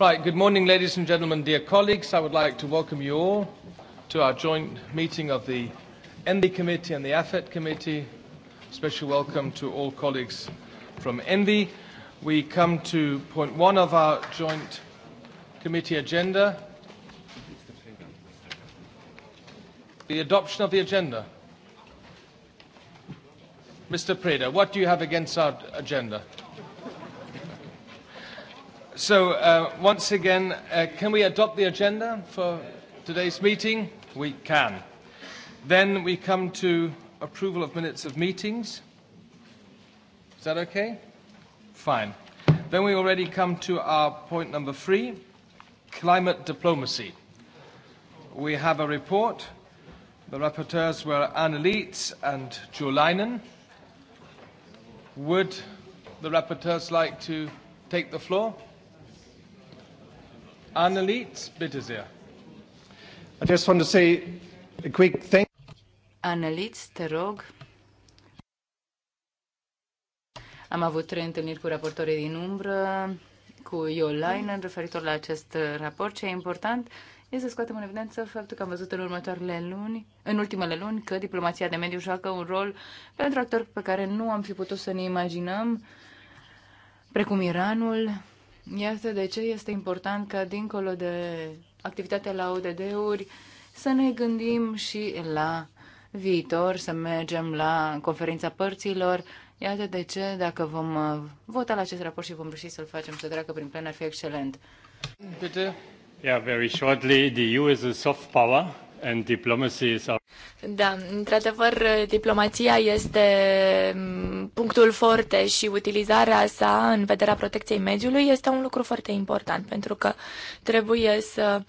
Right, good morning, ladies and gentlemen, dear colleagues. I would like to welcome you all to our joint meeting of the ENVI Committee and the AFET Committee. Special welcome to all colleagues from ENVI. We come to point one of our joint committee agenda, the adoption of the agenda. Mr. Preda, what do you have against our agenda? So, uh, once again, uh, can we adopt the agenda for today's meeting? We can. Then we come to approval of minutes of meetings. Is that okay? Fine. Then we already come to our point number three, climate diplomacy. We have a report. The rapporteurs were Anne Leitz and Joe Leinen. Would the rapporteurs like to take the floor? Annelies, bitte sehr. I just want to say a quick thank Annelies, te rog. Am avut trei întâlniri cu raportorii din umbră, cu Iolainen, referitor la acest raport. Ce e important e să scoatem în evidență faptul că am văzut în următoarele luni, în ultimele luni, că diplomația de mediu joacă un rol pentru actori pe care nu am fi putut să ne imaginăm, precum Iranul, Iată de ce este important ca, dincolo de activitatea la ODD-uri, să ne gândim și la viitor, să mergem la conferința părților. Iată de ce, dacă vom uh, vota la acest raport și vom reuși să-l facem să treacă prin plen, ar fi excelent. Bitte. Yeah, very shortly, the EU is a soft power. And diplomacy is our... Da, într-adevăr, diplomația este mm, punctul forte și utilizarea sa în vederea protecției mediului este un lucru foarte important, pentru că trebuie să uh,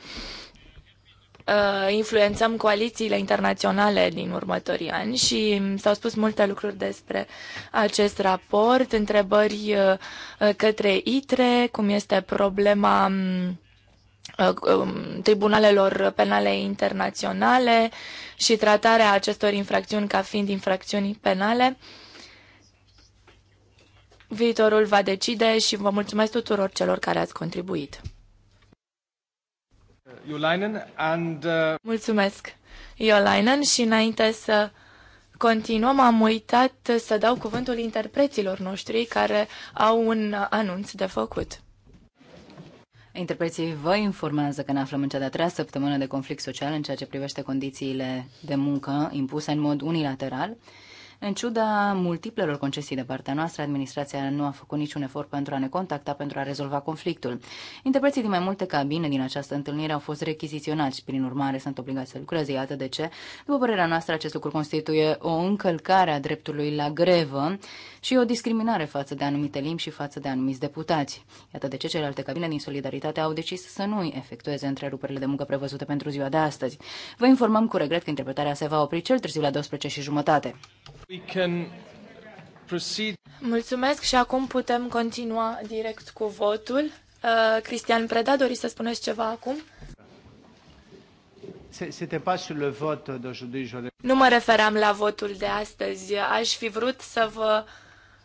influențăm coalițiile internaționale din următorii ani și mm, s-au spus multe lucruri despre acest raport, întrebări uh, către ITRE, cum este problema mm, Uh, um, tribunalelor penale internaționale și tratarea acestor infracțiuni ca fiind infracțiuni penale. Viitorul va decide și vă mulțumesc tuturor celor care ați contribuit. and, uh... Mulțumesc, Iolainen, și înainte să continuăm, am uitat să dau cuvântul interpreților noștri care au un anunț de făcut. Interpreții vă informează că ne aflăm în cea de-a treia săptămână de conflict social în ceea ce privește condițiile de muncă impuse în mod unilateral în ciuda multiplelor concesii de partea noastră, administrația nu a făcut niciun efort pentru a ne contacta pentru a rezolva conflictul. Interpreții din mai multe cabine din această întâlnire au fost rechiziționați și, prin urmare, sunt obligați să lucreze. Iată de ce, după părerea noastră, acest lucru constituie o încălcare a dreptului la grevă și o discriminare față de anumite limbi și față de anumiți deputați. Iată de ce celelalte cabine din Solidaritate au decis să nu efectueze întreruperile de muncă prevăzute pentru ziua de astăzi. Vă informăm cu regret că interpretarea se va opri cel târziu la 12 și jumătate. Mulțumesc și acum putem continua direct cu votul. Uh, Cristian Preda, doriți să spuneți ceva acum? Nu mă referam la votul de astăzi. Aș fi vrut să vă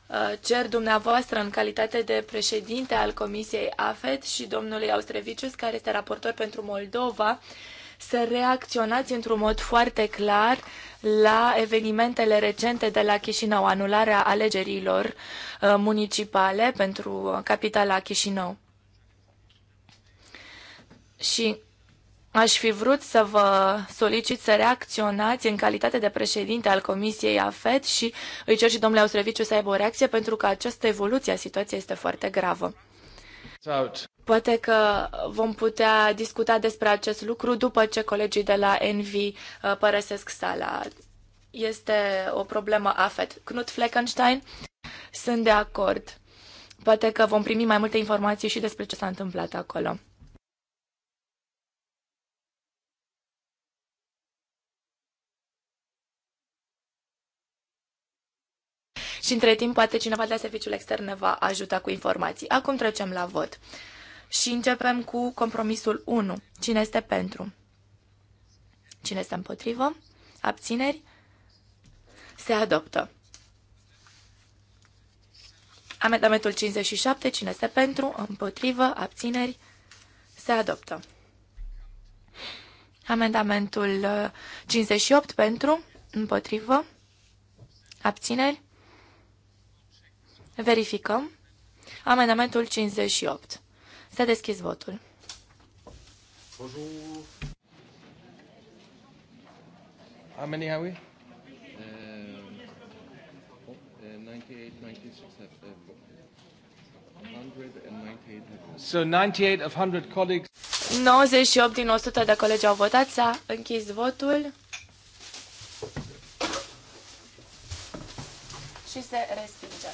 uh, cer dumneavoastră în calitate de președinte al Comisiei AFET și domnului Austrevicius, care este raportor pentru Moldova, să reacționați într-un mod foarte clar la evenimentele recente de la Chișinău, anularea alegerilor uh, municipale pentru uh, capitala Chișinău. Și aș fi vrut să vă solicit să reacționați în calitate de președinte al Comisiei AFET și îi cer și domnule Ausreviciu să aibă o reacție pentru că această evoluție a situației este foarte gravă. Poate că vom putea discuta despre acest lucru după ce colegii de la NV uh, părăsesc sala. Este o problemă afet. Knut Fleckenstein? Sunt de acord. Poate că vom primi mai multe informații și despre ce s-a întâmplat acolo. și între timp poate cineva de la serviciul extern ne va ajuta cu informații. Acum trecem la vot și începem cu compromisul 1. Cine este pentru? Cine este împotrivă? Abțineri? Se adoptă. Amendamentul 57. Cine este pentru? Împotrivă? Abțineri? Se adoptă. Amendamentul 58 pentru, împotrivă, abțineri, Verificăm. Amendamentul 58. Se deschis votul. Bonjour. How many are we? Uh, uh, uh, so 98 of 100 colleagues. 98 din 100 de colegi au votat, s-a închis votul și se respinge.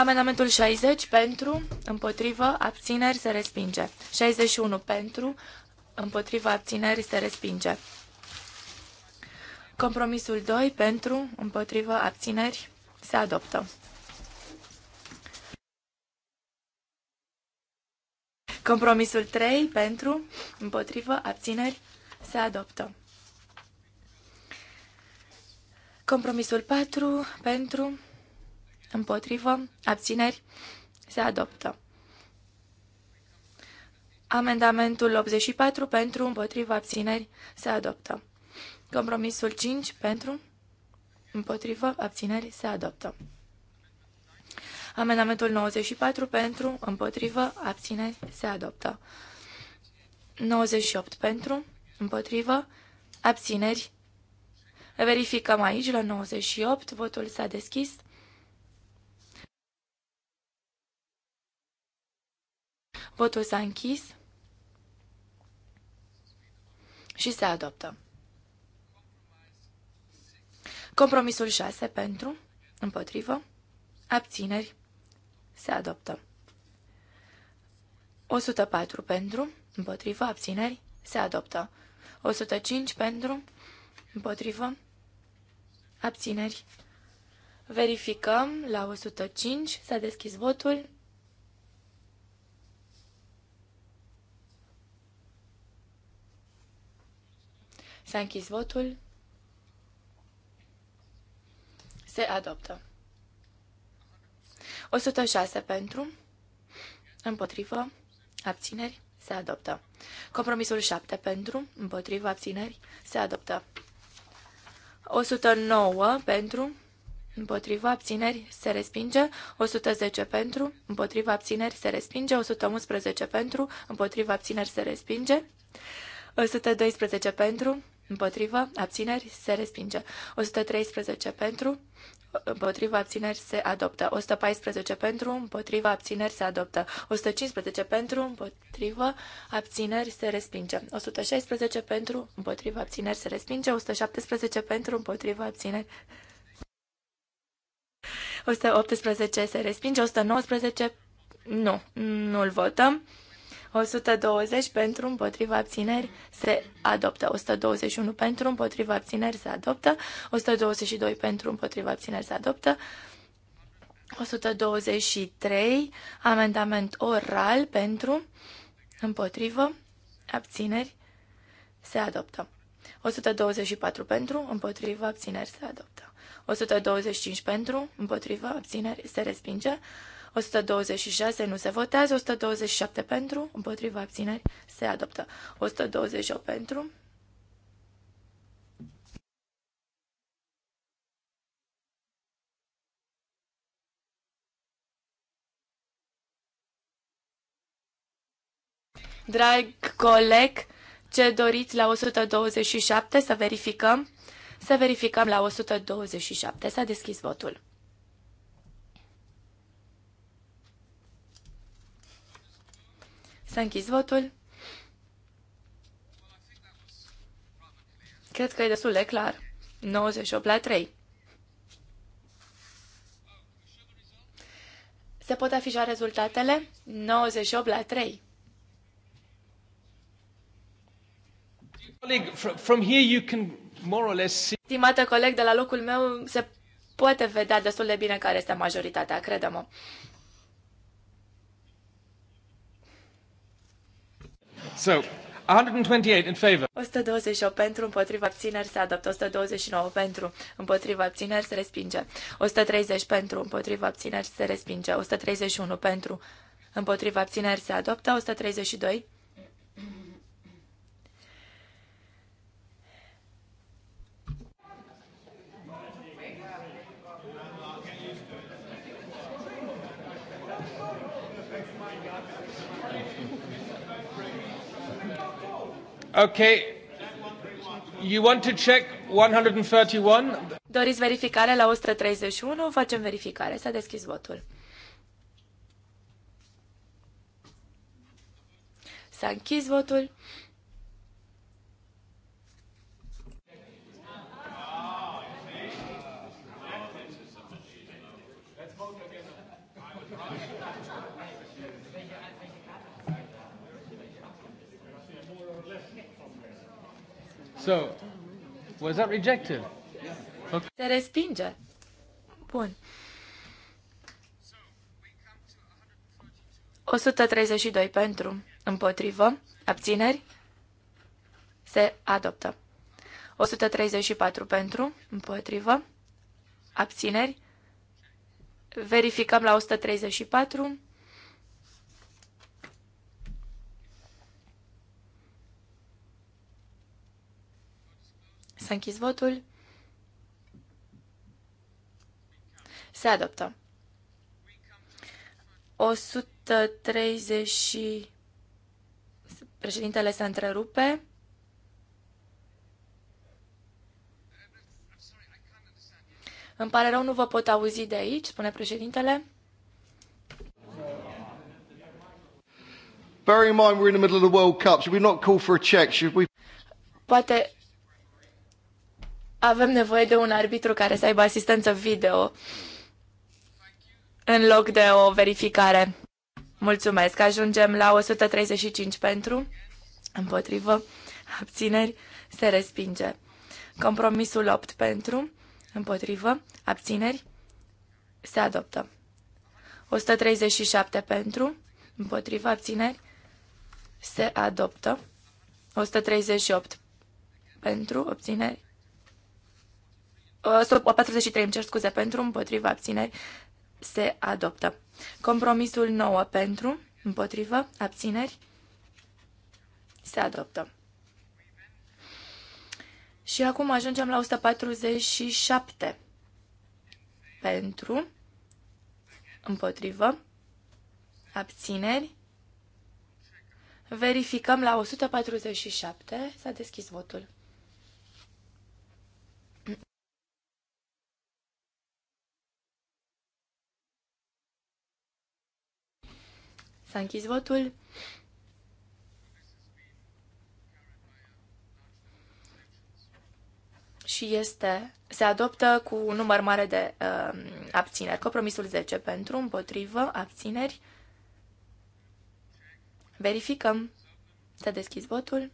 Amendamentul 60 pentru, împotrivă, abțineri se respinge. 61 pentru, împotrivă, abțineri se respinge. Compromisul 2 pentru, împotrivă, abțineri se adoptă. Compromisul 3 pentru, împotrivă, abțineri se adoptă. Compromisul 4 pentru, Împotrivă. Abțineri. Se adoptă. Amendamentul 84 pentru, împotriva abțineri, se adoptă. Compromisul 5 pentru, împotriva abțineri, se adoptă. Amendamentul 94 pentru, împotriva abțineri, se adoptă. 98 pentru, împotriva abțineri. Verificăm aici la 98, votul s-a deschis. Votul s-a închis și se adoptă. Compromisul 6 pentru, împotrivă, abțineri, se adoptă. 104 pentru, împotrivă, abțineri, se adoptă. 105 pentru, împotrivă, abțineri. Verificăm la 105, s-a deschis votul. S-a închis votul. Se adoptă. 106 pentru, împotrivă, abțineri, se adoptă. Compromisul 7 pentru, împotrivă, abțineri, se adoptă. 109 pentru, împotriva abțineri se respinge, 110 pentru, împotriva abțineri se respinge, 111 pentru, împotriva abțineri se respinge, 112 pentru, împotrivă, abțineri, se respinge. 113 pentru, împotrivă, abțineri se adoptă. 114 pentru, împotrivă, abțineri se adoptă. 115 pentru, împotrivă, abțineri se respinge. 116 pentru, împotrivă, abțineri se respinge. 117 pentru, împotrivă, abțineri 118 se respinge, 119 nu, nu-l votăm. 120 pentru, împotriva abțineri se adoptă. 121 pentru, împotriva abțineri se adoptă. 122 pentru, împotriva abțineri se adoptă. 123, amendament oral pentru, împotrivă, abțineri, se adoptă. 124 pentru, împotriva abțineri, se adoptă. 125 pentru, împotriva abțineri, se respinge. 126 nu se votează, 127 pentru, împotriva abțineri se adoptă. 128 pentru, Drag coleg, ce doriți la 127 să verificăm? Să verificăm la 127. S-a deschis votul. S-a închis votul. Cred că e destul de clar. 98 la 3. Se pot afișa rezultatele? 98 la 3. From here you can more or less see... Stimată coleg, de la locul meu se poate vedea destul de bine care este majoritatea, credem. mă So, 128 in favor. 128 pentru, împotriva abțineri se adoptă. 129 pentru, împotriva abțineri se respinge. 130 pentru, împotriva abțineri se respinge. 131 pentru, împotriva abțineri se adoptă. 132 Okay. You want to check 131? Doriți verificare la 131? Facem verificare. S-a deschis votul. S-a închis votul. So, was that rejected? Okay. Te respinge. Bun. 132 pentru, împotrivă, abțineri, se adoptă. 134 pentru, împotrivă, abțineri, verificăm la 134, S-a închis votul. Se adoptă. 130 președintele se întrerupe. Îmi pare rău, nu vă pot auzi de aici, spune președintele. Bear in mind we're in the middle of the World Cup. Should we not call for a check? Should we... Poate avem nevoie de un arbitru care să aibă asistență video în loc de o verificare. Mulțumesc. Ajungem la 135 pentru, împotrivă, abțineri, se respinge. Compromisul 8 pentru, împotrivă, abțineri, se adoptă. 137 pentru, împotrivă, abțineri, se adoptă. 138 pentru, obțineri, 43, uh, uh, îmi cer scuze, pentru, împotriva abțineri, se adoptă. Compromisul 9 pentru, împotriva abțineri, se adoptă. Și acum ajungem la 147. Pentru, împotrivă, abțineri, verificăm la 147, s-a deschis votul. S-a închis votul. Și este, se adoptă cu un număr mare de uh, abțineri. Compromisul 10 pentru, împotrivă, abțineri. Verificăm. S-a deschis votul.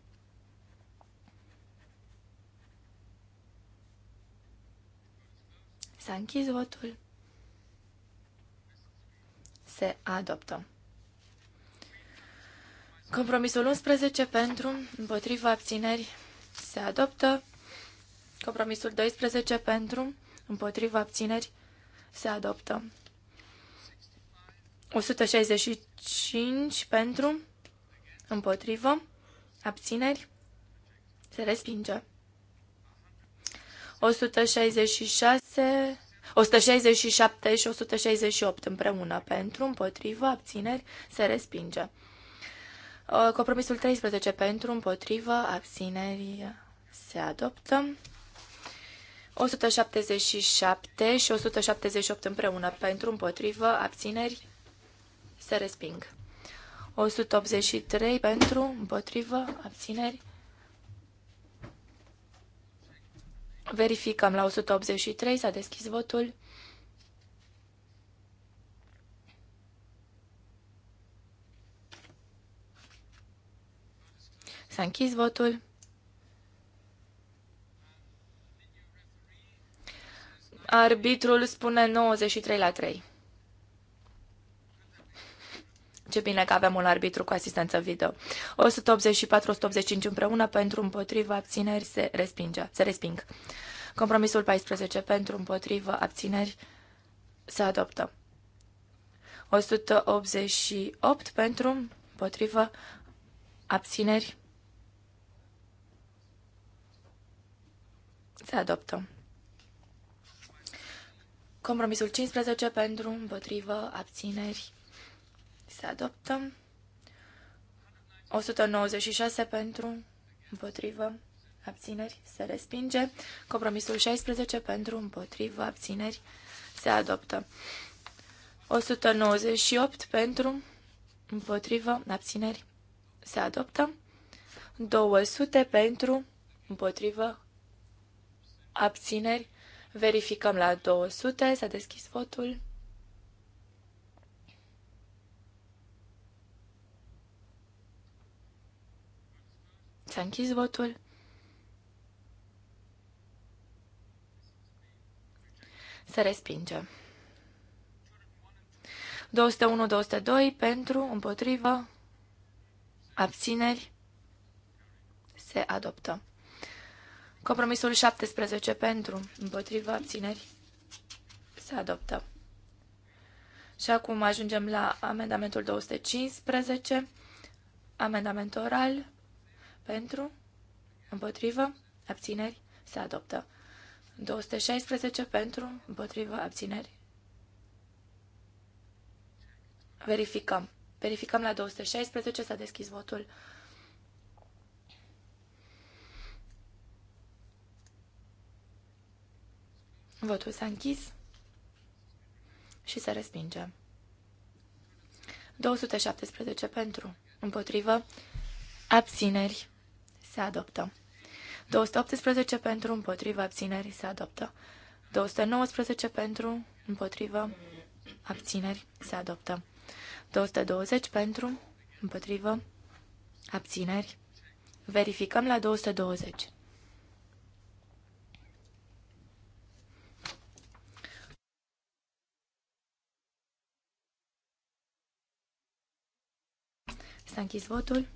S-a închis votul. Se adoptă. Compromisul 11 pentru, împotriva abțineri se adoptă. Compromisul 12 pentru, împotriva abțineri se adoptă. 165 pentru, împotrivă, abțineri, se respinge. 166, 167 și 168 împreună pentru, împotrivă, abțineri, se respinge. Uh, compromisul 13 pentru, împotrivă, abțineri se adoptă. 177 și 178 împreună pentru, împotrivă, abțineri se resping. 183 pentru, împotrivă, abțineri. Verificăm la 183, s-a deschis votul. S-a închis votul. Arbitrul spune 93 la 3. Ce bine că avem un arbitru cu asistență video. 184-185 împreună pentru împotriva abțineri se respinge. Se resping. Compromisul 14 pentru împotriva abțineri se adoptă. 188 pentru împotriva abțineri Se adoptă. Compromisul 15 pentru, împotrivă, abțineri. Se adoptă. 196 pentru, împotrivă, abțineri. Se respinge. Compromisul 16 pentru, împotrivă, abțineri. Se adoptă. 198 pentru, împotrivă, abțineri. Se adoptă. 200 pentru, împotrivă, abțineri, verificăm la 200, s-a deschis votul. S-a închis votul. Se respinge. 201-202 pentru, împotrivă, abțineri, se adoptă. Compromisul 17 pentru, împotriva abțineri, se adoptă. Și acum ajungem la amendamentul 215, amendament oral, pentru, împotrivă, abțineri, se adoptă. 216 pentru, împotrivă, abțineri. Verificăm. Verificăm la 216, s-a deschis votul. Votul s-a închis și se respinge. 217 pentru, împotrivă, abțineri, se adoptă. 218 pentru, împotrivă, abțineri, se adoptă. 219 pentru, împotrivă, abțineri, se adoptă. 220 pentru, împotrivă, abțineri. Verificăm la 220. S-a închis votul.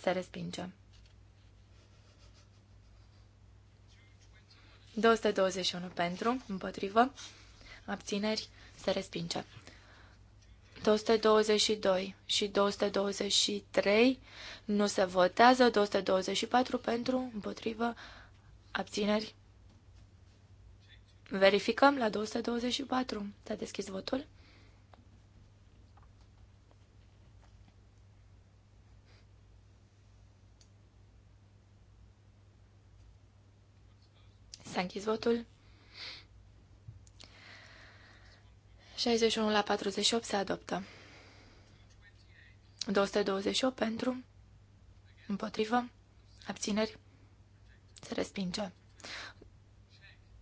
Se respinge. 221 pentru, împotrivă, abțineri, se respinge. 222 și 223 nu se votează, 224 pentru, împotrivă, abțineri. Verificăm la 224. S-a deschis votul. S-a închis votul. 61 la 48 se adoptă. 228 pentru, împotrivă, abțineri, se respinge.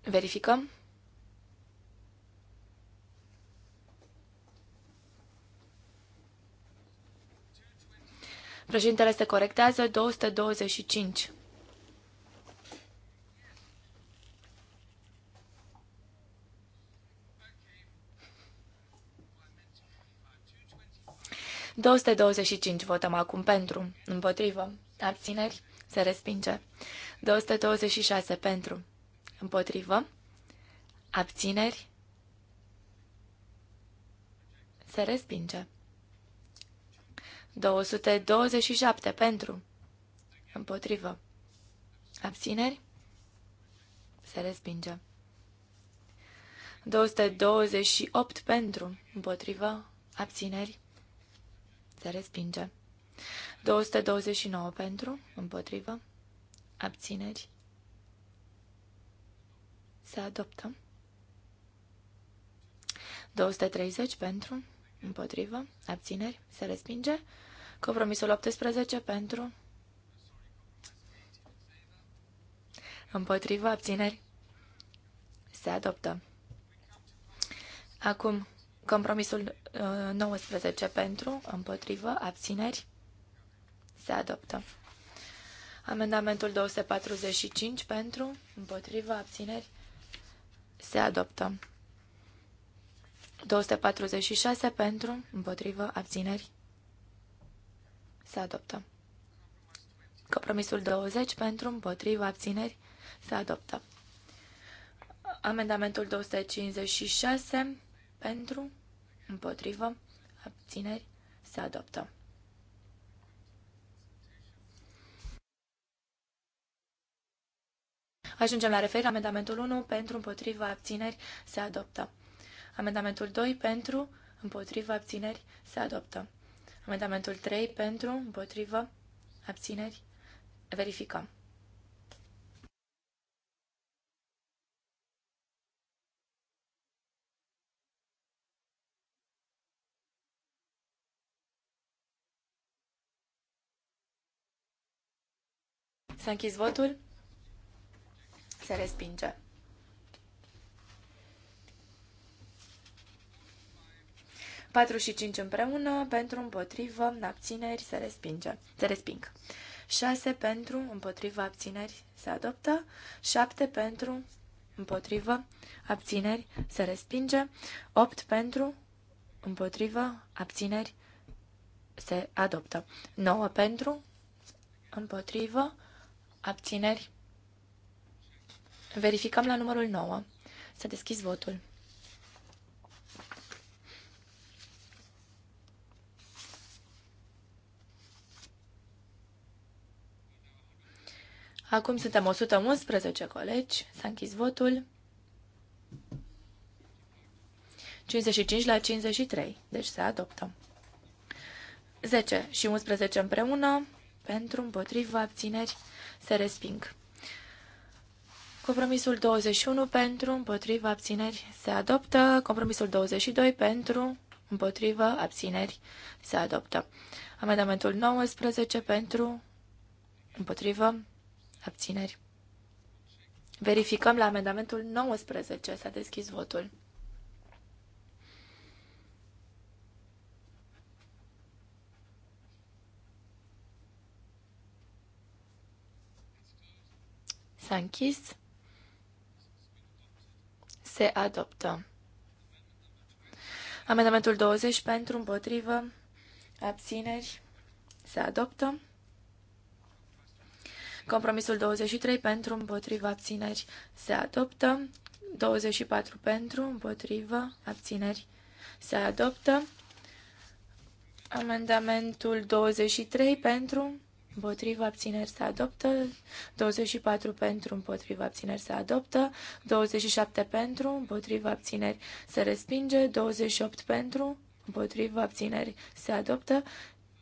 Verificăm. Președintele se corectează 225. 225 votăm acum pentru, împotrivă, abțineri, se respinge. 226 pentru, împotrivă, abțineri, se respinge. 227 pentru, împotrivă, abțineri, se respinge. 228 pentru, împotrivă, abțineri, se respinge. 229 pentru, împotrivă, abțineri. Se adoptă. 230 pentru, împotrivă, abțineri, se respinge. Compromisul 18 pentru, împotrivă, abțineri, se adoptă. Acum Compromisul 19 uh, pentru, împotrivă, abțineri, se adoptă. Amendamentul 245 pentru, împotrivă, abțineri, se adoptă. 246 pentru, împotrivă, abțineri, se adoptă. Compromisul 20 pentru, împotrivă, abțineri, se adoptă. Amendamentul 256 pentru, împotrivă, abțineri, se adoptă. Ajungem la referire. Amendamentul 1 pentru împotriva abțineri se adoptă. Amendamentul 2 pentru împotriva abțineri se adoptă. Amendamentul 3 pentru împotriva abțineri verificăm. Să a închis votul. Se respinge. Patru și cinci împreună, pentru împotrivă, abțineri, se respinge. Se resping. 6 pentru, împotrivă, abțineri, se adoptă. 7 pentru, împotrivă, abțineri, se respinge. 8 pentru, împotrivă, abțineri, se adoptă. 9 pentru, împotrivă, Abțineri? Verificăm la numărul 9. S-a deschis votul. Acum suntem 111 colegi. S-a închis votul. 55 la 53. Deci se adoptă. 10 și 11 împreună. Pentru, împotriva, abțineri, se resping. Compromisul 21 pentru, împotriva, abțineri, se adoptă. Compromisul 22 pentru, împotriva, abțineri, se adoptă. Amendamentul 19 pentru, împotriva, abțineri. Verificăm la amendamentul 19. S-a deschis votul. S-a închis. Se adoptă. Amendamentul 20 pentru, împotrivă, abțineri, se adoptă. Compromisul 23 pentru, împotrivă, abțineri, se adoptă. 24 pentru, împotrivă, abțineri, se adoptă. Amendamentul 23 pentru, împotriva abțineri se adoptă, 24 pentru împotriva abțineri se adoptă, 27 pentru împotriva abțineri se respinge, 28 pentru împotriva abțineri se adoptă,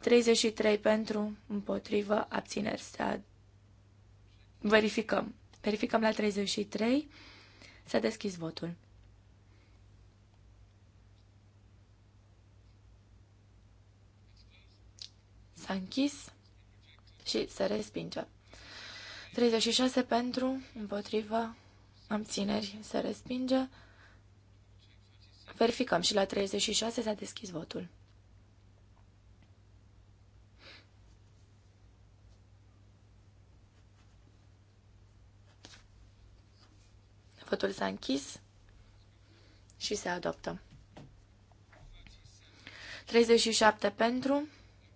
33 pentru împotriva abțineri se adoptă. Verificăm. Verificăm la 33. S-a deschis votul. S-a închis și se respinge. 36 pentru, împotrivă, abțineri, se respinge. Verificăm și la 36 s-a deschis votul. Votul s-a închis și se adoptă. 37 pentru,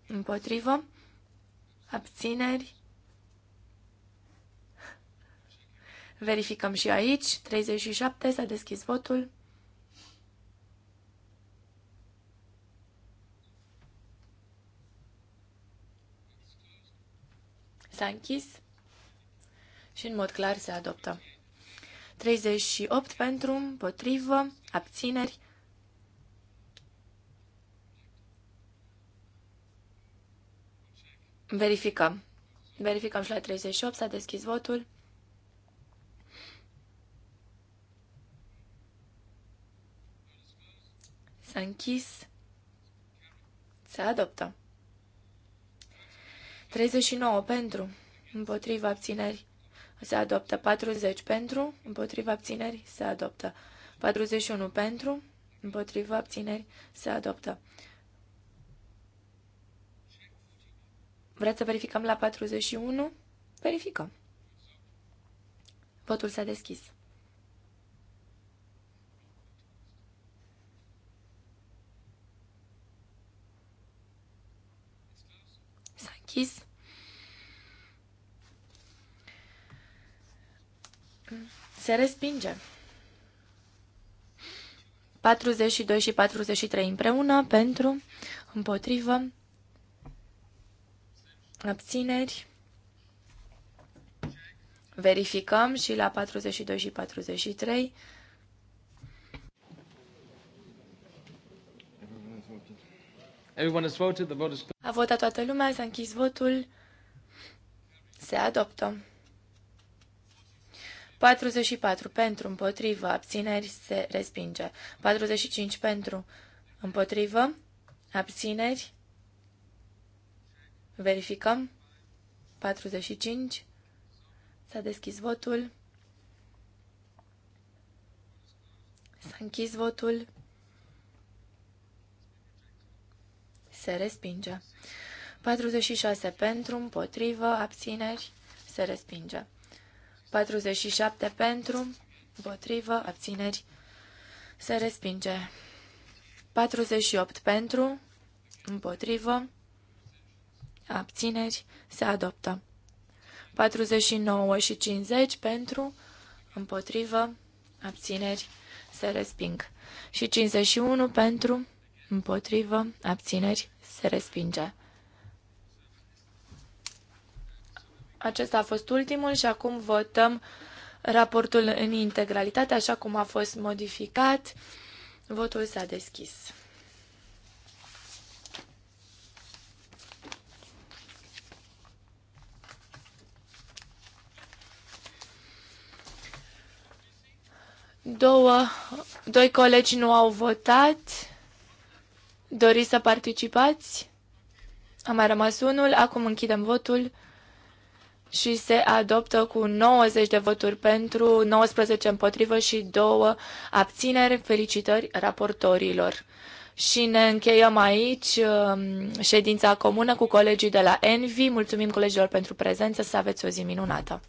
împotrivă, abțineri. Verificăm și aici. 37 s-a deschis votul. S-a închis și în mod clar se adoptă. 38 pentru, împotrivă, abțineri, Verificăm. Verificăm și la 38. S-a deschis votul. S-a închis. Se adoptă. 39 pentru, împotriva abțineri, se adoptă. 40 pentru, împotriva abțineri, se adoptă. 41 pentru, împotriva abțineri, se adoptă. Vreți să verificăm la 41? Verificăm. Votul s-a deschis. S-a închis. Se respinge. 42 și 43 împreună pentru, împotrivă, abțineri. Verificăm și la 42 și 43. A votat toată lumea, s-a închis votul. Se adoptă. 44 pentru, împotrivă, abțineri, se respinge. 45 pentru, împotrivă, abțineri, Verificăm. 45. S-a deschis votul. S-a închis votul. Se respinge. 46 pentru, împotrivă, abțineri, se respinge. 47 pentru, împotrivă, abțineri, se respinge. 48 pentru, împotrivă, abțineri, se adoptă. 49 și 50 pentru, împotrivă, abțineri, se resping. Și 51 pentru, împotrivă, abțineri, se respinge. Acesta a fost ultimul și acum votăm raportul în integralitate, așa cum a fost modificat. Votul s-a deschis. Două, doi colegi nu au votat. Doriți să participați? A mai rămas unul. Acum închidem votul și se adoptă cu 90 de voturi pentru, 19 împotrivă și 2 abțineri. Felicitări raportorilor. Și ne încheiem aici um, ședința comună cu colegii de la Envi. Mulțumim colegilor pentru prezență, să aveți o zi minunată!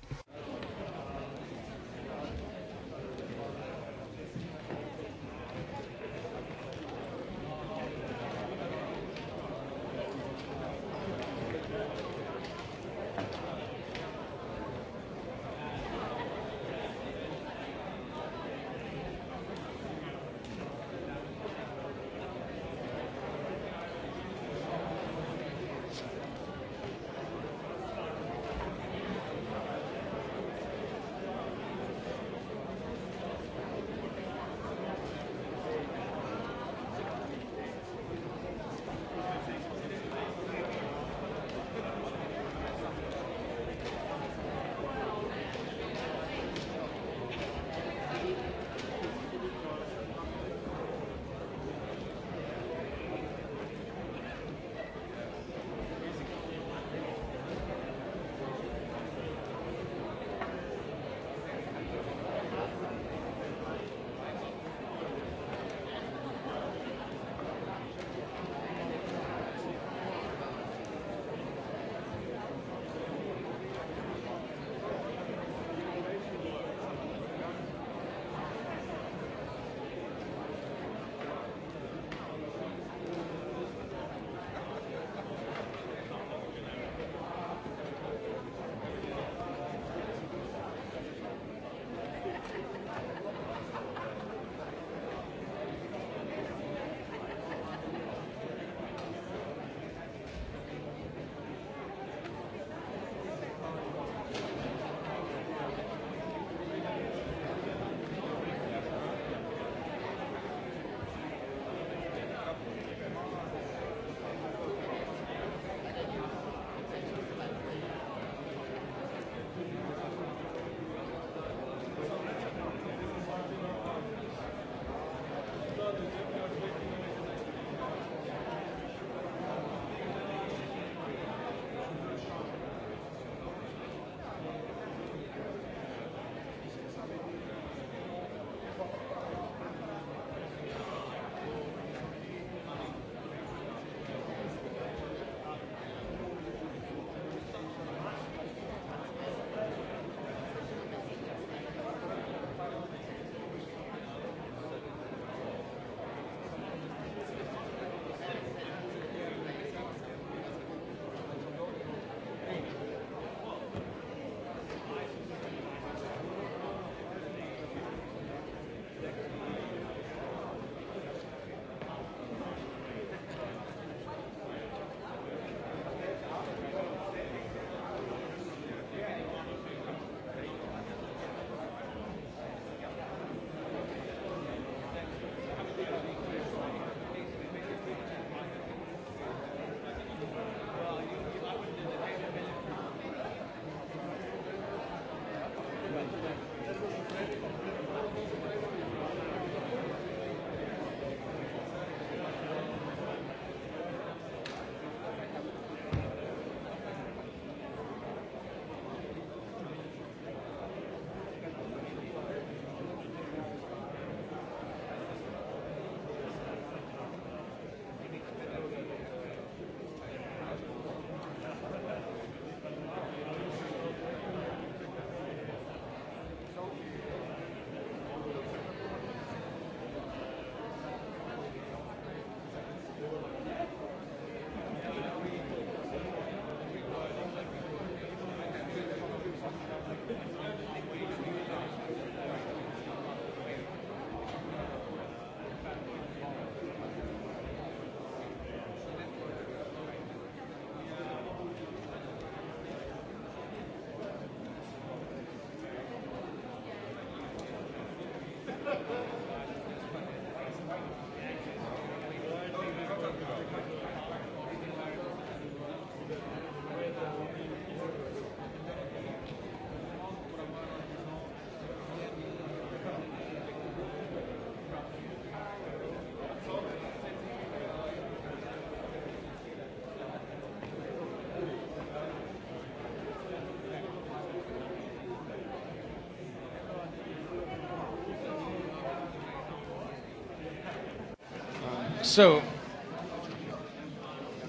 So,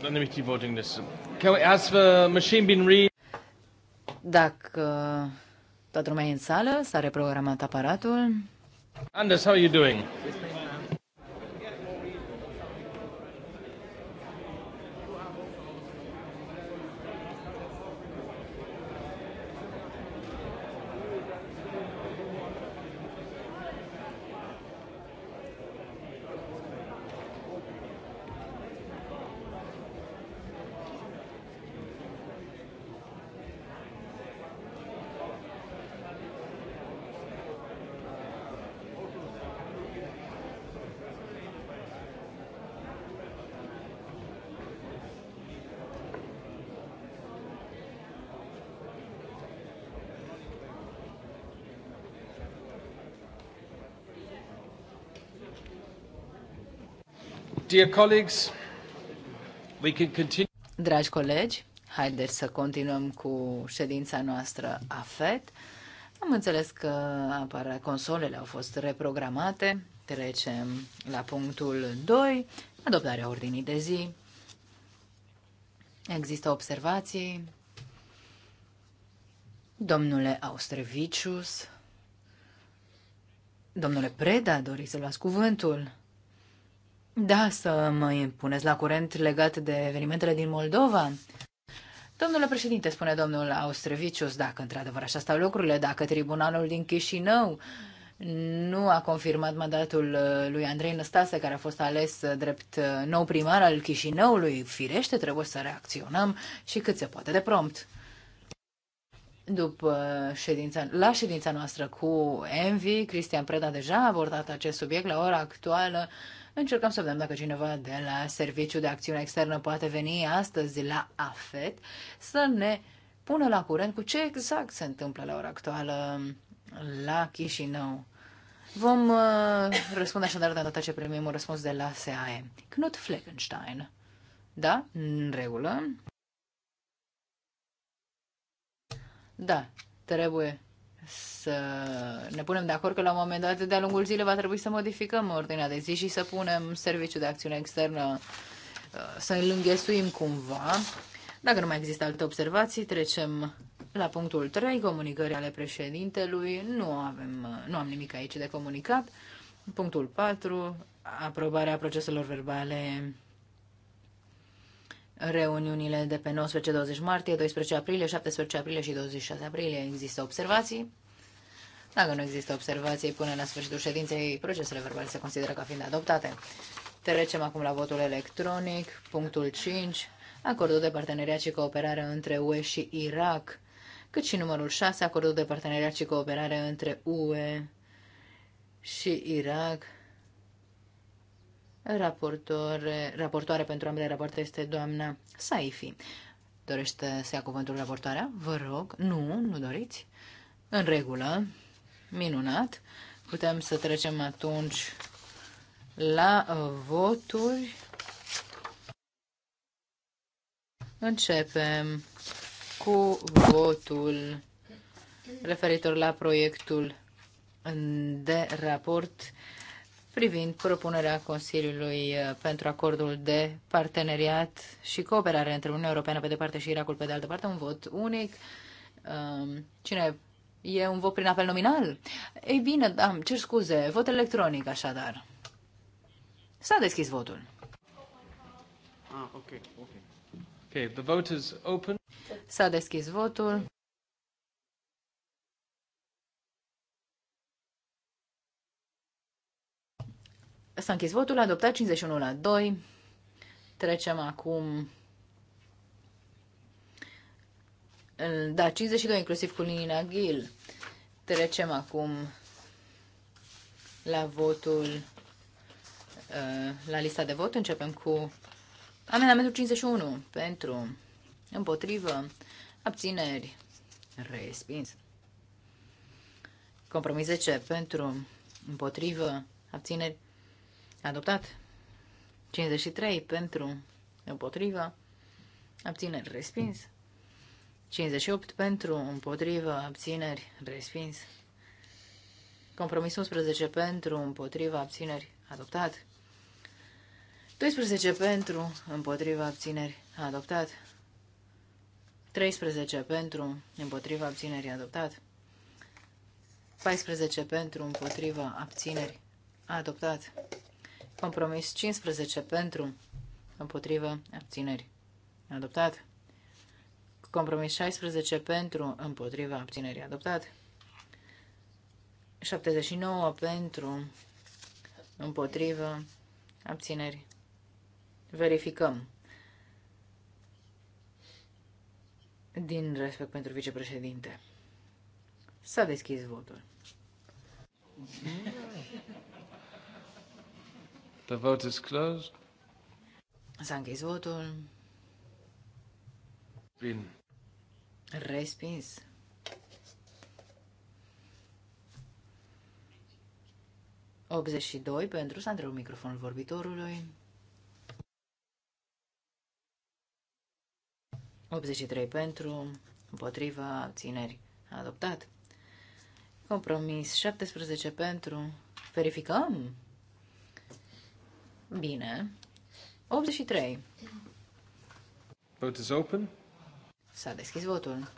dann nehme ich die voting list. Can we ask the machine been read? Dacă toată lumea e în sală, s-a reprogramat aparatul. Anders, how are you doing? Dear colleagues, we can continue. Dragi colegi, haideți să continuăm cu ședința noastră FED. Am înțeles că apară consolele au fost reprogramate. Trecem la punctul 2, adoptarea ordinii de zi. Există observații? Domnule Austrevicius, domnule Preda, doriți să luați cuvântul? Da, să mă puneți la curent legat de evenimentele din Moldova. Domnule președinte, spune domnul Austrevicius, dacă într-adevăr așa stau lucrurile, dacă tribunalul din Chișinău nu a confirmat mandatul uh, lui Andrei Năstase, care a fost ales uh, drept uh, nou primar al Chișinăului, firește, trebuie să reacționăm și cât se poate de prompt. După ședința, la ședința noastră cu Envi, Cristian Preda deja a abordat acest subiect la ora actuală. Uh, Încercăm să vedem dacă cineva de la Serviciul de Acțiune Externă poate veni astăzi la AFET să ne pună la curent cu ce exact se întâmplă la ora actuală la Chișinău. Vom uh, răspunde așadar de data ce primim un răspuns de la SAE. Knut Fleckenstein. Da? În regulă. Da, trebuie să ne punem de acord că la un moment dat, de-a lungul zilei, va trebui să modificăm ordinea de zi și să punem serviciul de acțiune externă, uh, să îl înghesuim cumva. Dacă nu mai există alte observații, trecem la punctul 3, comunicări ale președintelui. Nu, avem, uh, nu am nimic aici de comunicat. Punctul 4, aprobarea proceselor verbale reuniunile de pe 19-20 martie, 12 aprilie, 17 aprilie și 26 aprilie. Există observații? Dacă nu există observații până la sfârșitul ședinței, procesele verbale se consideră ca fiind adoptate. Trecem acum la votul electronic, punctul 5, acordul de parteneriat și cooperare între UE și Irak, cât și numărul 6, acordul de parteneriat și cooperare între UE și Irak Raportor, raportoare pentru ambele rapoarte este doamna Saifi. Dorește să ia cuvântul raportoarea? Vă rog. Nu, nu doriți? În regulă. Minunat. Putem să trecem atunci la uh, voturi. Începem cu votul referitor la proiectul de raport privind propunerea Consiliului uh, pentru acordul de parteneriat și cooperare între Uniunea Europeană pe de parte și Irakul pe de altă parte, un vot unic. Um, cine e un vot prin apel nominal? Ei bine, am cer scuze, vot electronic așadar. S-a deschis votul. Ah, okay, okay. Okay, the vote is open. S-a deschis votul. S-a închis votul, adoptat 51 la 2. Trecem acum... Da, 52 inclusiv cu Nina Gil. Trecem acum la votul, uh, la lista de vot. Începem cu amendamentul 51 pentru, împotrivă, abțineri, respins. Compromis 10 pentru, împotrivă, abțineri, Adoptat. 53 pentru, împotrivă, abțineri, respins. 58 pentru, împotrivă, abțineri, respins. Compromis 11 pentru, împotrivă, abțineri, adoptat. 12 pentru, împotriva abțineri, adoptat. 13 pentru, împotriva abținerii, adoptat. 14 pentru, împotriva abțineri, adoptat. Compromis 15 pentru, împotrivă, abțineri. Adoptat. Compromis 16 pentru, împotriva, abțineri. Adoptat. 79 pentru, împotrivă, abțineri. Verificăm. Din respect pentru vicepreședinte. S-a deschis votul. The vote is closed. S-a închis votul. Bine. Respins. doi pentru să întrerup microfonul vorbitorului. 83 pentru, împotriva, abțineri. Adoptat. Compromis 17 pentru. Verificăm. Bine. 83. Vote is open. S-a deschis votul.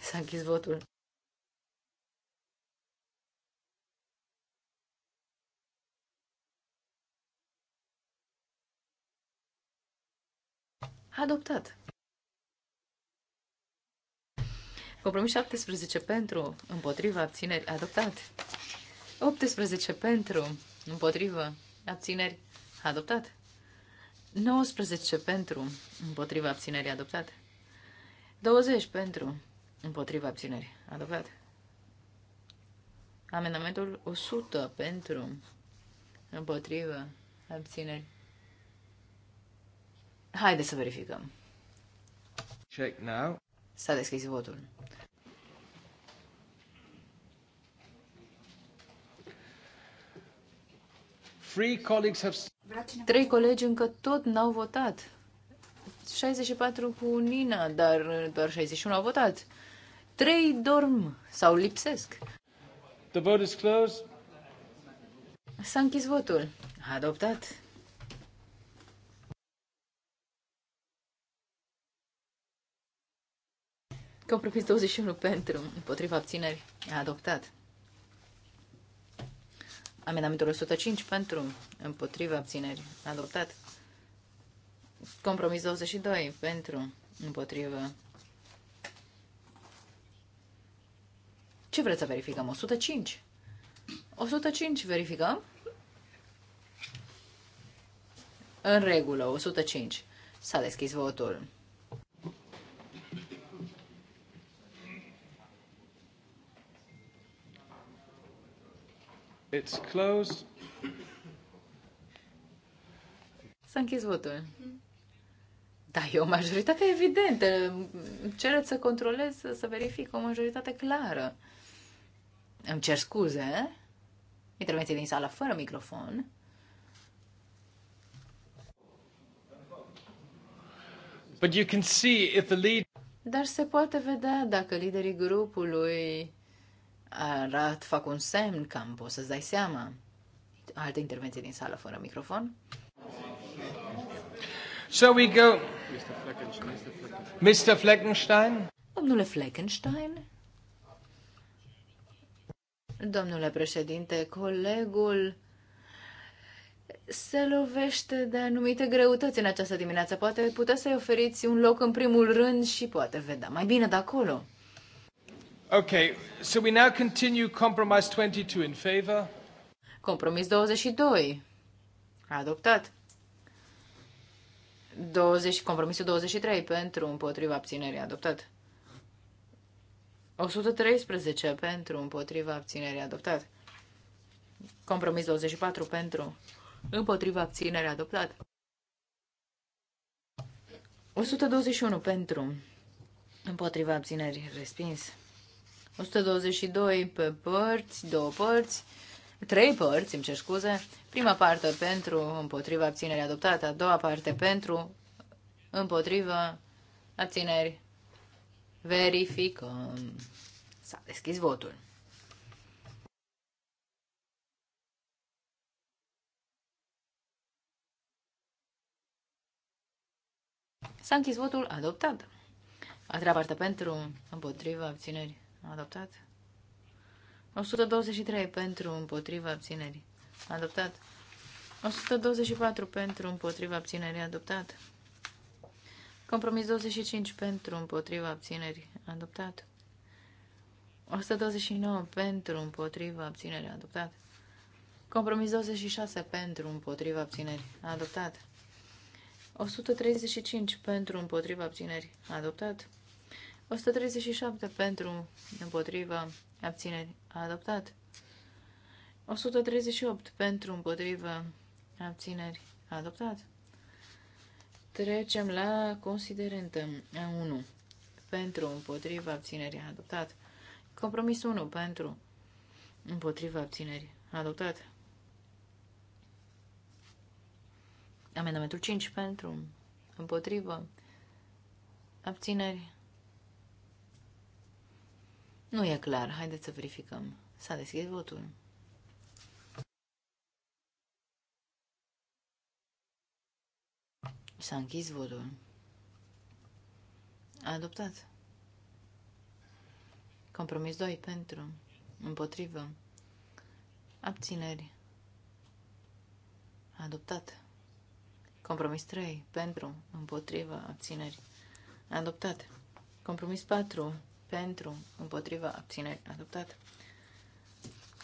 S-a închis votul. Adoptat. Compromis 17 pentru, împotriva, abțineri, adoptat. 18 pentru, împotriva, abțineri, adoptat. 19 pentru, împotriva, abțineri, adoptat. 20 pentru, împotriva, abțineri, adoptat. Amendamentul 100 pentru, împotriva, abțineri. Haideți să verificăm. Check now. S-a deschis votul. Trei colegi încă tot n-au votat. 64 cu Nina, dar doar 61 au votat. Trei dorm sau lipsesc. The vote is closed. S-a închis votul. Adoptat. Compromis 21 pentru, împotriva abțineri, adoptat. Amendamentul 105 pentru, împotriva abțineri, adoptat. Compromis 22 pentru, împotriva. Ce vreți să verificăm? 105? 105 verificăm. În regulă, 105. S-a deschis votul. It's closed. S-a închis votul. Da, e o majoritate evidentă. Cereți să controlez, să verific o majoritate clară. Îmi cer scuze. Intervenție din sală fără microfon. But you can see if the lead... Dar se poate vedea dacă liderii grupului arat, fac un semn, cam poți să-ți dai seama. Alte intervenții din sală fără microfon. So we go... Mr. Fleckenstein? Domnule Fleckenstein? Domnule președinte, colegul se lovește de anumite greutăți în această dimineață. Poate puteți să-i oferiți un loc în primul rând și poate vedea mai bine de acolo. Okay, so we now continue compromise 22 in favor. Compromis 22. Adoptat. 20, compromisul 23 pentru împotriva abținerii adoptat. 113 pentru împotriva abținerii adoptat. Compromis 24 pentru împotriva abținerii adoptat. 121 pentru împotriva abținerii respins. 122 pe părți, două părți, trei părți, îmi cer scuze. Prima parte pentru împotriva abținerii adoptată, a doua parte pentru împotriva abțineri. Verificăm. S-a deschis votul. S-a închis votul adoptat. A treia parte pentru, împotriva, abținerii. Adoptat. 123 pentru împotriva abținerii. Adoptat. 124 pentru împotriva abținerii. Adoptat. Compromis 25 pentru împotriva abținerii. Adoptat. 129 pentru împotriva abținerii. Adoptat. Compromis 26 pentru împotriva abținerii. Adoptat. 135 pentru împotriva abținerii. Adoptat. 137 pentru, împotrivă, abțineri, adoptat. 138 pentru, împotrivă, abțineri, adoptat. Trecem la considerentă 1. Pentru, împotriva, abțineri, adoptat. Compromis 1. Pentru, împotriva, abțineri, adoptat. Amendamentul 5. Pentru, împotriva, abțineri, nu e clar. Haideți să verificăm. S-a deschis votul. S-a închis votul. A adoptat. Compromis 2 pentru. Împotrivă. Abțineri. A adoptat. Compromis 3 pentru. Împotrivă. Abțineri. A adoptat. Compromis 4 pentru, împotriva, abțineri, adoptat.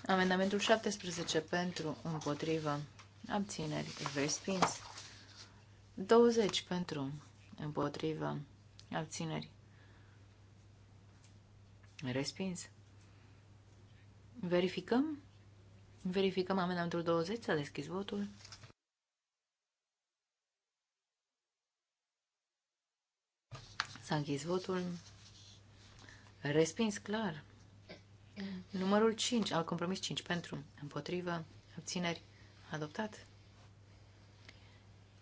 Amendamentul 17 pentru, împotriva, abțineri, respins. 20 pentru, împotriva, abțineri, respins. Verificăm. Verificăm amendamentul 20, s-a deschis votul. S-a închis votul. Respins clar. Numărul 5, al compromis 5 pentru, împotrivă, abțineri, adoptat.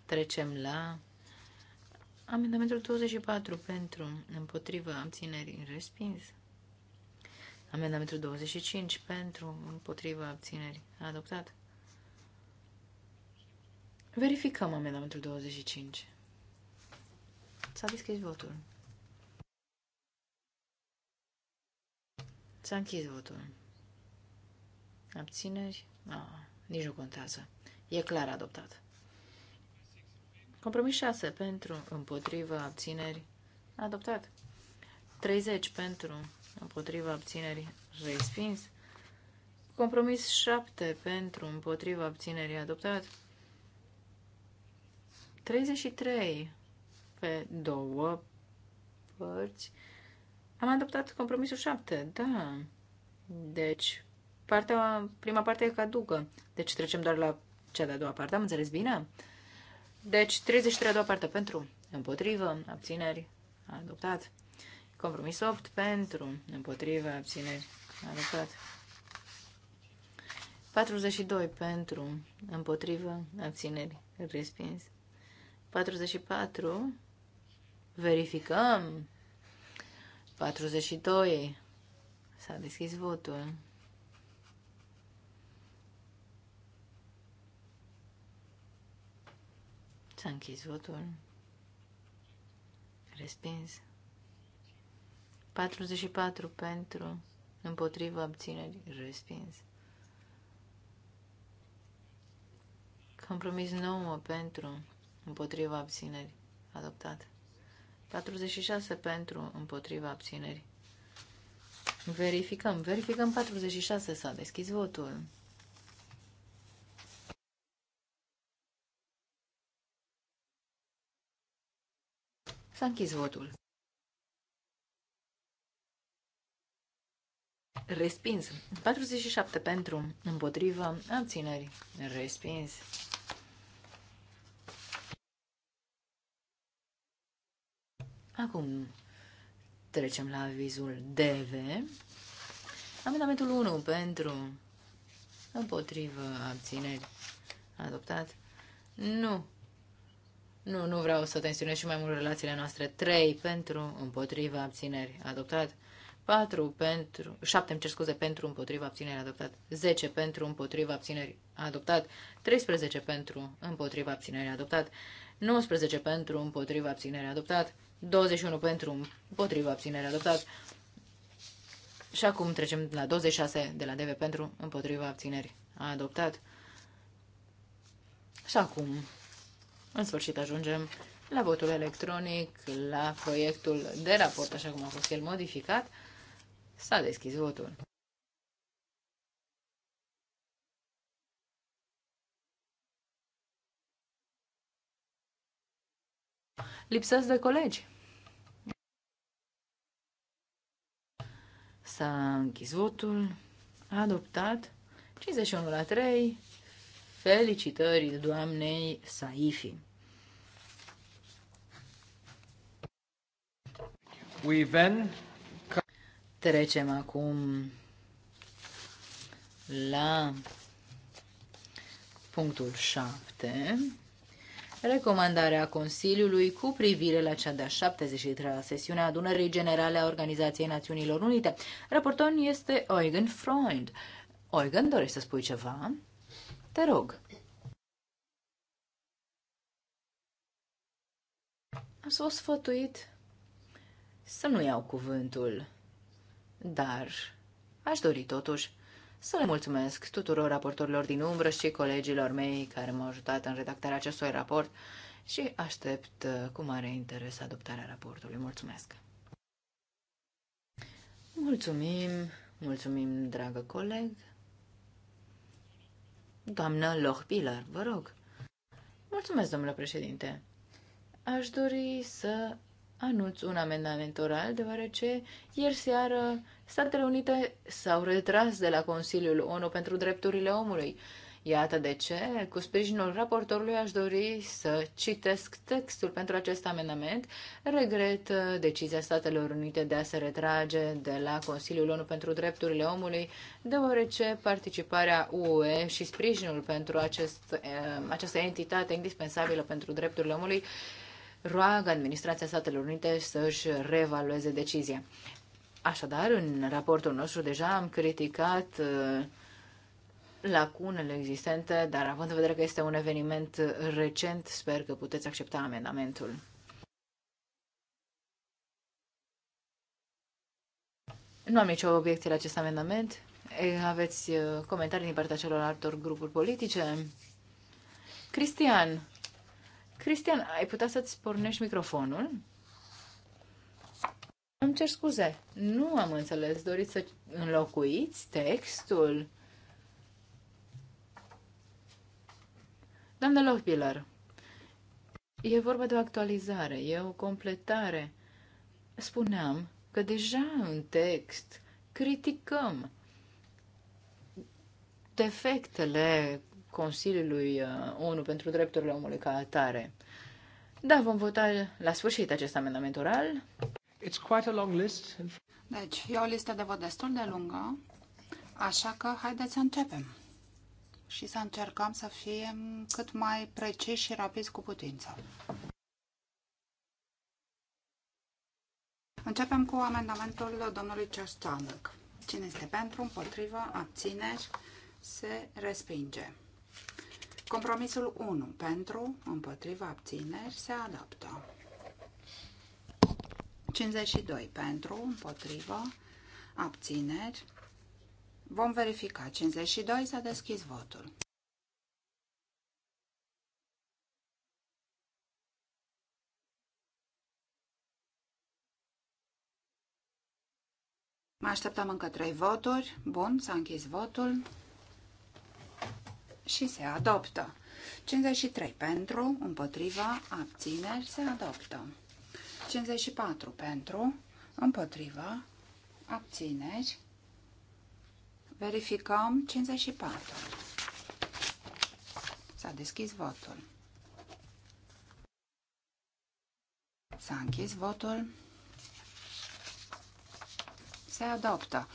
Trecem la amendamentul 24 pentru, împotrivă, abțineri, respins. Amendamentul 25 pentru, împotrivă, abțineri, adoptat. Verificăm amendamentul 25. S-a deschis votul. S-a închis votul. Abțineri? A, ah, nici nu contează. E clar adoptat. Compromis 6 pentru, împotrivă, abțineri, adoptat. 30 pentru, împotrivă, abțineri, respins. Compromis 7 pentru, împotrivă, abțineri, adoptat. 33 pe două părți. Am adoptat compromisul 7, da. Deci, partea, prima parte e caducă. Deci trecem doar la cea de-a doua parte, am înțeles bine? Deci, 33 a doua parte pentru, împotrivă, abțineri, adoptat. Compromis 8 pentru, împotrivă, abțineri, adoptat. 42 pentru, împotrivă, abțineri, respins. 44, verificăm, 42. S-a deschis votul. S-a închis votul. Respins. 44 pentru, împotriva abținerii, respins. Compromis 9 pentru, împotriva abținerii, adoptat. 46 pentru, împotriva abținerii. Verificăm, verificăm 46 s-a deschis votul. S-a închis votul. Respins. 47 pentru, împotriva, abținerii. Respins. Acum trecem la avizul DV. Amendamentul 1 pentru împotrivă abțineri adoptat. Nu. Nu, nu vreau să tensionez și mai mult relațiile noastre. 3 pentru împotrivă abțineri adoptat. 4 pentru, 7 îmi cer scuze, pentru împotrivă abțineri adoptat, 10 pentru împotrivă abțineri adoptat, 13 pentru împotrivă abțineri adoptat, 19 pentru împotrivă abțineri adoptat, 21 pentru, împotriva abținere adoptat. Și acum trecem la 26 de la DV pentru, împotriva abțineri adoptat. Și acum, în sfârșit, ajungem la votul electronic, la proiectul de raport, așa cum a fost el modificat. S-a deschis votul. Lipsesc de colegi. S-a închis votul. a Adoptat. 51 la 3. Felicitări doamnei Saifi. We then... Trecem acum la punctul 7 recomandarea Consiliului cu privire la cea de-a 73-a sesiune a adunării generale a Organizației Națiunilor Unite. Raportorul este Eugen Freund. Eugen, dorești să spui ceva? Te rog. Am fost sfătuit să nu iau cuvântul, dar aș dori totuși să le mulțumesc tuturor raportorilor din umbră și colegilor mei care m-au ajutat în redactarea acestui raport și aștept uh, cu mare interes adoptarea raportului. Mulțumesc! Mulțumim, mulțumim, dragă coleg. Doamna Lohpilar, vă rog. Mulțumesc, domnule președinte. Aș dori să anunț un amendament oral, deoarece ieri seară Statele Unite s-au retras de la Consiliul ONU pentru Drepturile Omului. Iată de ce, cu sprijinul raportorului, aș dori să citesc textul pentru acest amendament. Regret uh, decizia Statelor Unite de a se retrage de la Consiliul ONU pentru Drepturile Omului, deoarece participarea UE și sprijinul pentru acest, uh, această entitate indispensabilă pentru drepturile omului roagă administrația Statelor Unite să-și reevalueze decizia. Așadar, în raportul nostru deja am criticat uh, lacunele existente, dar având în vedere că este un eveniment recent, sper că puteți accepta amendamentul. Nu am nicio obiecție la acest amendament. Aveți uh, comentarii din partea celorlaltor grupuri politice? Cristian, Cristian, ai putea să-ți pornești microfonul? Îmi cer scuze, nu am înțeles. Doriți să înlocuiți textul? Doamne Lohbiller, e vorba de o actualizare, e o completare. Spuneam că deja în text criticăm defectele Consiliului uh, ONU pentru drepturile omului ca atare. Da, vom vota la sfârșit acest amendament oral. It's quite a long list. Deci, e o listă de văd destul de lungă, așa că haideți să începem și să încercăm să fim cât mai preciși și rapizi cu putință. Începem cu amendamentul domnului Cerstanăc. Cine este pentru, împotrivă, abțineri, se respinge. Compromisul 1. Pentru, împotrivă, abțineri, se adaptă. 52 pentru, împotrivă, abțineri. Vom verifica. 52 s-a deschis votul. Mai așteptăm încă 3 voturi. Bun, s-a închis votul. Și se adoptă. 53 pentru, împotriva, abțineri, se adoptă. 54 pentru, împotriva, abțineri. Verificăm 54. S-a deschis votul. S-a închis votul. Se adoptă.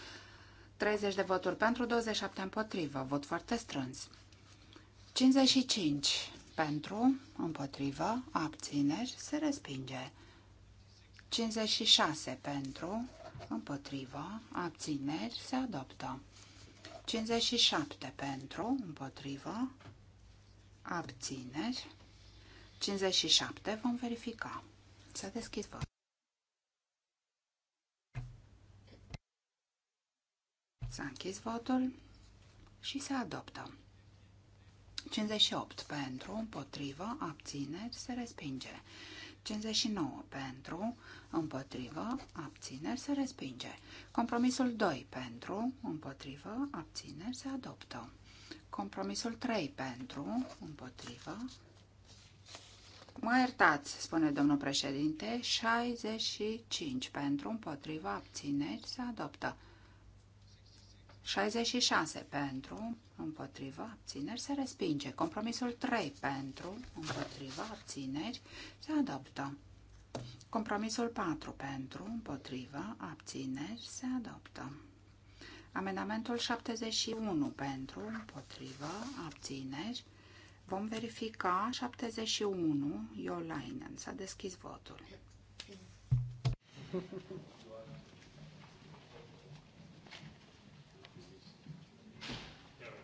30 de voturi pentru, 27 împotrivă. Vot foarte strâns. 55 pentru, împotrivă, abțineri, se respinge. 56 pentru, împotrivă, abțineri, se adoptă. 57 pentru, împotrivă, abțineri. 57 vom verifica. Să deschid vot. S-a închis votul și se adoptă. 58 pentru, împotrivă, abțineri, se respinge. 59 pentru, împotrivă, abțineri, se respinge. Compromisul 2 pentru, împotrivă, abțineri, se adoptă. Compromisul 3 pentru, împotrivă. Mă iertați, spune domnul președinte, 65 pentru, împotrivă, abțineri, se adoptă. 66 pentru, împotriva, abțineri, se respinge. Compromisul 3 pentru, împotriva, abțineri, se adoptă. Compromisul 4 pentru, împotriva, abțineri, se adoptă. Amendamentul 71 pentru, împotriva, abțineri. Vom verifica 71, Iolainen. S-a deschis votul. Thank you.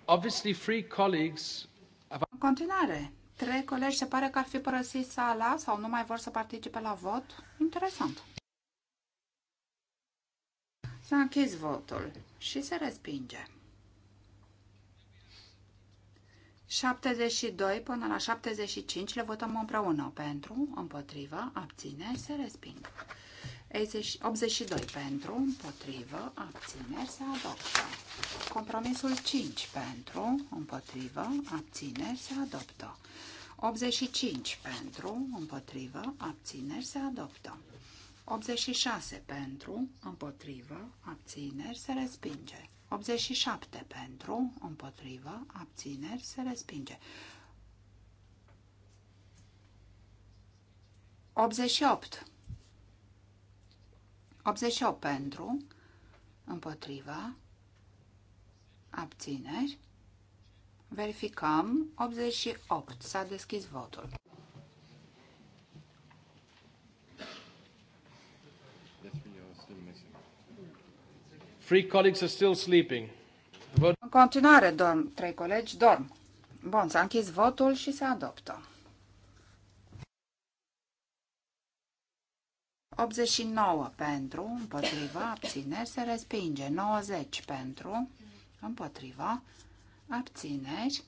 Obviously, three colleagues În continuare, trei colegi se pare că ar fi părăsit sala sau nu mai vor să participe la vot. Interesant. S-a închis votul și se respinge. 72 până la 75 le votăm împreună. Pentru, împotrivă, abține, se resping. 82 pentru, împotrivă, abțineri, se adoptă. Compromisul 5 pentru, împotrivă, abțineri, se adoptă. 85 pentru, împotrivă, abțineri, se adoptă. 86 pentru, împotrivă, abțineri, se respinge. 87 pentru, împotrivă, abțineri, se respinge. 88 88 pentru, împotriva, abțineri. Verificăm 88. S-a deschis votul. Three colleagues are still sleeping. Vot... În continuare dorm trei colegi, dorm. Bun, s-a închis votul și se adoptă. 89 pentru, împotriva, abțineri, se respinge. 90 pentru, împotriva, abțineri.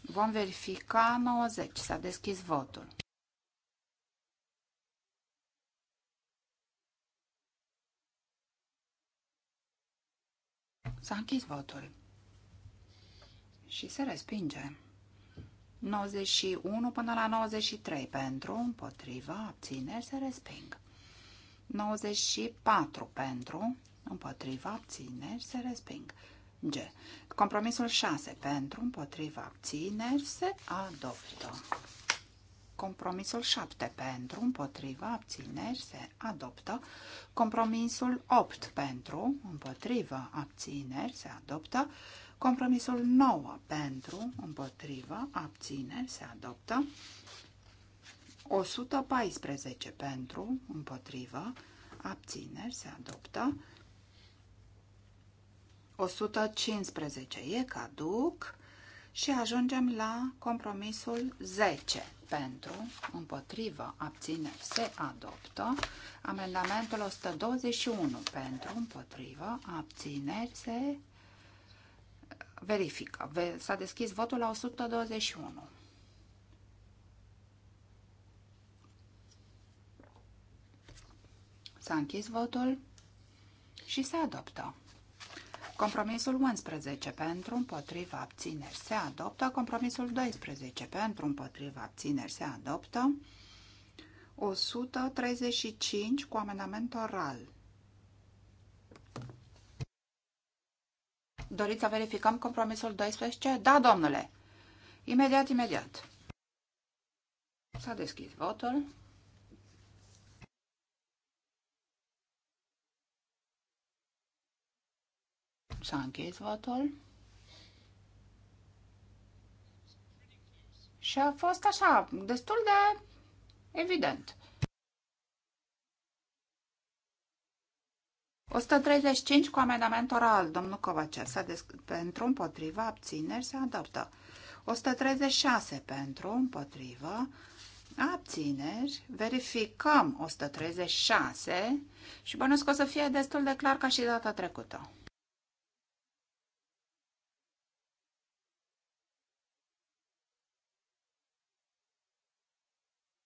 Vom verifica 90. S-a deschis votul. S-a închis votul. Și se respinge. 91 până la 93 pentru, împotriva, abțineri, se resping. 94 pentru, împotriva abțineri se resping. G. Compromisul 6 pentru, împotriva abțineri se adoptă. Compromisul 7 pentru, împotriva abțineri se adoptă. Compromisul 8 pentru, împotriva abțineri se adoptă. Compromisul 9 pentru, împotriva abțineri se adoptă. 114 pentru, împotrivă, abțineri, se adoptă. 115 e caduc și ajungem la compromisul 10 pentru, împotrivă, abțineri, se adoptă. Amendamentul 121 pentru, împotrivă, abțineri, se verifică. S-a deschis votul la 121. S-a închis votul și se adoptă. Compromisul 11 pentru împotriva abțineri se adoptă. Compromisul 12 pentru împotriva abțineri se adoptă. 135 cu amendament oral. Doriți să verificăm compromisul 12? Da, domnule! Imediat, imediat. S-a deschis votul. S-a votul. Și a fost așa, destul de evident. 135 cu amendament oral, domnul Covacev, s-a pentru, împotriva, abțineri, se adoptă. 136 pentru, împotrivă, abțineri, verificăm 136 și bănuiesc că o să fie destul de clar ca și data trecută.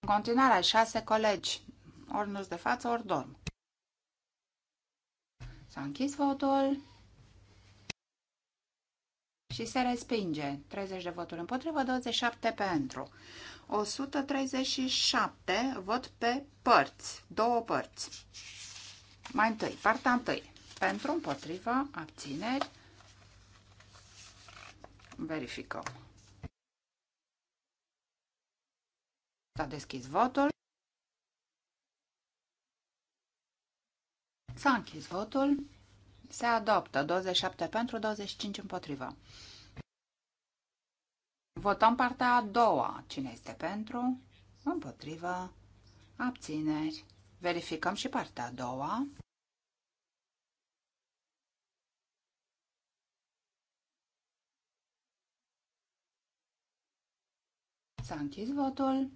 În continuare, ai șase colegi. Ori nu de față, ori dorm. S-a închis votul și se respinge. 30 de voturi împotrivă, 27 pentru. 137 vot pe părți, două părți. Mai întâi, partea întâi. Pentru, împotrivă, abțineri. Verificăm. S-a deschis votul. S-a închis votul. Se adoptă 27 pentru, 25 împotriva. Votăm partea a doua. Cine este pentru? Împotriva. Abțineri. Verificăm și partea a doua. S-a închis votul.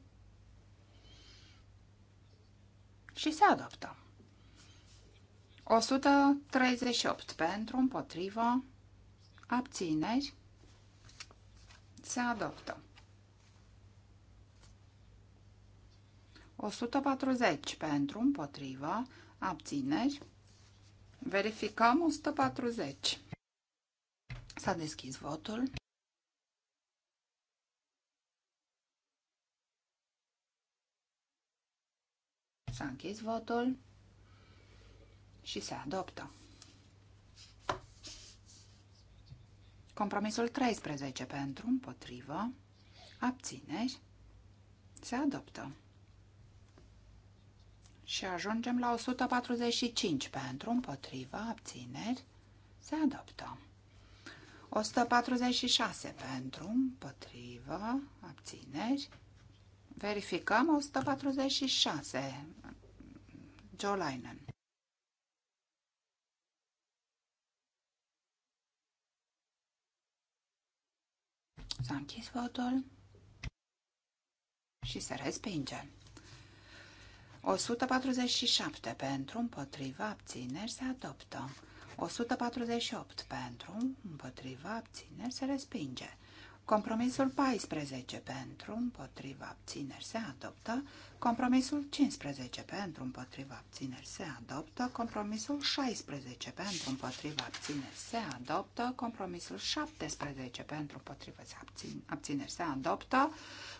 și se adoptă. 138 pentru, împotrivă, abțineri, se adoptă. 140 pentru, împotrivă, abțineri, verificăm 140. S-a deschis votul. S-a închis votul și se adoptă. Compromisul 13 pentru, împotrivă, abțineri, se adoptă. Și ajungem la 145 pentru, împotrivă, abțineri, se adoptă. 146 pentru, împotrivă, abțineri, Verificăm 146. Linen. S-a închis votul și se respinge. 147 pentru, împotriva, abțineri, se adoptă. 148 pentru, împotriva, abțineri, se respinge. Compromisul 14 pentru, împotriva abțineri se adoptă. Compromisul 15 pentru, împotriva abțineri se adoptă. Compromisul 16 pentru, împotriva abțineri se adoptă. Compromisul 17 pentru, împotriva abțineri se adoptă.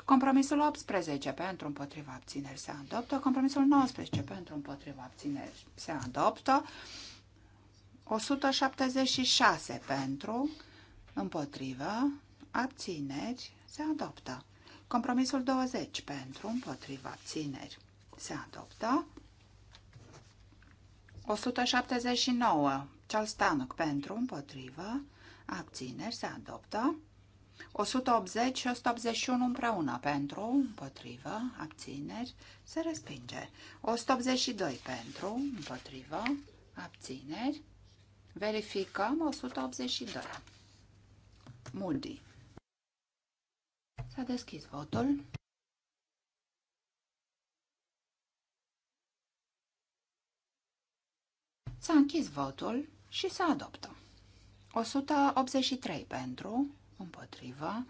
Compromisul 18 pentru, împotriva abțineri se adoptă. Compromisul 19 pentru, împotriva abțineri se adoptă. 176 pentru, împotriva abțineri, se adoptă. Compromisul 20 pentru, împotriva, abțineri, se adoptă. 179, Charles Tanuc pentru, împotriva, abțineri, se adoptă. 180 și 181 împreună pentru, împotrivă, abțineri, se respinge. 182 pentru, împotrivă, abțineri, verificăm 182. Moody. S-a deschis votul. S-a închis votul și s-a adoptat. 183 pentru, împotrivă,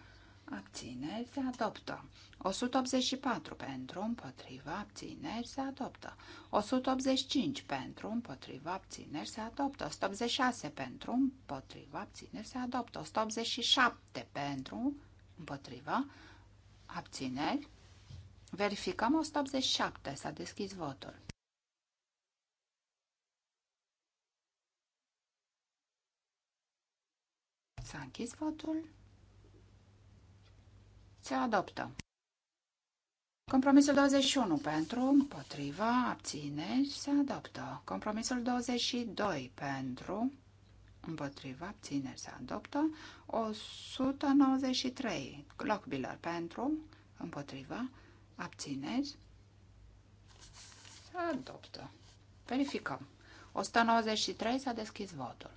abțineri, se adoptă. 184 pentru, împotrivă, abțineri, se adoptă. 185 pentru, împotrivă, abțineri, se adoptă. 186 pentru, împotrivă, abțineri, se adoptă. 187 pentru, Împotriva. Abțineri. Verificăm 187. S-a deschis votul. S-a închis votul. Se adoptă. Compromisul 21 pentru, împotriva, abțineri, se adoptă. Compromisul 22 pentru, împotriva, abțineri se adoptă. 193, clockbiller pentru, împotriva, abțineri se adoptă. Verificăm. 193 s-a deschis votul.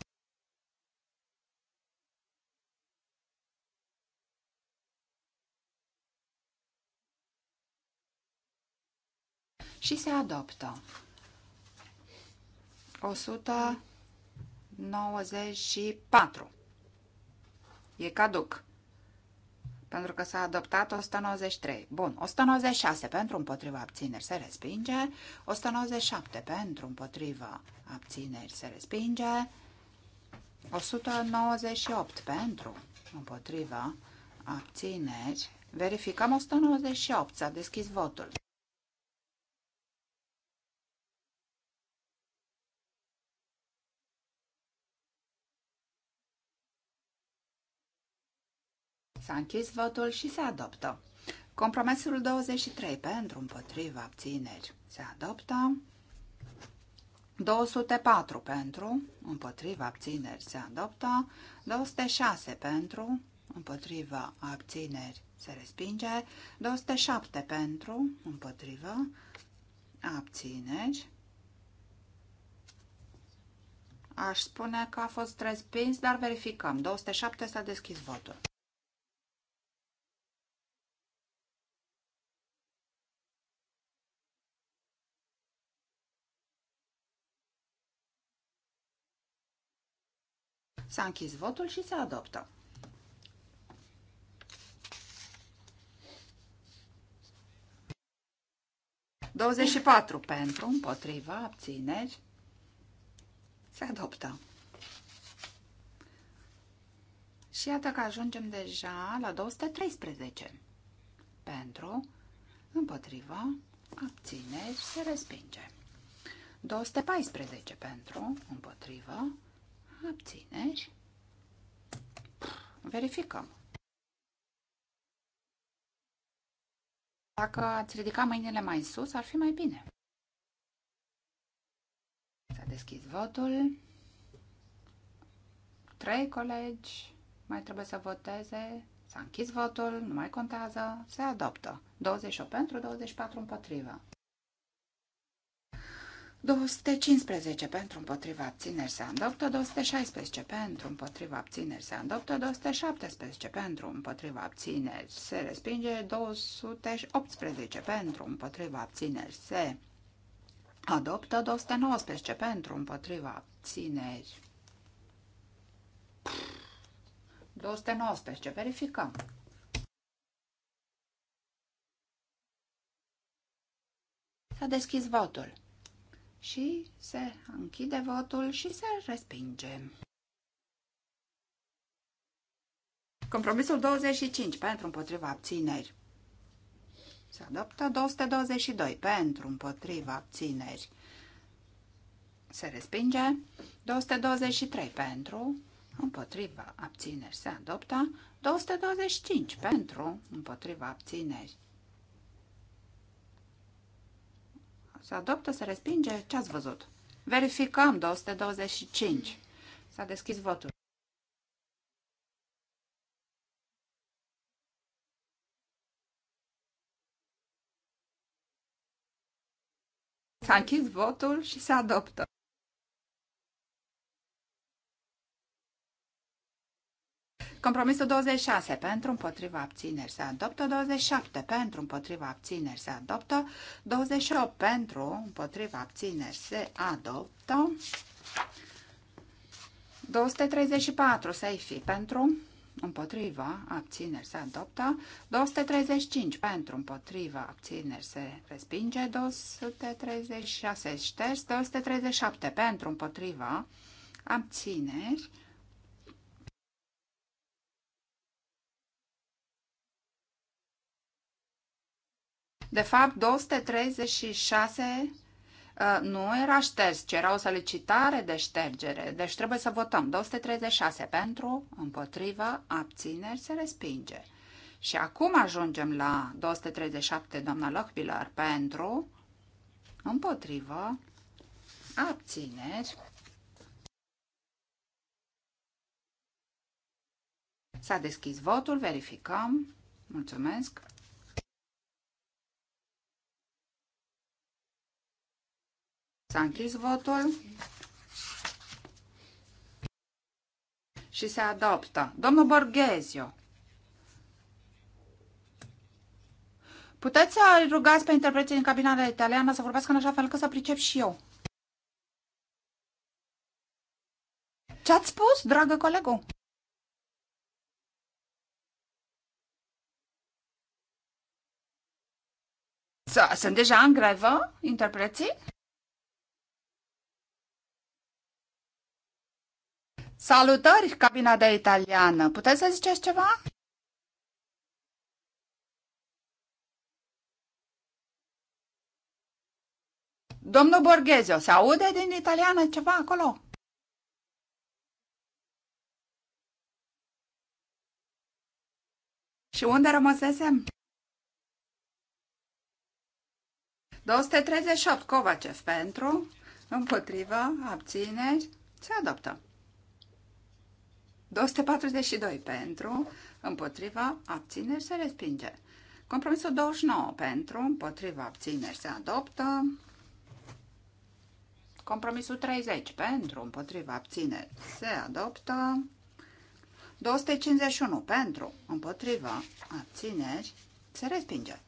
Și se adoptă. 100 194. E caduc. Pentru că s-a adoptat 193. Bun, 196 pentru împotriva abțineri se respinge. 197 pentru împotriva abțineri se respinge. 198 pentru împotriva abțineri. Verificăm 198. S-a deschis votul. S-a închis votul și se adoptă. Compromisul 23 pentru împotriva abțineri se adoptă. 204 pentru împotriva abțineri se adoptă. 206 pentru împotriva abțineri se respinge. 207 pentru împotriva abțineri. Aș spune că a fost respins, dar verificăm. 207 s-a deschis votul. S-a închis votul și se adoptă. Douăzeci patru pentru, împotriva, abțineri, se adoptă. Și iată că ajungem deja la 213. Pentru, împotriva, abțineri, se respinge. 214 pentru, împotriva, Abțineri. Verificăm. Dacă ați ridica mâinile mai sus, ar fi mai bine. S-a deschis votul. Trei colegi mai trebuie să voteze. S-a închis votul, nu mai contează, se adoptă. 28 pentru, 24 împotrivă. 215 pentru împotriva abțineri se adoptă, 216 pentru împotriva abțineri se adoptă, 217 pentru împotriva abțineri se respinge, 218 pentru împotriva abțineri se adoptă, 219 pentru împotriva abțineri. 219, verificăm. S-a deschis votul și se închide votul și se respinge. Compromisul 25 pentru împotriva abțineri. Se adoptă 222 pentru împotriva abțineri. Se respinge 223 pentru împotriva abțineri. Se adoptă 225 pentru împotriva abțineri. Se adoptă, se respinge? Ce ați văzut? Verificăm 225. S-a deschis votul. S-a închis votul și se adoptă. Compromisul 26 pentru împotriva abțineri se adoptă, 27 pentru împotriva abțineri se adoptă, 28 pentru împotriva abțineri se adoptă, 234 seifi pentru împotriva abțineri se adoptă, 235 pentru împotriva abțineri se respinge, 236 șters, 237 pentru împotriva abțineri De fapt, 236 uh, nu era șters, ci era o solicitare de ștergere. Deci trebuie să votăm. 236 pentru, împotrivă, abțineri, se respinge. Și acum ajungem la 237, doamna Lochbiller, pentru, împotrivă, abțineri. S-a deschis votul, verificăm. Mulțumesc. S-a închis votul și se adoptă. Domnul Borghezio. Puteți să rugați pe interpreții din cabina italiană să vorbească în așa fel că să pricep și eu. Ce-ați spus, dragă colegă? Sunt deja în grevă, interpreții? Salutări, cabina de italiană! Puteți să ziceți ceva? Domnul Borghezio, se aude din italiană ceva acolo? Și unde rămăsesem? 238 Covacev pentru, împotrivă, abțineri, se adoptă. 242 pentru, împotriva, abțineri, se respinge. Compromisul 29 pentru, împotriva, abțineri, se adoptă. Compromisul 30 pentru, împotriva, abțineri, se adoptă. 251 pentru, împotriva, abțineri, se respinge.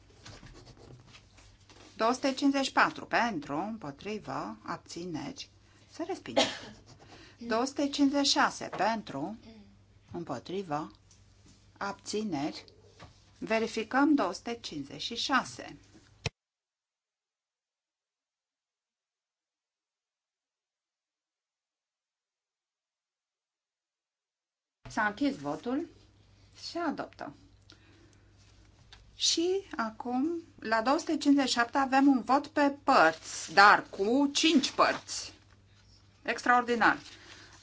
254 pentru, împotriva, abțineri, se respinge. 256 pentru, împotriva, abțineri, verificăm 256. S-a închis votul, se adoptă. Și acum, la 257 avem un vot pe părți, dar cu 5 părți. Extraordinar.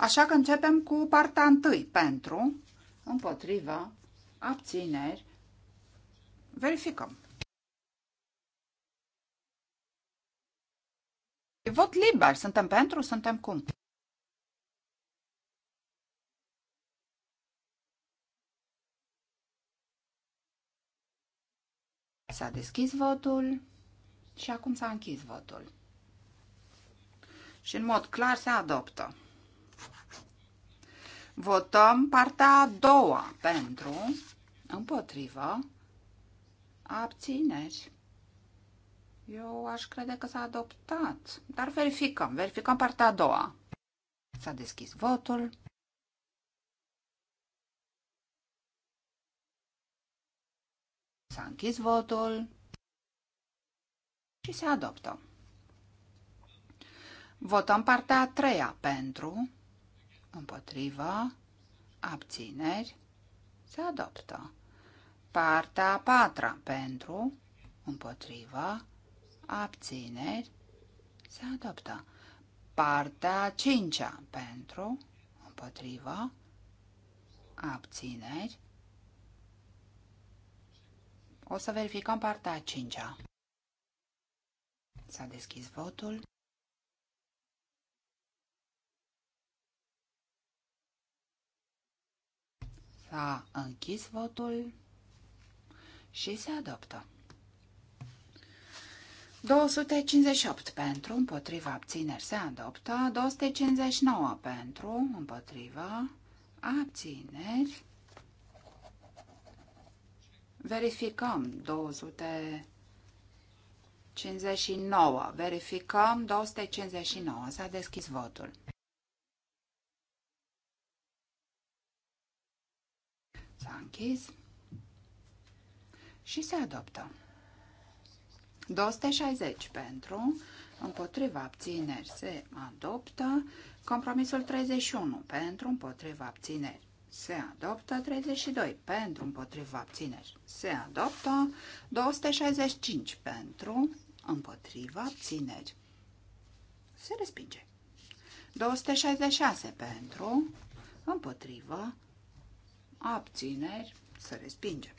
Așa că începem cu partea întâi. Pentru, împotriva, abțineri. Verificăm. vot liber. Suntem pentru? Suntem cum? S-a deschis votul și acum s-a închis votul. Și în mod clar se adoptă. Votăm partea a doua pentru, împotrivă, abțineri. Eu aș crede că s-a adoptat, dar verificăm, verificăm partea a doua. S-a deschis votul. S-a închis votul și se adoptă. Votăm partea a treia pentru, împotriva, abțineri, se adoptă. Partea a patra pentru, împotriva, abțineri, se adoptă. Partea a cincea pentru, împotriva, abțineri. O să verificăm partea a cincea. S-a deschis votul. S-a închis votul și se adoptă. 258 pentru, împotriva abțineri se adoptă, 259 pentru, împotriva abțineri. Verificăm 259, verificăm 259, s-a deschis votul. S-a închis și se adoptă. 260 pentru, împotriva abțineri se adoptă, compromisul 31 pentru, împotriva abțineri se adoptă, 32 pentru, împotriva abțineri se adoptă, 265 pentru, împotriva abțineri se respinge. 266 pentru, împotriva abțineri, să respingem.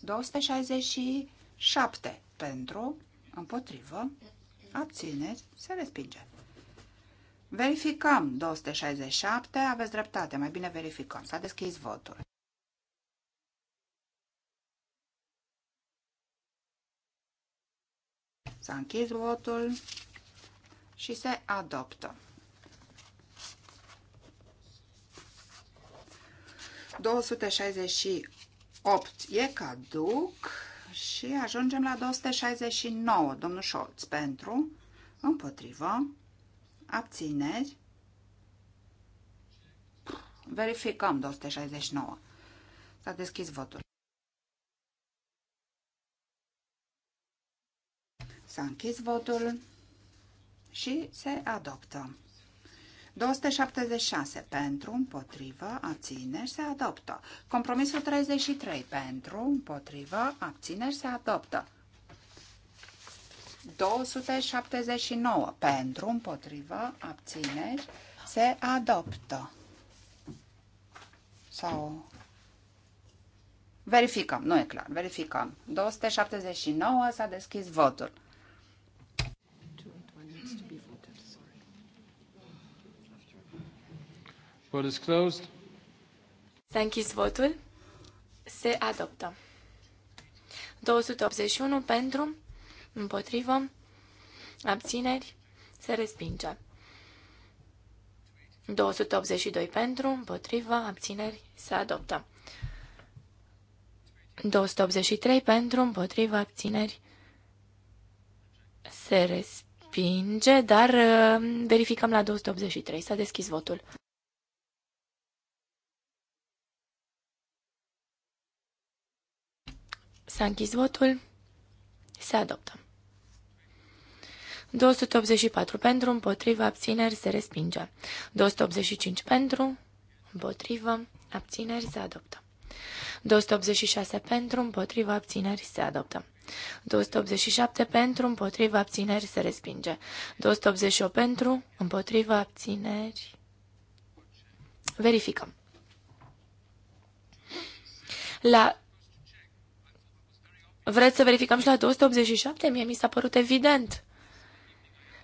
267 pentru, împotrivă, abțineri, se respinge. Verificăm 267, aveți dreptate, mai bine verificăm. S-a deschis votul. S-a închis votul și se adoptă. 268 e caduc și ajungem la 269. Domnul Scholz pentru, împotrivă, abțineri. Verificăm 269. S-a deschis votul. S-a închis votul și se adoptă. 276 pentru, împotrivă, abțineri, se adoptă. Compromisul 33 pentru, împotrivă, abțineri, se adoptă. 279 pentru, împotrivă, abțineri, se adoptă. Sau verificăm, nu e clar, verificăm. 279 s-a deschis votul. Vote is closed. S-a închis votul. Se adoptă. 281 pentru, împotrivă, abțineri, se respinge. 282 pentru, împotrivă, abțineri, se adoptă. 283 pentru, împotrivă, abțineri, se respinge, dar uh, verificăm la 283. S-a deschis votul. S-a închis votul. Se adoptă. 284 pentru, împotrivă, abțineri, se respinge. 285 pentru, împotrivă, abțineri, se adoptă. 286 pentru, împotrivă, abțineri, se adoptă. 287 pentru, împotrivă, abțineri, se respinge. 288 pentru, împotrivă, abțineri. Verificăm. La Vreți să verificăm și la 287? Mie mi s-a părut evident,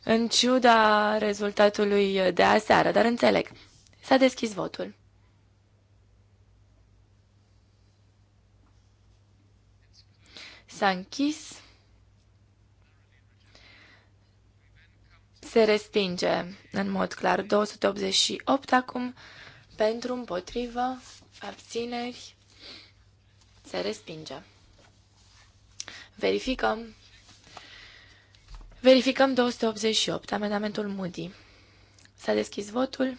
în ciuda rezultatului de aseară, dar înțeleg. S-a deschis votul. S-a închis. Se respinge în mod clar 288 acum pentru împotrivă abțineri. Se respinge. Verificăm. Verificăm 288, amendamentul Moody. S-a deschis votul.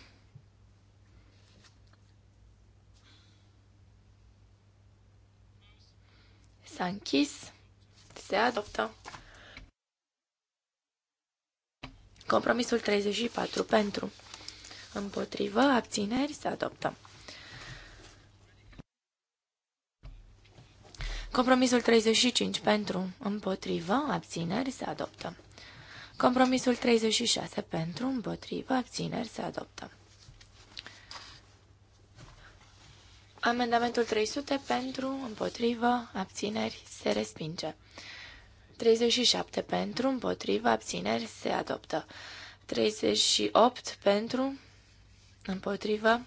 S-a închis. Se adoptă. Compromisul 34 pentru. Împotrivă, abțineri, se adoptă. Compromisul 35 pentru, împotrivă, abțineri se adoptă. Compromisul 36 pentru, împotrivă, abțineri se adoptă. Amendamentul 300 pentru, împotrivă, abțineri se respinge. 37 pentru, împotrivă, abțineri se adoptă. 38 pentru, împotrivă,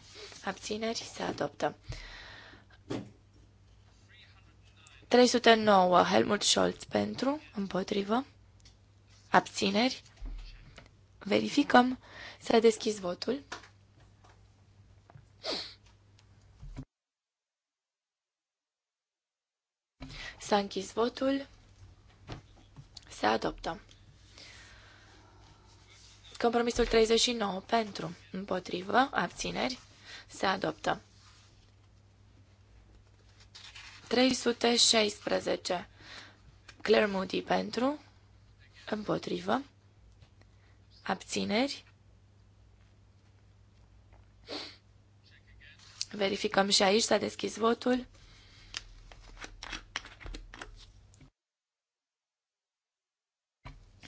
abțineri se adoptă. 309. Helmut Scholz pentru, împotrivă, abțineri. Verificăm. S-a deschis votul. S-a închis votul. Se adoptă. Compromisul 39 pentru, împotrivă, abțineri, se adoptă. 316. Claire Moody pentru, împotrivă, abțineri. Verificăm și aici, s-a deschis votul.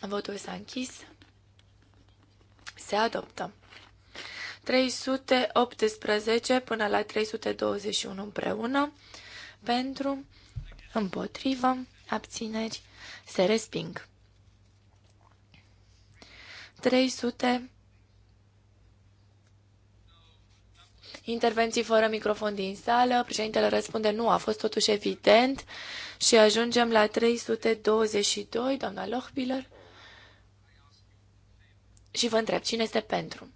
Votul s-a închis. Se adoptă. 318 până la 321 împreună pentru, împotrivă, abțineri, se resping. 300 Intervenții fără microfon din sală. Președintele răspunde nu, a fost totuși evident. Și ajungem la 322, doamna Lochbiller. Și vă întreb, cine este pentru?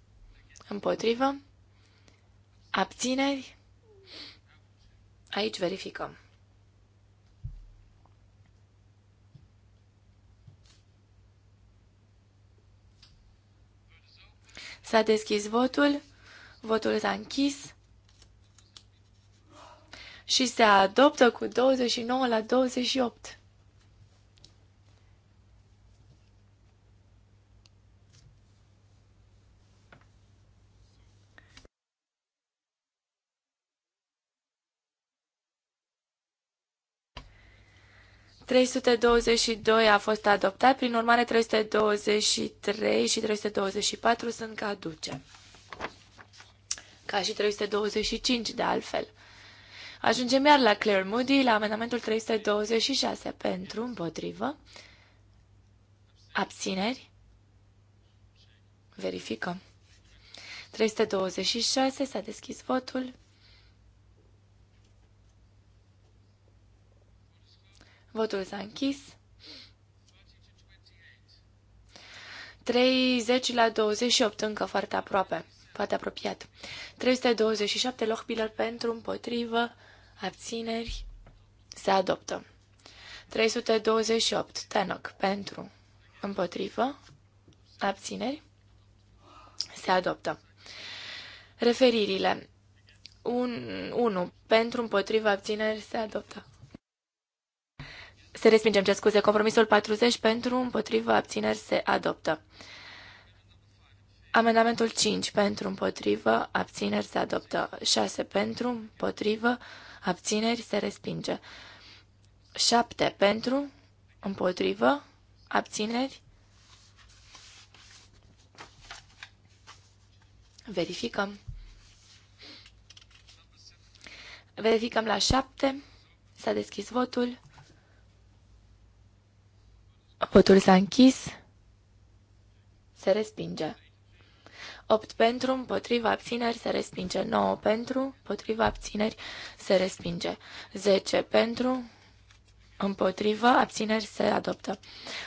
Împotrivă? Abțineri? Aici verificăm. S-a deschis votul, votul s-a închis și se adoptă cu 29 la 28. 322 a fost adoptat, prin urmare 323 și 324 sunt caduce. Ca și 325 de altfel. Ajungem iar la Claire Moody, la amendamentul 326 pentru, împotrivă, abțineri, verificăm. 326 s-a deschis votul. Votul s-a închis. 30 la 28, încă foarte aproape, foarte apropiat. 327 Lochbiller pentru, împotrivă, abțineri, se adoptă. 328 Tenoc pentru, împotrivă, abțineri, se adoptă. Referirile. 1. Pentru împotrivă, abțineri se adoptă se respingem, ce scuze, compromisul 40 pentru, împotrivă, abțineri se adoptă. Amendamentul 5 pentru, împotrivă, abțineri se adoptă. 6 pentru, împotrivă, abțineri se respinge. 7 pentru, împotrivă, abțineri. Verificăm. Verificăm la 7. S-a deschis votul. Pătul s-a închis. Se respinge. 8 pentru, împotriva abțineri, se respinge. 9 pentru, împotriva abțineri, se respinge. 10 pentru, împotriva abțineri, se adoptă.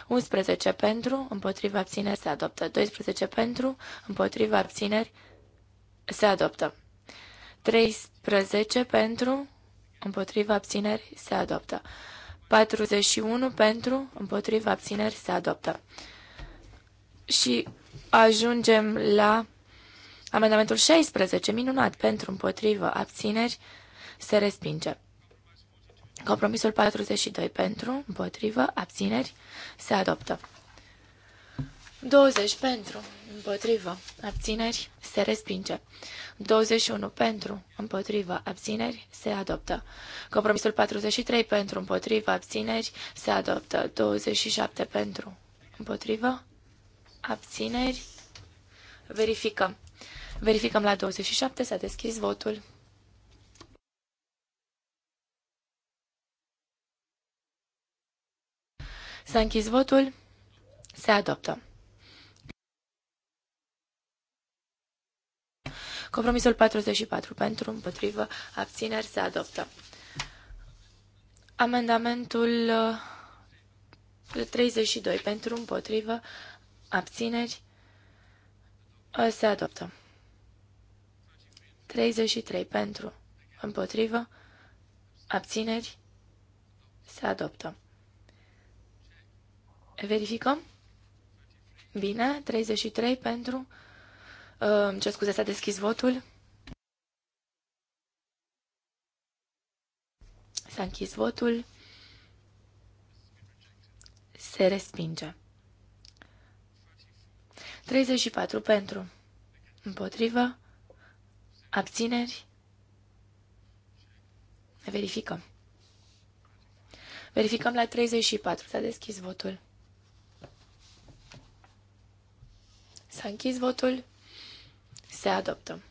11 pentru, împotriva abțineri, se adoptă. 12 pentru, împotriva abțineri, se adoptă. 13 pentru, împotriva abțineri, se adoptă. 41 pentru, împotriva abțineri se adoptă. Și ajungem la amendamentul 16, minunat, pentru, împotrivă, abțineri se respinge. Compromisul 42 pentru, împotrivă, abțineri, se adoptă. 20 pentru, Împotrivă. Abțineri. Se respinge. 21 pentru. Împotrivă. Abțineri. Se adoptă. Compromisul 43 pentru. Împotrivă. Abțineri. Se adoptă. 27 pentru. Împotrivă. Abțineri. Verificăm. Verificăm la 27. S-a deschis votul. S-a închis votul. Se adoptă. Compromisul 44 pentru, împotrivă, abțineri se adoptă. Amendamentul 32 uh, pentru, împotrivă, abțineri uh, se adoptă. 33 pentru, împotrivă, abțineri se adoptă. Verificăm? Bine, 33 pentru, ce scuze, s-a deschis votul. S-a închis votul. Se respinge. 34 pentru. Împotrivă. Abțineri. Verificăm. Verificăm la 34. S-a deschis votul. S-a închis votul. Se adoptă.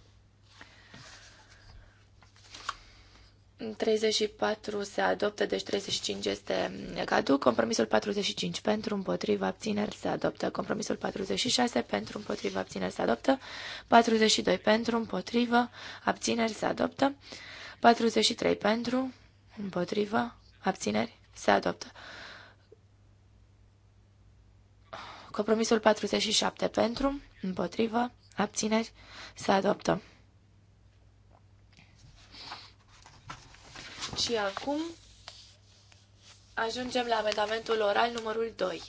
34 se adoptă, deci 35 este cadu. Compromisul 45 pentru, împotriva, abțineri se adoptă. Compromisul 46 pentru, împotriva, abțineri se adoptă. 42 pentru, împotriva, abțineri se adoptă. 43 pentru, împotriva, abțineri se adoptă. Compromisul 47 pentru, împotriva, abțineri, se adoptă. Și acum ajungem la amendamentul oral numărul 2,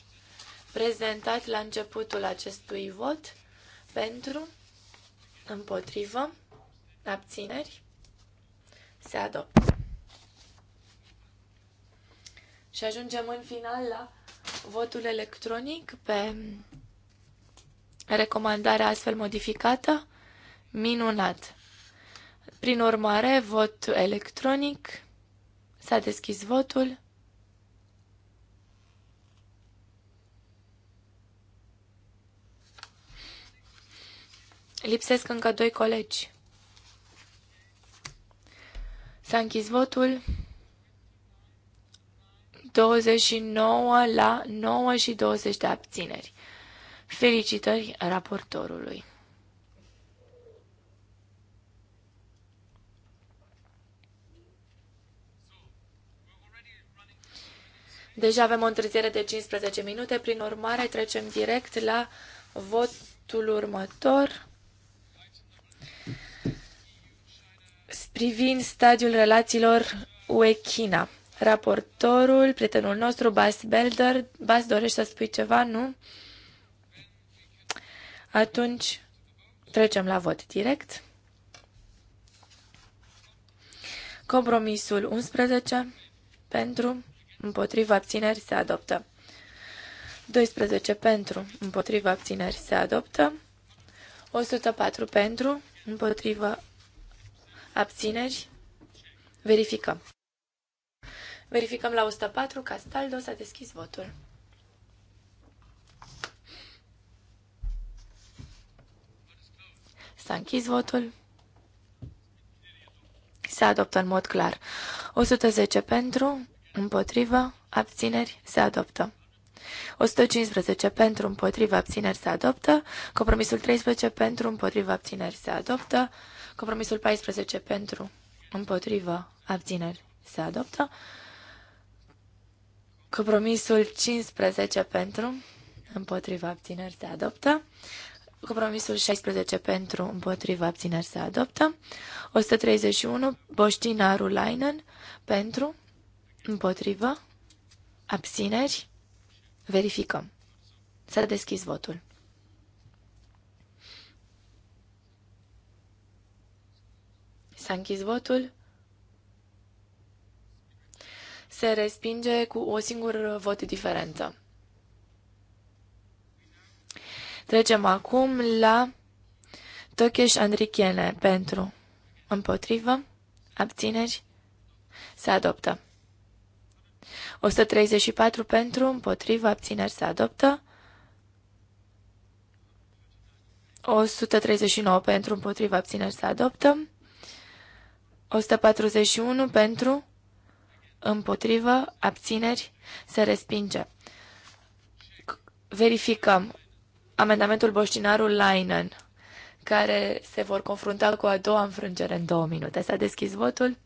prezentat la începutul acestui vot pentru, împotrivă, abțineri, se adoptă. Și ajungem în final la votul electronic pe Recomandarea astfel modificată? Minunat! Prin urmare, vot electronic. S-a deschis votul. Lipsesc încă doi colegi. S-a închis votul. 29 la 9 și 20 de abțineri. Felicitări raportorului! Deja avem o întârziere de 15 minute, prin urmare trecem direct la votul următor privind stadiul relațiilor UE-China. Raportorul, prietenul nostru, Bas Belder, Bas, dorește să spui ceva, nu? Atunci trecem la vot direct. Compromisul 11 pentru, împotriva abțineri se adoptă. 12 pentru, împotriva abțineri se adoptă. 104 pentru, împotriva abțineri. Verificăm. Verificăm la 104, Castaldo s-a deschis votul. S-a închis votul. Se adoptă în mod clar. 110 pentru, împotrivă, abțineri, se adoptă. 115 pentru, împotrivă, abțineri, se adoptă. Compromisul 13 pentru, împotrivă, abțineri, se adoptă. Compromisul 14 pentru, împotrivă, abțineri, se adoptă. Compromisul 15 pentru, împotrivă, abțineri se adoptă. Compromisul 16 pentru împotriva abțineri se adoptă. 131 Boștina Rulainen pentru împotriva abțineri. Verificăm. S-a deschis votul. S-a închis votul. Se respinge cu o singur vot diferență. Trecem acum la Tokeș Andrichene pentru împotrivă, abțineri, se adoptă. 134 pentru, împotrivă, abțineri, se adoptă. 139 pentru, împotrivă, abțineri, se adoptă. 141 pentru, împotrivă, abțineri, se respinge. Verificăm amendamentul Boștinaru-Lainen, care se vor confrunta cu a doua înfrângere în două minute. S-a deschis votul.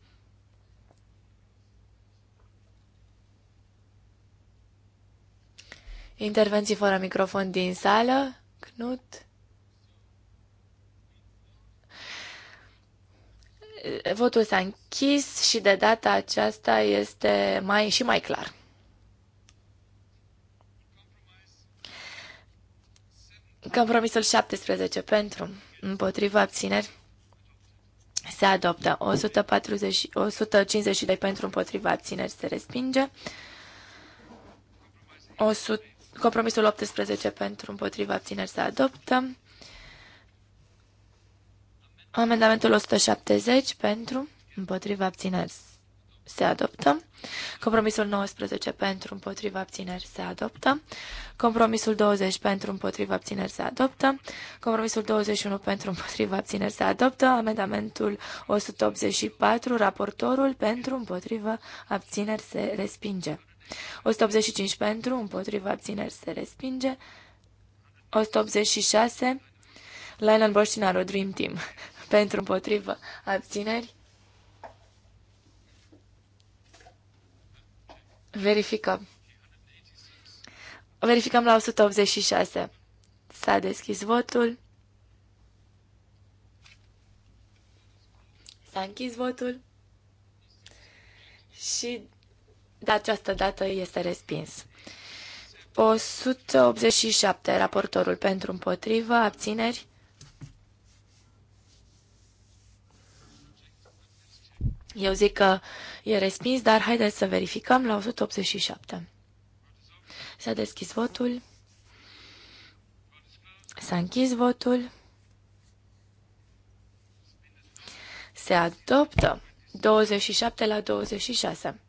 Intervenții fără microfon din sală. Cnut. Votul s-a închis și de data aceasta este mai și mai clar. Compromisul 17 pentru, împotriva abțineri, se adoptă. 140, 152 pentru, împotriva abțineri, se respinge. 100, compromisul 18 pentru, împotriva abțineri, se adoptă. Amendamentul 170 pentru, împotriva abțineri, se adoptă. Compromisul 19 pentru împotriva abțineri se adoptă. Compromisul 20 pentru împotriva abțineri se adoptă. Compromisul 21 pentru împotriva abțineri se adoptă. Amendamentul 184, raportorul pentru împotriva abțineri se respinge. 185 pentru împotriva abțineri se respinge. 186, Lionel Boștinaru Dream Team pentru împotriva abțineri Verificăm. Verificăm la 186. S-a deschis votul. S-a închis votul. Și de această dată este respins. 187. Raportorul pentru împotrivă, abțineri, Eu zic că e respins, dar haideți să verificăm la 187. S-a deschis votul. S-a închis votul. Se adoptă 27 la 26.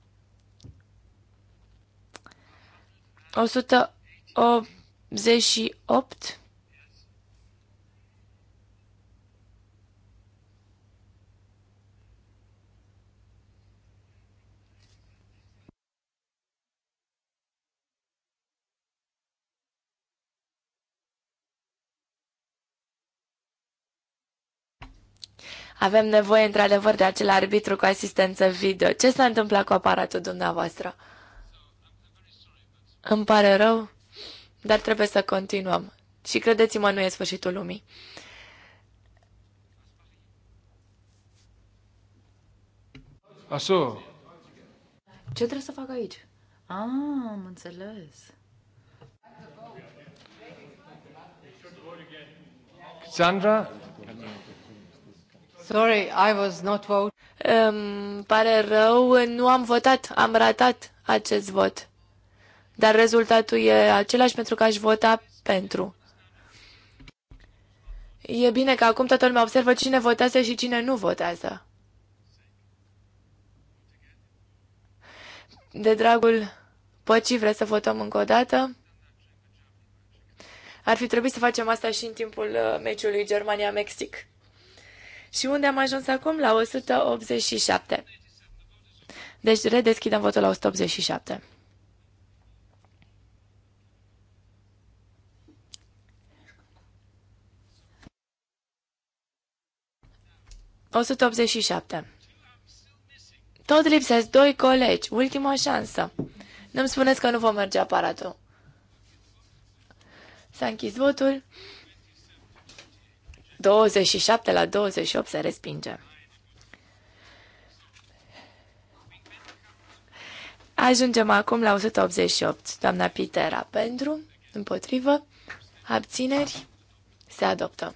188 Avem nevoie, într-adevăr, de acel arbitru cu asistență video. Ce s-a întâmplat cu aparatul dumneavoastră? Îmi pare rău, dar trebuie să continuăm. Și credeți-mă, nu e sfârșitul lumii. Așa. Ce trebuie să fac aici? Ah, am înțeles. Sandra, Sorry, I was not vote. Um, pare rău, nu am votat, am ratat acest vot. Dar rezultatul e același pentru că aș vota pentru. E bine că acum toată lumea observă cine votează și cine nu votează. De dragul păcii vreți să votăm încă o dată? Ar fi trebuit să facem asta și în timpul uh, meciului Germania-Mexic. Și unde am ajuns acum? La 187. Deci redeschidem votul la 187. O Tot lipsesc doi colegi. Ultima șansă. Nu-mi spuneți că nu vom merge aparatul. S-a închis votul. 27 la 28 se respinge. Ajungem acum la 188. Doamna Pitera, pentru, împotrivă, abțineri, se adoptă.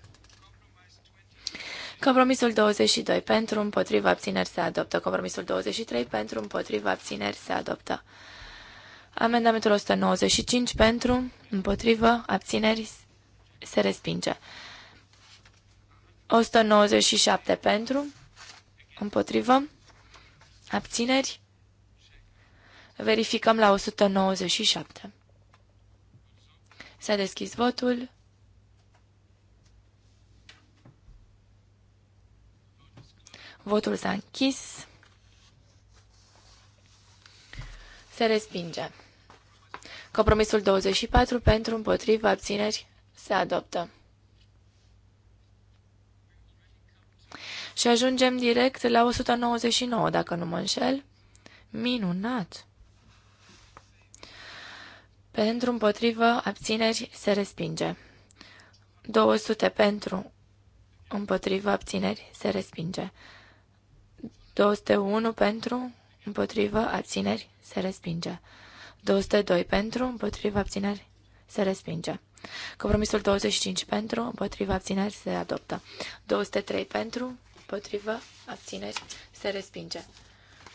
Compromisul 22 pentru, împotrivă, abțineri se adoptă. Compromisul 23 pentru, împotrivă, abțineri se adoptă. Amendamentul 195 pentru, împotrivă, abțineri se respinge. 197 pentru, împotrivă, abțineri. Verificăm la 197. S-a deschis votul. Votul s-a închis. Se respinge. Compromisul 24 pentru împotriva abțineri se adoptă. Și ajungem direct la 199, dacă nu mă înșel. Minunat! Pentru împotrivă, abțineri se respinge. 200 pentru împotrivă, abțineri se respinge. 201 pentru împotrivă, abțineri se respinge. 202 pentru împotrivă, abțineri se respinge. Compromisul 25 pentru, împotrivă, abțineri se adoptă. 203 pentru, împotrivă, abțineri, se respinge.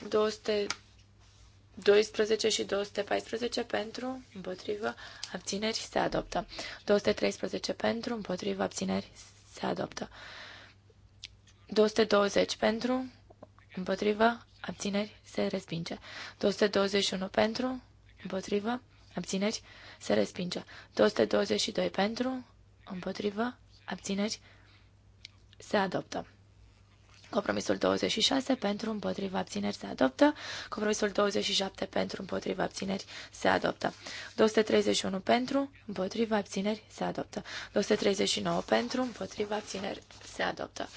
212 și 214 pentru, împotrivă, abțineri, se adoptă. 213 pentru, împotrivă, abțineri, se adoptă. 220 pentru, împotrivă, abțineri, se respinge. 221 pentru, împotrivă, abțineri, se respinge. 222 pentru, împotrivă, abțineri, se adoptă. Compromisul 26 pentru împotriva abțineri se adoptă. Compromisul 27 pentru împotriva abțineri se adoptă. 231 pentru împotriva abțineri se adoptă. 239 pentru împotriva abțineri se adoptă.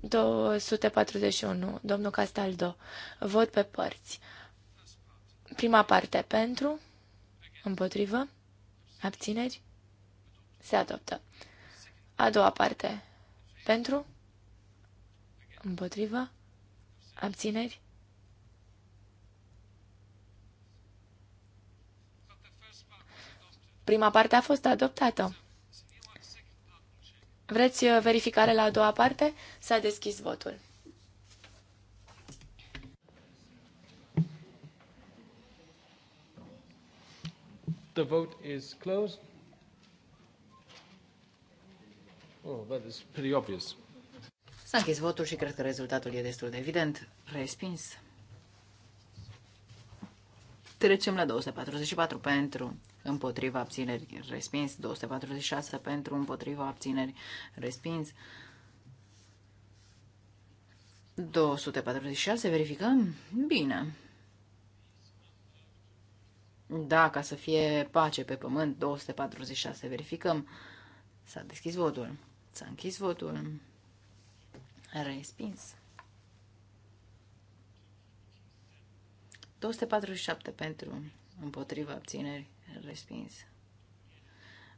241. Domnul Castaldo. Vot pe părți. Prima parte pentru împotrivă abțineri se adoptă. A doua parte pentru Împotriva? Abțineri? Prima parte a fost adoptată. Vreți uh, verificare la a doua parte? S-a deschis votul. The vote is closed. Oh, that is pretty obvious. S-a închis votul și cred că rezultatul e destul de evident. Respins. Trecem la 244 pentru împotriva abțineri respins, 246 pentru împotriva abțineri respins, 246 verificăm? Bine. Da, ca să fie pace pe pământ, 246 verificăm. S-a deschis votul. S-a închis votul. Respins. 247 pentru împotriva abțineri. Respins.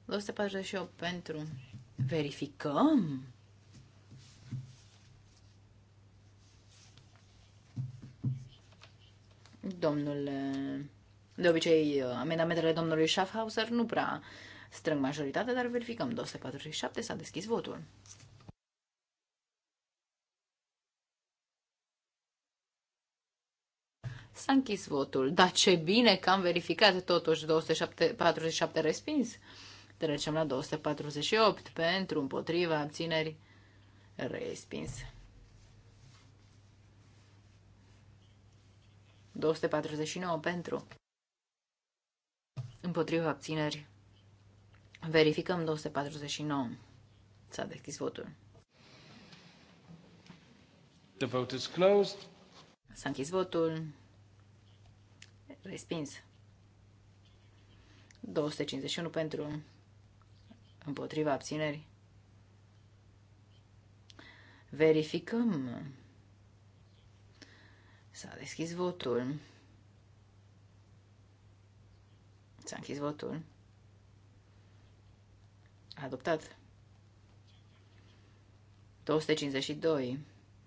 248 pentru verificăm. Domnul, de obicei, amendamentele domnului Schaffhauser nu prea strâng majoritatea, dar verificăm. 247 s-a deschis votul. S-a închis votul. Dar ce bine că am verificat totuși 247 respins. Trecem la 248 pentru împotriva abțineri respins. 249 pentru împotriva abțineri. Verificăm 249. S-a deschis votul. The vote is closed. S-a închis votul respins. 251 pentru împotriva abținerii. Verificăm. S-a deschis votul. S-a închis votul. Adoptat. 252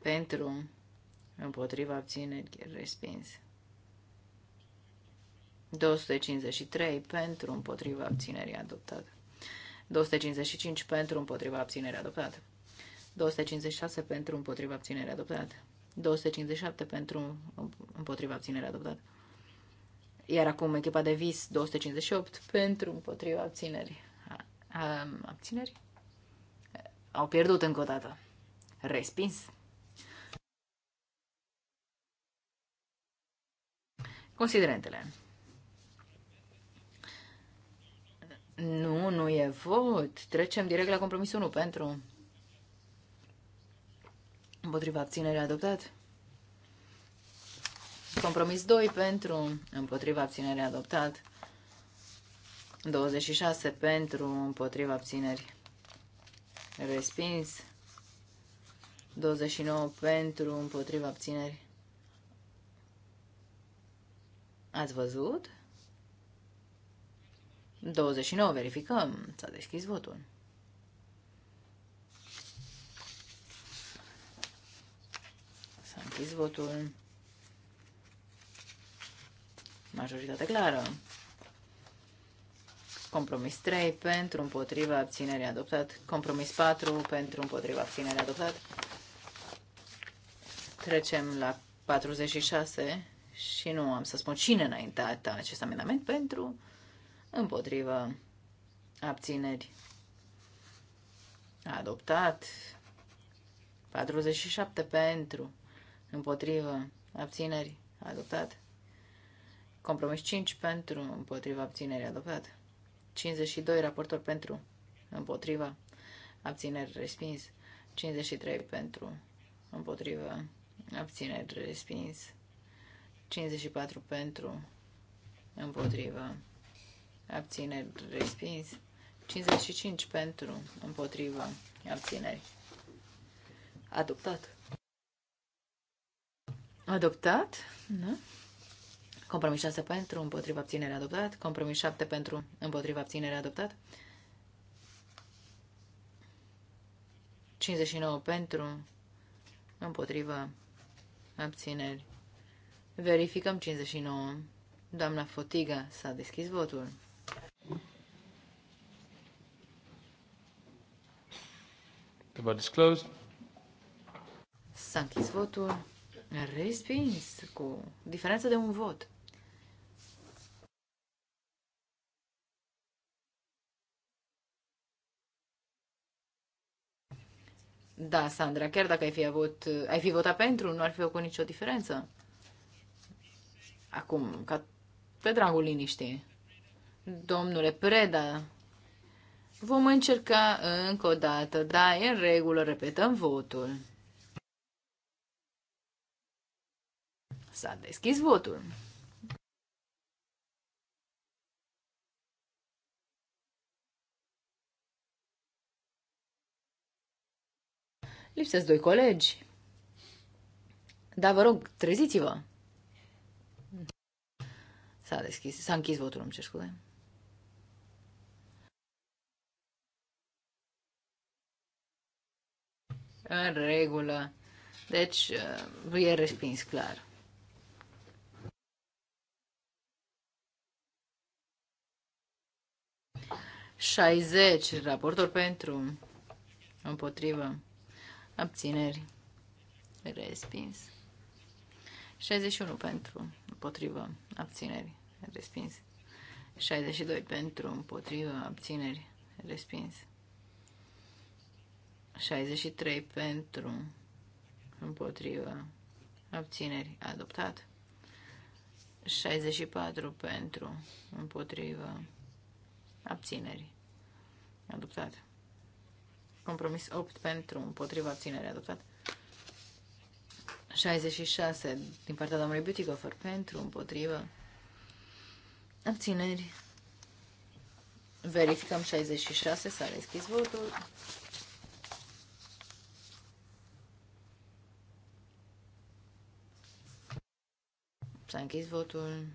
pentru împotriva abținerii. respins. 253 pentru împotriva abținerii adoptate. 255 pentru împotriva abținerii adoptate. 256 pentru împotriva abținerii adoptate. 257 pentru împotriva abținerii adoptate. Iar acum echipa de vis 258 pentru împotriva abținerii. A, a, abținerii? Au pierdut încă o dată. Respins. Considerentele. Nu, nu e vot. Trecem direct la compromisul 1 pentru. Împotriva abținere adoptat. Compromis 2 pentru. Împotriva abținere adoptat. 26 pentru. Împotriva abțineri. Respins. 29 pentru. Împotriva abțineri. Ați văzut? 29. Verificăm. S-a deschis votul. S-a închis votul. Majoritate clară. Compromis 3 pentru împotriva abținerii adoptat. Compromis 4 pentru împotriva abținerii adoptat. Trecem la 46 și nu am să spun cine înaintea acest amendament pentru împotrivă, abțineri, adoptat, 47 pentru, împotrivă, abțineri, adoptat, compromis 5 pentru, împotrivă, abțineri, adoptat, 52 raportor pentru, împotrivă, abțineri, respins, 53 pentru, împotrivă, abțineri, respins, 54 pentru, împotrivă, abțineri, respins. 55 pentru, împotriva abțineri. Adoptat. Adoptat, da? Compromis 6 pentru, împotriva abținere adoptat. Compromis 7 pentru, împotriva abținere adoptat. 59 pentru, împotriva abțineri. Verificăm 59. Doamna Fotiga s-a deschis votul. The vote S-a închis votul. Respins cu diferență de un vot. Da, Sandra, chiar dacă ai fi, avut, ai fi votat pentru, nu ar fi făcut nicio diferență. Acum, ca pe dragul liniștii. Domnule Preda, Vom încerca uh, încă o dată. Da, e în regulă, repetăm votul. S-a deschis votul. Lipsesc doi colegi. Da, vă rog, treziți-vă. S-a deschis, s-a închis votul, îmi cer scuze. În regulă. Deci, uh, e respins clar. Șaizeci, raportor pentru, împotrivă, abțineri, respins. 61 pentru, împotrivă, abțineri, respins. 62 pentru, împotrivă, abțineri, respins. 63 pentru, împotrivă, abțineri, adoptat. 64 pentru, împotrivă, abțineri, adoptat. Compromis 8 pentru, împotrivă, abțineri, adoptat. 66 din partea domnului Beautygofer pentru, împotrivă, abțineri. Verificăm 66, s-a deschis votul. S-a închis votul.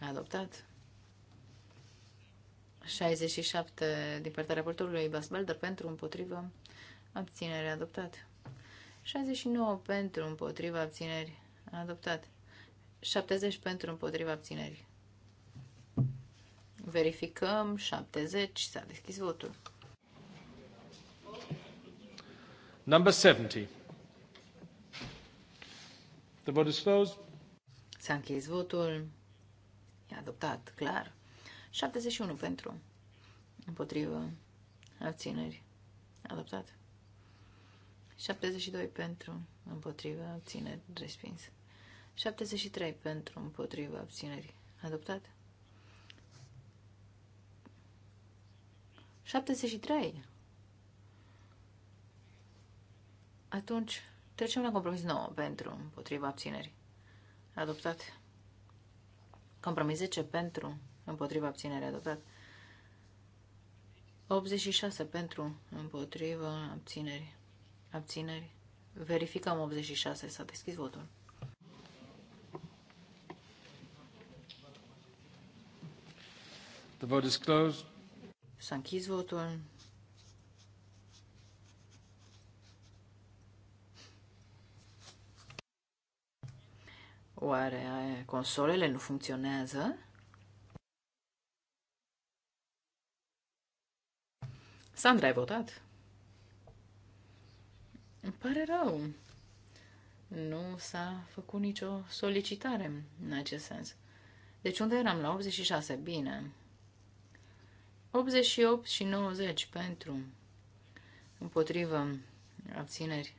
Adoptat. 67 din partea raportorului Bas Belder pentru împotrivă abținere adoptat. 69 pentru împotriva abțineri adoptat. 70 pentru împotriva abțineri. Verificăm 70. S-a deschis votul. Number 70. The vote is closed. S-a închis votul. E adoptat, clar. 71 pentru. Împotrivă. Abțineri. Adoptat. 72 pentru. Împotrivă. Abțineri. Respins. 73 pentru. Împotrivă. Abțineri. Adoptat. 73. Atunci, trecem la compromis 9 pentru împotriva abținerii adoptat. Compromis 10 pentru, împotriva abținere, adoptat. 86 pentru, împotriva abținerii. abțineri. Verificăm 86, s-a deschis votul. The vote is closed. S-a închis votul. Oare consolele nu funcționează? Sandra, ai votat? Îmi pare rău. Nu s-a făcut nicio solicitare în acest sens. Deci unde eram? La 86. Bine. 88 și 90 pentru împotrivă abțineri.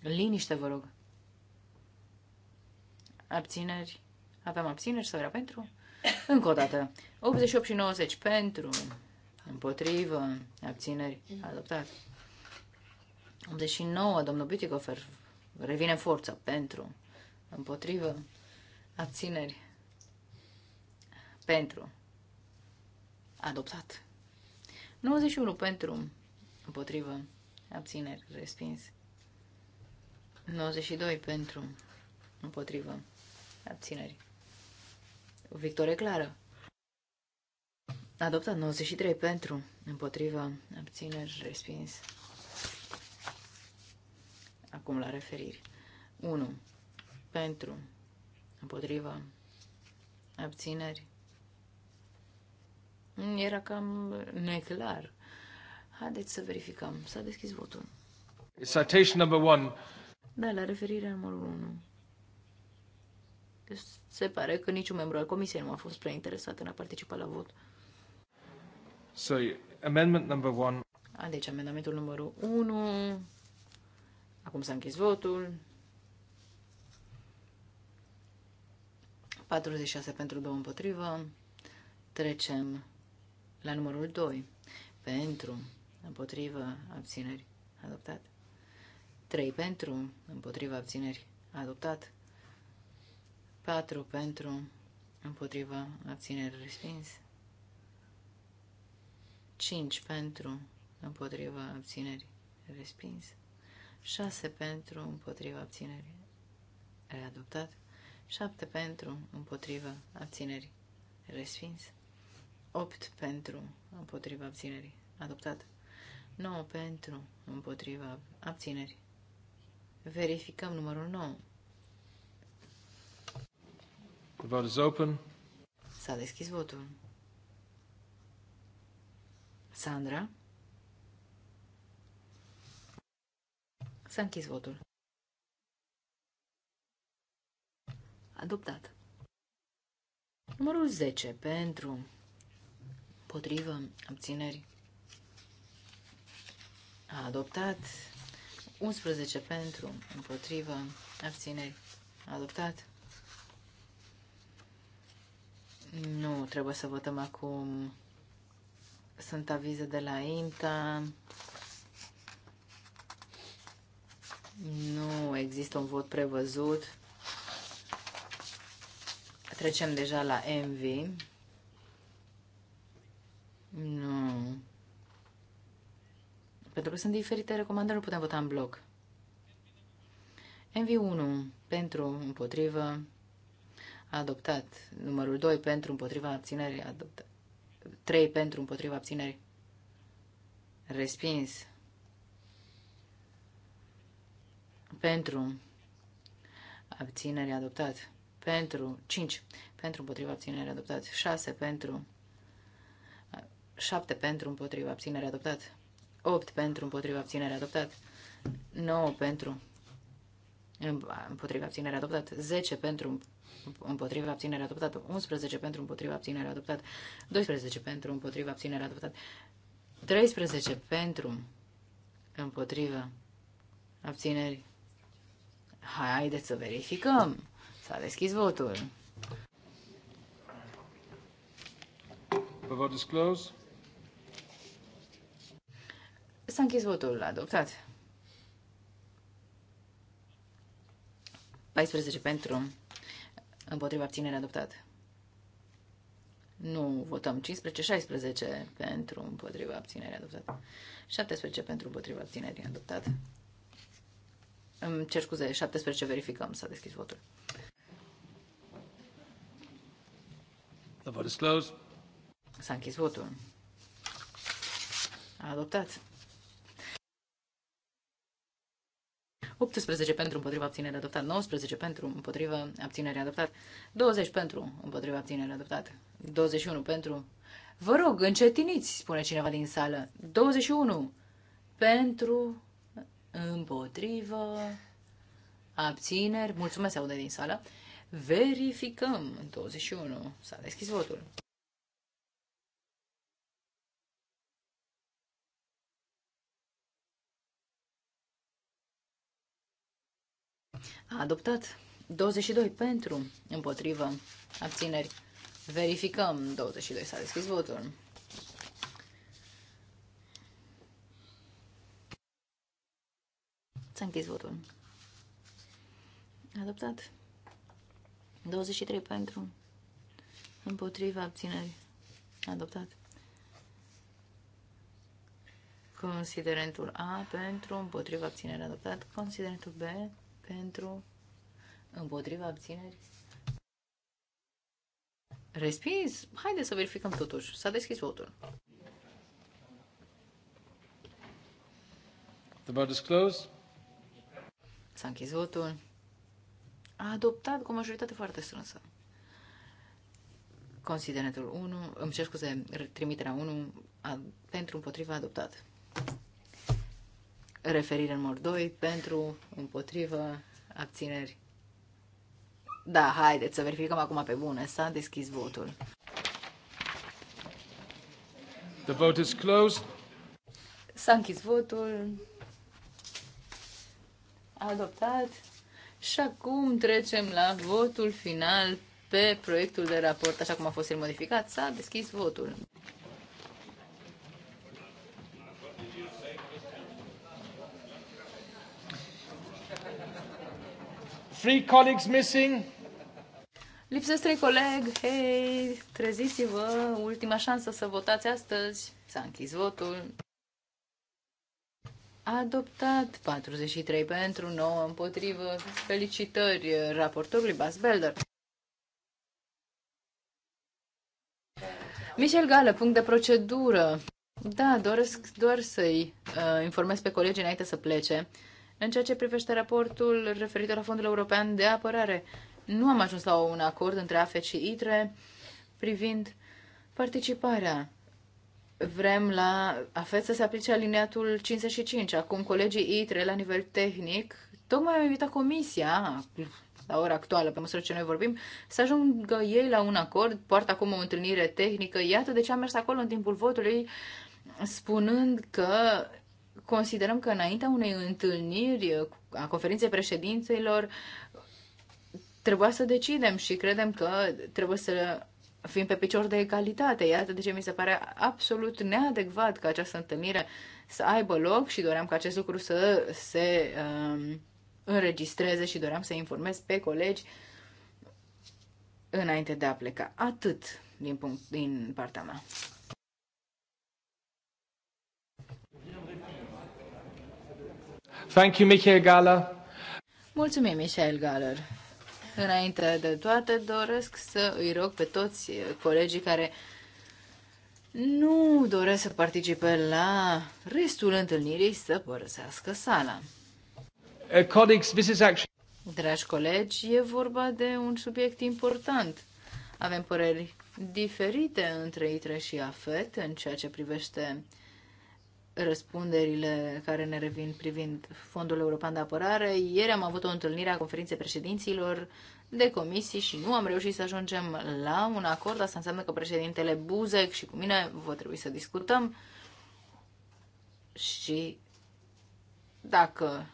Liniște, vă rog abțineri, avem abțineri sau era pentru? Încă o dată, 88 și 90 pentru, împotrivă, abțineri, adoptat. 89, domnul Bütikofer, revine forța, pentru, împotrivă, abțineri, pentru, adoptat. 91 pentru, împotrivă, abțineri, respins. 92 pentru, împotrivă, Abțineri. O victorie clară. Adoptat 93 pentru, împotriva, abțineri, respins. Acum la referiri. 1. Pentru, împotriva, abțineri. Era cam neclar. Haideți să verificăm. S-a deschis votul. Citation number one. Da, la referire numărul 1 se pare că niciun membru al comisiei nu a fost prea interesat în a participa la vot. So, amendment number one. A, deci amendamentul numărul 1. Acum s-a închis votul. 46 pentru 2 împotrivă. Trecem la numărul 2. Pentru, împotrivă, abțineri. Adoptat. 3 pentru, împotrivă, abțineri. Adoptat. 4 pentru, împotriva, abțineri respins. 5 pentru, împotriva, abțineri respins. 6 pentru, împotriva, abțineri readoptat. 7 pentru, împotriva, abțineri respins. 8 pentru, împotriva, abținerii adoptat. 9 pentru, împotriva, abținerii. Verificăm numărul 9. The vote is open. S-a deschis votul. Sandra? S-a închis votul. Adoptat. Numărul 10 pentru potrivă abțineri. A adoptat 11 pentru împotrivă abțineri. A adoptat nu, trebuie să votăm acum. Sunt avize de la INTA. Nu există un vot prevăzut. Trecem deja la Envy. Nu. Pentru că sunt diferite recomandări, nu putem vota în bloc. Envy 1 pentru, împotrivă, adoptat. Numărul 2 pentru împotriva abținerii, 3 pentru împotriva abținerii, respins. Pentru abținerii, adoptat. Pentru 5 pentru împotriva abținerii, adoptat. 6 pentru 7 pentru împotriva abținerii, adoptat. 8 pentru împotriva abținerii, adoptat. 9 pentru împotriva abținerii, adoptat. 10 pentru împotriva abținere adoptat, 11 pentru împotriva abținere adoptat, 12 pentru împotriva abținere adoptat, 13 pentru împotriva abțineri. Hai, Haideți să verificăm. S-a deschis votul. The vote is closed. S-a închis votul adoptat. 14 pentru Împotriva abținerii adoptate. Nu votăm 15, 16 pentru împotriva abținerii adoptate. 17 pentru împotriva abținerii adoptate. Îmi cer scuze, 17 verificăm, s-a deschis votul. The vote is closed. S-a închis votul. A adoptat. 18 pentru împotriva abținere adoptat, 19 pentru împotriva abținere adoptat, 20 pentru împotriva abținere adoptat, 21 pentru... Vă rog, încetiniți, spune cineva din sală. 21 pentru împotrivă abțineri. Mulțumesc, aude din sală. Verificăm. 21. S-a deschis votul. A adoptat. 22 pentru, împotrivă, abțineri. Verificăm. 22 s-a deschis votul. S-a închis votul. Adoptat. 23 pentru, împotriva abțineri. Adoptat. Considerentul A pentru, împotriva abținere adoptat. Considerentul B pentru, împotriva abținerii. Respins? Haideți să verificăm totuși. S-a deschis votul. The vote is closed. S-a închis votul. A adoptat cu o majoritate foarte strânsă. Considerentul 1, îmi cer scuze, trimiterea 1 a, pentru împotriva adoptat referire în mod 2 pentru, împotrivă, abțineri. Da, haideți să verificăm acum pe bune. S-a deschis votul. The vote is closed. S-a închis votul. Adoptat. Și acum trecem la votul final pe proiectul de raport, așa cum a fost el modificat. S-a deschis votul. Three colleagues missing. Lipsesc trei coleg. Hei, treziți-vă. Ultima șansă să votați astăzi. S-a închis votul. Adoptat 43 pentru 9 împotrivă. Felicitări raportorului Bas Belder. Michel Gală, punct de procedură. Da, doresc doar să-i uh, informez pe colegii înainte să plece în ceea ce privește raportul referitor la Fondul European de Apărare, nu am ajuns la un acord între AFE și ITRE privind participarea. Vrem la AFE să se aplice aliniatul 55. Acum colegii ITRE la nivel tehnic tocmai au invitat comisia la ora actuală, pe măsură ce noi vorbim, să ajungă ei la un acord, poartă acum o întâlnire tehnică. Iată de ce am mers acolo în timpul votului, spunând că considerăm că înaintea unei întâlniri a conferinței președinților trebuia să decidem și credem că trebuie să fim pe picior de egalitate. Iată de ce mi se pare absolut neadecvat că această întâlnire să aibă loc și doream ca acest lucru să se um, înregistreze și doream să informez pe colegi înainte de a pleca. Atât din, punct, din partea mea. Thank you, Michael Gala. Mulțumim, Michael Galler. Înainte de toate, doresc să îi rog pe toți eh, colegii care nu doresc să participe la restul întâlnirii să părăsească sala. Uh, Dragi colegi, e vorba de un subiect important. Avem păreri diferite între ITRE și AFET în ceea ce privește uh, răspunderile care ne revin privind Fondul European de Apărare. Ieri am avut o întâlnire a conferinței președinților de comisii și nu am reușit să ajungem la un acord. Asta înseamnă că președintele Buzek și cu mine vă trebui să discutăm și dacă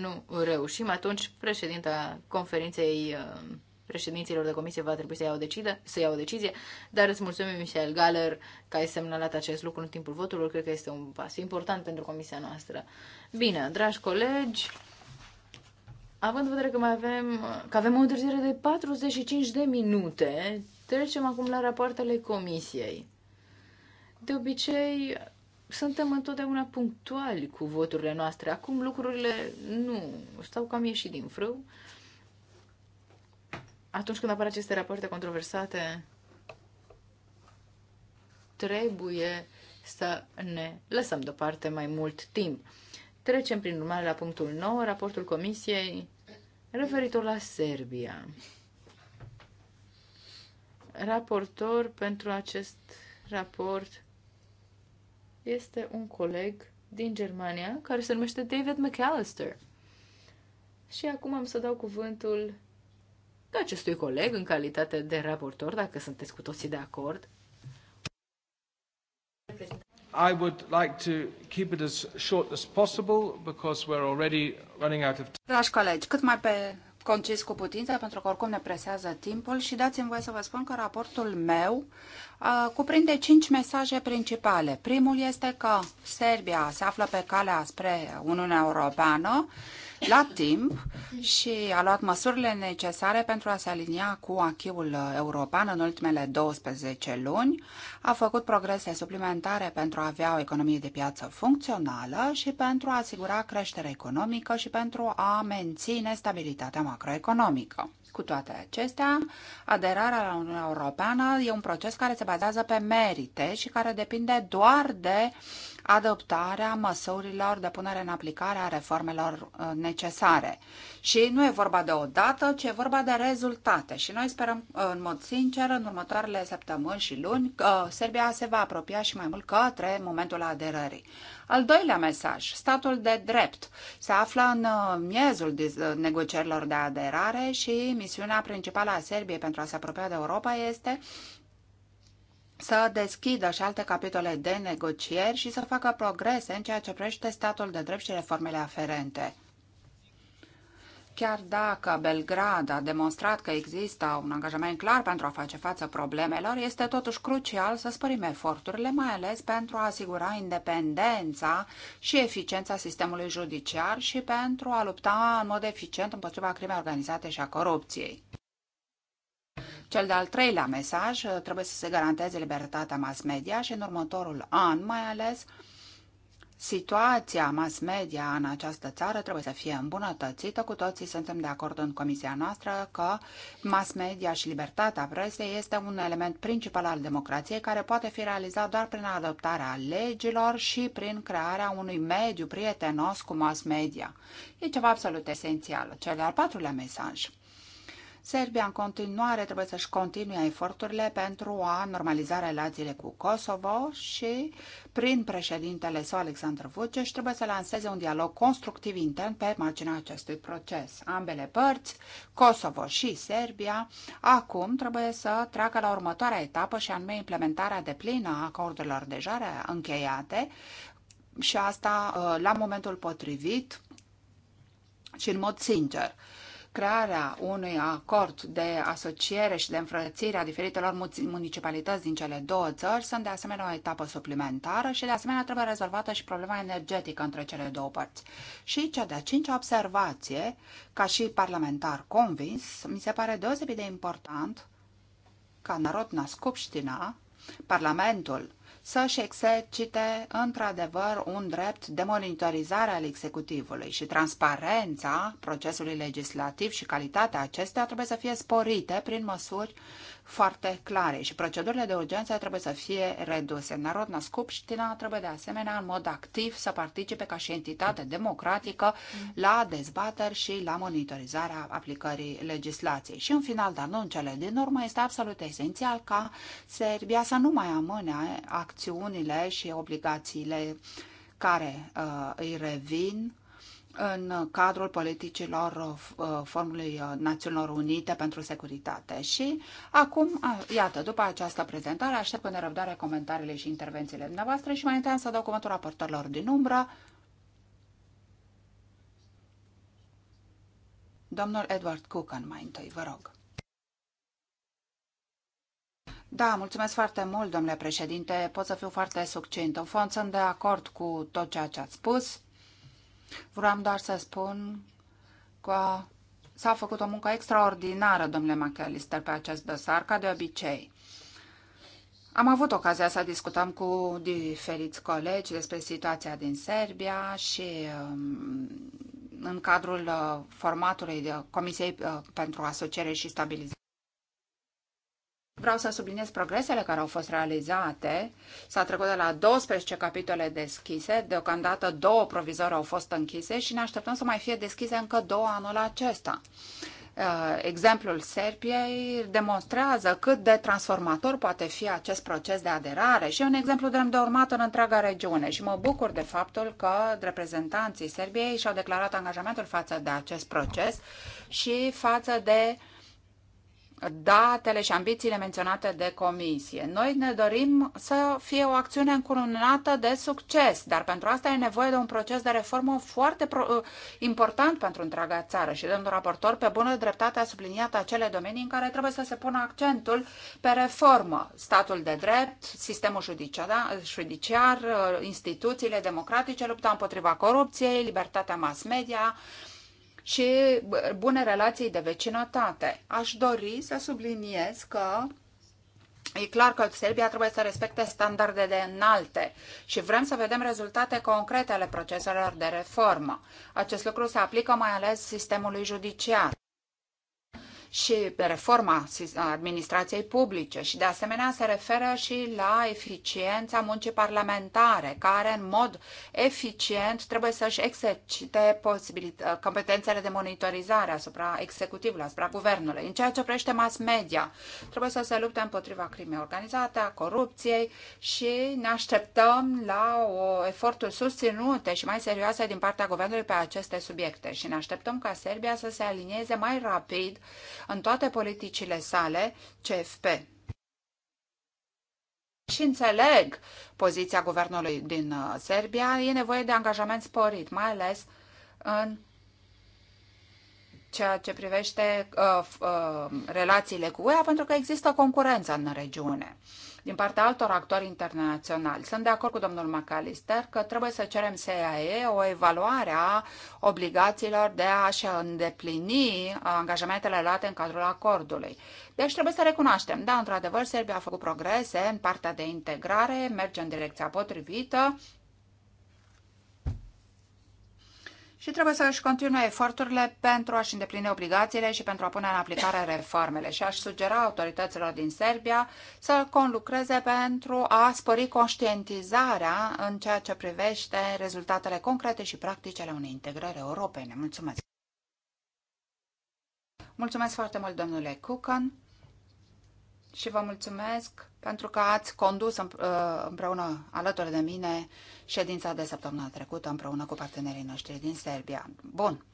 nu reușim, atunci președinta conferinței uh, președinților de comisie va trebui să iau, decide, să iau o decizie, dar îți mulțumim, Michel Galler că ai semnalat acest lucru în timpul votului. Cred că este un pas important pentru comisia noastră. Bine, dragi colegi, având în vedere că mai avem, că avem o întârziere de 45 de minute, trecem acum la rapoartele comisiei. De obicei, suntem întotdeauna punctuali cu voturile noastre. Acum lucrurile nu stau cam ieșit din frâu. Uh, atunci când apar aceste rapoarte controversate, trebuie să ne lăsăm deoparte mai mult timp. Trecem, prin urmare, la punctul 9, raportul Comisiei referitor la Serbia. Raportor pentru acest raport este un coleg din Germania care se numește David McAllister. Și acum am să dau cuvântul acestui coleg în calitate de raportor, dacă sunteți cu toții de acord. I would like to keep it as short as possible because we're already running out of time. Dragi colegi, cât mai pe concis cu putință, pentru că oricum ne presează timpul și dați-mi voie să vă spun că raportul meu Uh, cuprinde cinci mesaje principale. Primul este că Serbia se află pe calea spre Uniunea Europeană la timp și a luat măsurile necesare pentru a se alinia cu achiul european în ultimele 12 luni, a făcut progrese suplimentare pentru a avea o economie de piață funcțională și pentru a asigura creștere economică și pentru a menține stabilitatea macroeconomică. Cu toate acestea, aderarea la Uniunea Europeană e un proces care se bazează pe merite și care depinde doar de uh, adoptarea măsurilor de punere în aplicare a reformelor uh, necesare. Și nu e vorba de o dată, ci e vorba de rezultate. Și noi sperăm, uh, în mod sincer, în următoarele săptămâni și luni, că Serbia se va apropia și mai mult către momentul aderării. Al doilea mesaj, statul de drept, se află în uh, miezul negocierilor de aderare și misiunea principală a Serbiei pentru a se apropia de Europa este să deschidă și alte capitole de negocieri și să facă progrese în ceea ce privește statul de drept și reformele aferente. Chiar dacă Belgrad a demonstrat că există un angajament clar pentru a face față problemelor, este totuși crucial să spărim eforturile, mai ales pentru a asigura independența și eficiența sistemului judiciar și pentru a lupta în mod eficient împotriva crimei organizate și a corupției. Cel de-al treilea mesaj, uh, trebuie să se garanteze libertatea mass media și în următorul an mai ales Situația mass media în această țară trebuie să fie îmbunătățită. Cu toții suntem de acord în comisia noastră că mass media și libertatea presei este un element principal al democrației care poate fi realizat doar prin adoptarea legilor și prin crearea unui mediu prietenos cu mass media. E ceva absolut esențial. Cel de-al patrulea mesaj Serbia în continuare trebuie să-și continue eforturile pentru a normaliza relațiile cu Kosovo și prin președintele său Alexandru Vucic trebuie să lanseze un dialog constructiv intern pe marginea acestui proces. Ambele părți, Kosovo și Serbia, acum trebuie să treacă la următoarea etapă și anume implementarea de plină a acordurilor deja încheiate și asta uh, la momentul potrivit și în mod sincer crearea unui acord de asociere și de înfrățire a diferitelor municipalități din cele două țări sunt de asemenea o etapă suplimentară și de asemenea trebuie rezolvată și problema energetică între cele două părți. Și cea de-a cincea observație, ca și parlamentar convins, mi se pare deosebit de important ca Narodna Skupština, Parlamentul să-și exercite într-adevăr un drept de monitorizare al executivului și transparența procesului legislativ și calitatea acestea trebuie să fie sporite prin măsuri foarte clare și procedurile de urgență trebuie să fie reduse. Narodna Skupština trebuie de asemenea în mod activ să participe ca și entitate democratică la dezbateri și la monitorizarea aplicării legislației. Și în final, dar nu în cele din urmă, este absolut esențial ca Serbia să nu mai amâne acțiunile și obligațiile care uh, îi revin în cadrul politicilor uh, Formului uh, Națiunilor Unite pentru Securitate. Și acum, iată, după această prezentare, aștept cu nerăbdare comentariile și intervențiile dumneavoastră și mai întâi să dau cuvântul raportorilor din umbră. Domnul Edward Cookan mai întâi, vă rog. Da, mulțumesc foarte mult, domnule președinte. Pot să fiu foarte succint. În fond, sunt de acord cu tot ceea ce ați spus Vreau doar să spun că s-a făcut o muncă extraordinară, domnule McAllister, pe acest dosar, ca de obicei. Am avut ocazia să discutăm cu diferiți colegi despre situația din Serbia și um, în cadrul uh, formatului de Comisiei uh, pentru Asociere și Stabilizare. Vreau să subliniez progresele care au fost realizate. S-a trecut de la 12 capitole deschise, deocamdată două provizori au fost închise și ne așteptăm să mai fie deschise încă două anul acesta. Uh, exemplul Serbiei demonstrează cât de transformator poate fi acest proces de aderare și e un exemplu drept de urmat în întreaga regiune și mă bucur de faptul că reprezentanții Serbiei și-au declarat angajamentul față de acest proces și față de uh, datele și ambițiile menționate de comisie. Noi ne dorim să fie o acțiune încununată de succes, dar pentru asta e nevoie de un proces de reformă foarte important pentru întreaga țară și domnul raportor pe bună dreptate a subliniat acele domenii în care trebuie să se pună accentul pe reformă. Statul de drept, sistemul judiciar, da, judiciar instituțiile democratice, lupta împotriva corupției, libertatea mass media, uh, și bune relații de vecinătate. Aș dori să subliniez că E clar că Serbia trebuie să respecte standarde de înalte și vrem să vedem rezultate concrete ale proceselor de reformă. Acest lucru se aplică mai ales sistemului judiciar și reforma administrației publice și de asemenea se referă și la eficiența muncii parlamentare, care în mod eficient trebuie să-și exercite uh, competențele de monitorizare asupra executivului, asupra guvernului. În ceea ce privește mass media, trebuie să se lupte împotriva crimei organizate, a corupției și ne așteptăm la o eforturi susținute și mai serioase din partea guvernului pe aceste subiecte și ne așteptăm ca Serbia să se alinieze mai rapid în toate politicile sale CFP. Și înțeleg poziția guvernului din uh, Serbia, e nevoie de angajament sporit, mai ales în ceea ce privește uh, uh, relațiile cu UE, pentru că există concurență în regiune. Uh, din partea altor actori internaționali. Sunt de acord cu domnul McAllister că trebuie să cerem CIAE o evaluare a obligațiilor de a-și îndeplini angajamentele luate în cadrul acordului. Deci trebuie să recunoaștem, da, într-adevăr, Serbia a făcut progrese în partea de integrare, merge în direcția potrivită, și trebuie să își continue eforturile pentru a-și îndeplini obligațiile și pentru a pune în aplicare reformele. Și aș sugera autorităților din Serbia să conlucreze pentru a spări conștientizarea în ceea ce privește rezultatele concrete și practice ale unei integrări europene. Mulțumesc! Mulțumesc foarte mult, domnule Cucan, și vă mulțumesc pentru că ați condus uh, împreună alături de mine ședința de săptămâna trecută împreună cu partenerii noștri din Serbia. Bun,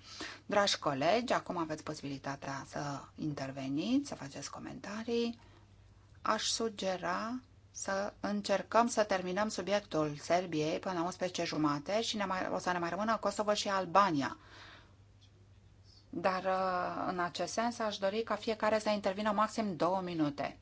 dragi colegi, acum aveți posibilitatea să interveniți, să faceți comentarii. Aș sugera să încercăm să terminăm subiectul Serbiei până la 11 jumate și ne mai, o să ne mai rămână Kosovo și Albania. Dar uh, în acest sens aș dori ca fiecare să intervină maxim două minute.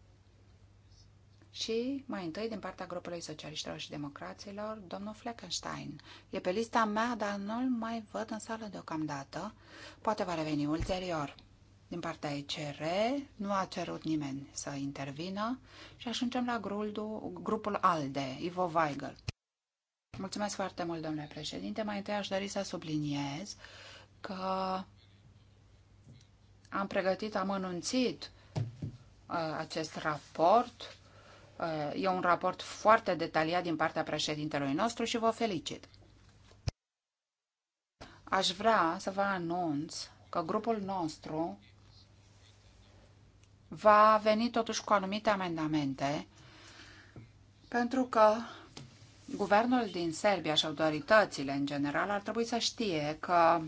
Și mai întâi din partea grupului socialiștilor și democraților, domnul Fleckenstein. E pe lista mea, dar nu-l mai văd în sală deocamdată. Poate va reveni ulterior. Din partea ECR nu a cerut nimeni să intervină și ajungem la gruldu, grupul ALDE, Ivo Weigel. Mulțumesc foarte mult, domnule președinte. Mai întâi aș dori să subliniez că am pregătit, am anunțit uh, acest raport E un raport foarte detaliat din partea președintelui nostru și vă felicit. Aș vrea să vă anunț că grupul nostru va veni totuși cu anumite amendamente pentru că guvernul din Serbia și autoritățile în general ar trebui să știe că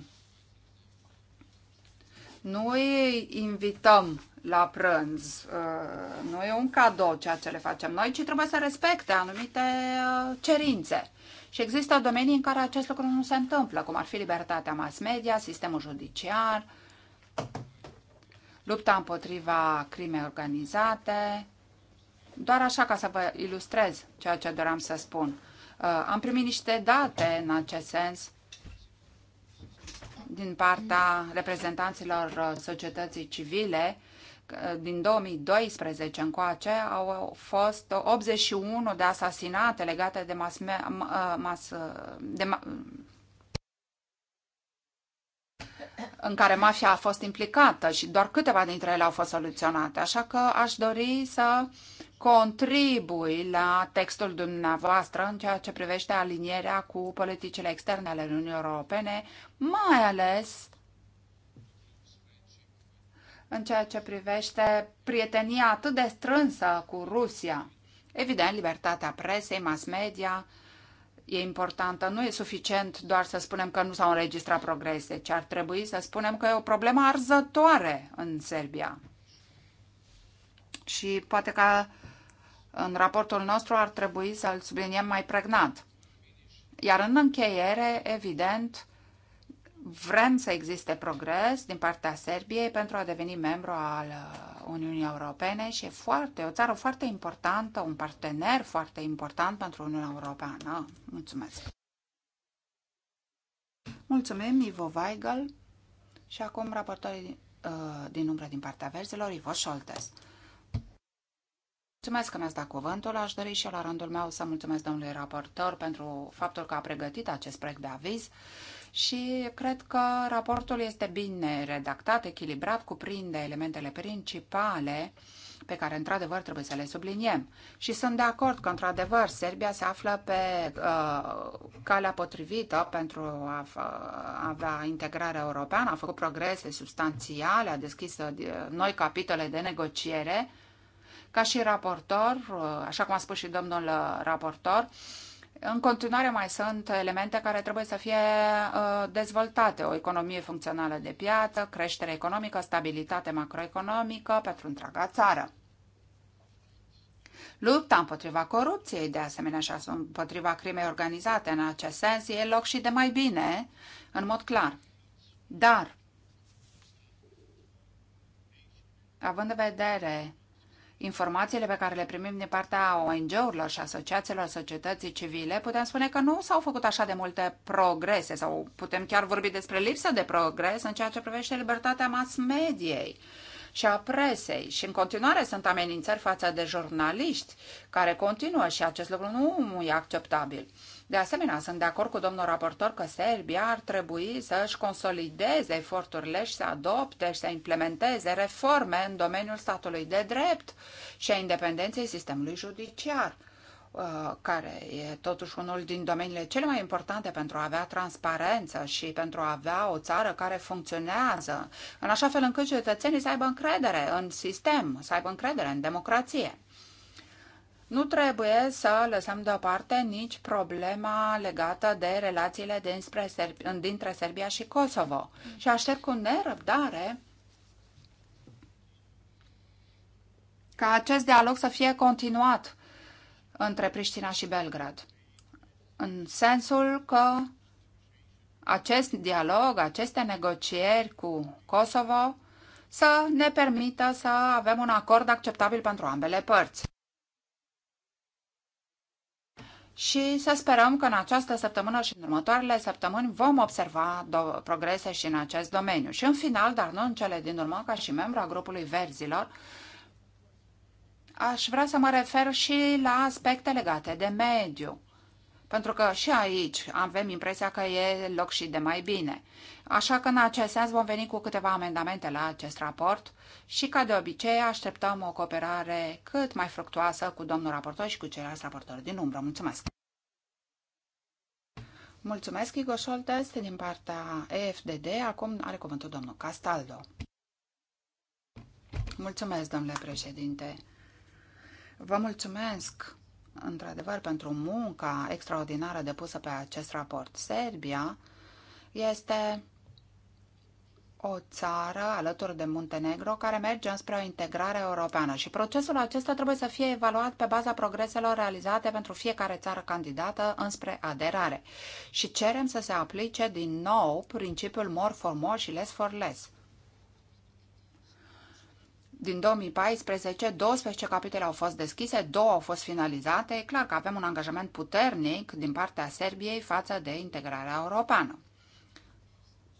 nu îi invităm la prânz, uh, nu e un cadou ceea ce le facem noi, ci trebuie să respecte anumite uh, cerințe. Și există domenii în care acest lucru nu se întâmplă, cum ar fi libertatea mass media, sistemul judiciar, lupta împotriva crimei organizate. Doar așa ca să vă ilustrez ceea ce doream să spun. Uh, am primit niște date în acest sens din partea reprezentanților uh, societății civile uh, din 2012 încoace au fost 81 de asasinate legate de mas, uh, mas de ma, în care mafia a fost implicată și doar câteva dintre ele au fost soluționate. Așa că aș dori să uh, contribui la textul dumneavoastră în ceea ce privește alinierea cu politicile externe ale Uniunii Europene, mai ales în ceea ce privește prietenia atât de strânsă cu Rusia. Evident, libertatea presei, mass media e importantă. Nu e suficient doar să spunem că nu s-au înregistrat progrese, ci ar trebui să spunem că e o problemă arzătoare în Serbia. Și poate că în raportul nostru ar trebui să-l subliniem mai pregnant. Iar în încheiere, evident, vrem să existe progres din partea Serbiei pentru a deveni membru al uh, Uniunii Europene și e foarte, o țară foarte importantă, un partener foarte important pentru Uniunea Europeană. Mulțumesc! Mulțumim, Ivo Weigel și acum raportorii uh, din umbră din partea verzilor, Ivo Scholtes. Mulțumesc că mi-ați dat cuvântul. Aș dori și eu la rândul meu să mulțumesc domnului raportor pentru faptul că a pregătit acest proiect de aviz și cred că raportul este bine redactat, echilibrat, cuprinde elementele principale pe care într-adevăr trebuie să le subliniem. Și sunt de acord că într-adevăr Serbia se află pe uh, calea potrivită pentru a avea integrarea europeană, a făcut progrese substanțiale, a deschis uh, noi capitole de negociere ca și raportor, uh, așa cum a spus și domnul uh, raportor, în continuare mai sunt elemente care trebuie să fie uh, dezvoltate. O economie funcțională de piață, creștere economică, stabilitate macroeconomică pentru întreaga țară. Lupta împotriva corupției, de asemenea și împotriva crimei organizate în acest sens, e loc și de mai bine, în mod clar. Dar, având în vedere informațiile pe care le primim din partea ONG-urilor și asociațiilor societății civile, putem spune că nu s-au făcut așa de multe progrese sau putem chiar vorbi despre lipsă de progres în ceea ce privește libertatea mass mediei și a presei și în continuare sunt amenințări față de jurnaliști care continuă și acest lucru nu e acceptabil. De asemenea, sunt de acord cu domnul raportor că Serbia ar trebui să își consolideze eforturile și să adopte și să implementeze reforme în domeniul statului de drept și a independenței sistemului judiciar uh, care e totuși unul din domeniile cele mai importante pentru a avea transparență și pentru a avea o țară care funcționează, în așa fel încât cetățenii să aibă încredere în sistem, să aibă încredere în democrație. Nu trebuie să lăsăm deoparte nici problema legată de relațiile dinspre Serbi- dintre Serbia și Kosovo. Și aștept cu nerăbdare ca acest dialog să fie continuat între Priștina și Belgrad. În sensul că acest dialog, aceste negocieri cu Kosovo să ne permită să avem un acord acceptabil pentru ambele părți și să sperăm că în această săptămână și în următoarele săptămâni vom observa progrese și în acest domeniu. Și în final, dar nu în cele din urmă, ca și membru a grupului Verzilor, aș vrea să mă refer și la aspecte legate de mediu. Pentru că și aici avem impresia că e loc și de mai bine. Așa că în acest sens vom veni cu câteva amendamente la acest raport și ca de obicei așteptăm o cooperare cât mai fructuoasă cu domnul raportor și cu ceilalți raportori din umbră. Mulțumesc! Mulțumesc, Igor Soltes, din partea EFDD. Acum are cuvântul domnul Castaldo. Mulțumesc, domnule președinte. Vă mulțumesc într-adevăr, pentru munca extraordinară depusă pe acest raport. Serbia este o țară alături de Muntenegro care merge înspre o integrare europeană și procesul acesta trebuie să fie evaluat pe baza progreselor realizate pentru fiecare țară candidată înspre aderare și cerem să se aplice din nou principiul more for more și less for less din 2014, 12 capitole au fost deschise, două au fost finalizate. E clar că avem un angajament puternic din partea Serbiei față de integrarea europeană.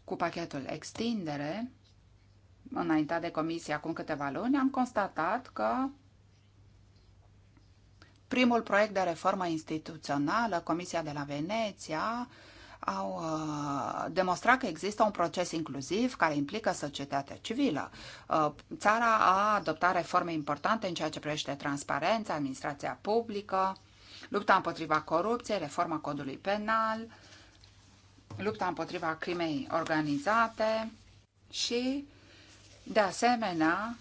Cu pachetul extindere, înaintat de comisie acum câteva luni, am constatat că primul proiect de reformă instituțională, Comisia de la Veneția, au uh, demonstrat că există un proces inclusiv care implică societatea civilă. Uh, țara a adoptat reforme importante în ceea ce privește transparența, administrația publică, lupta împotriva corupției, reforma codului penal, lupta împotriva crimei organizate și, de asemenea,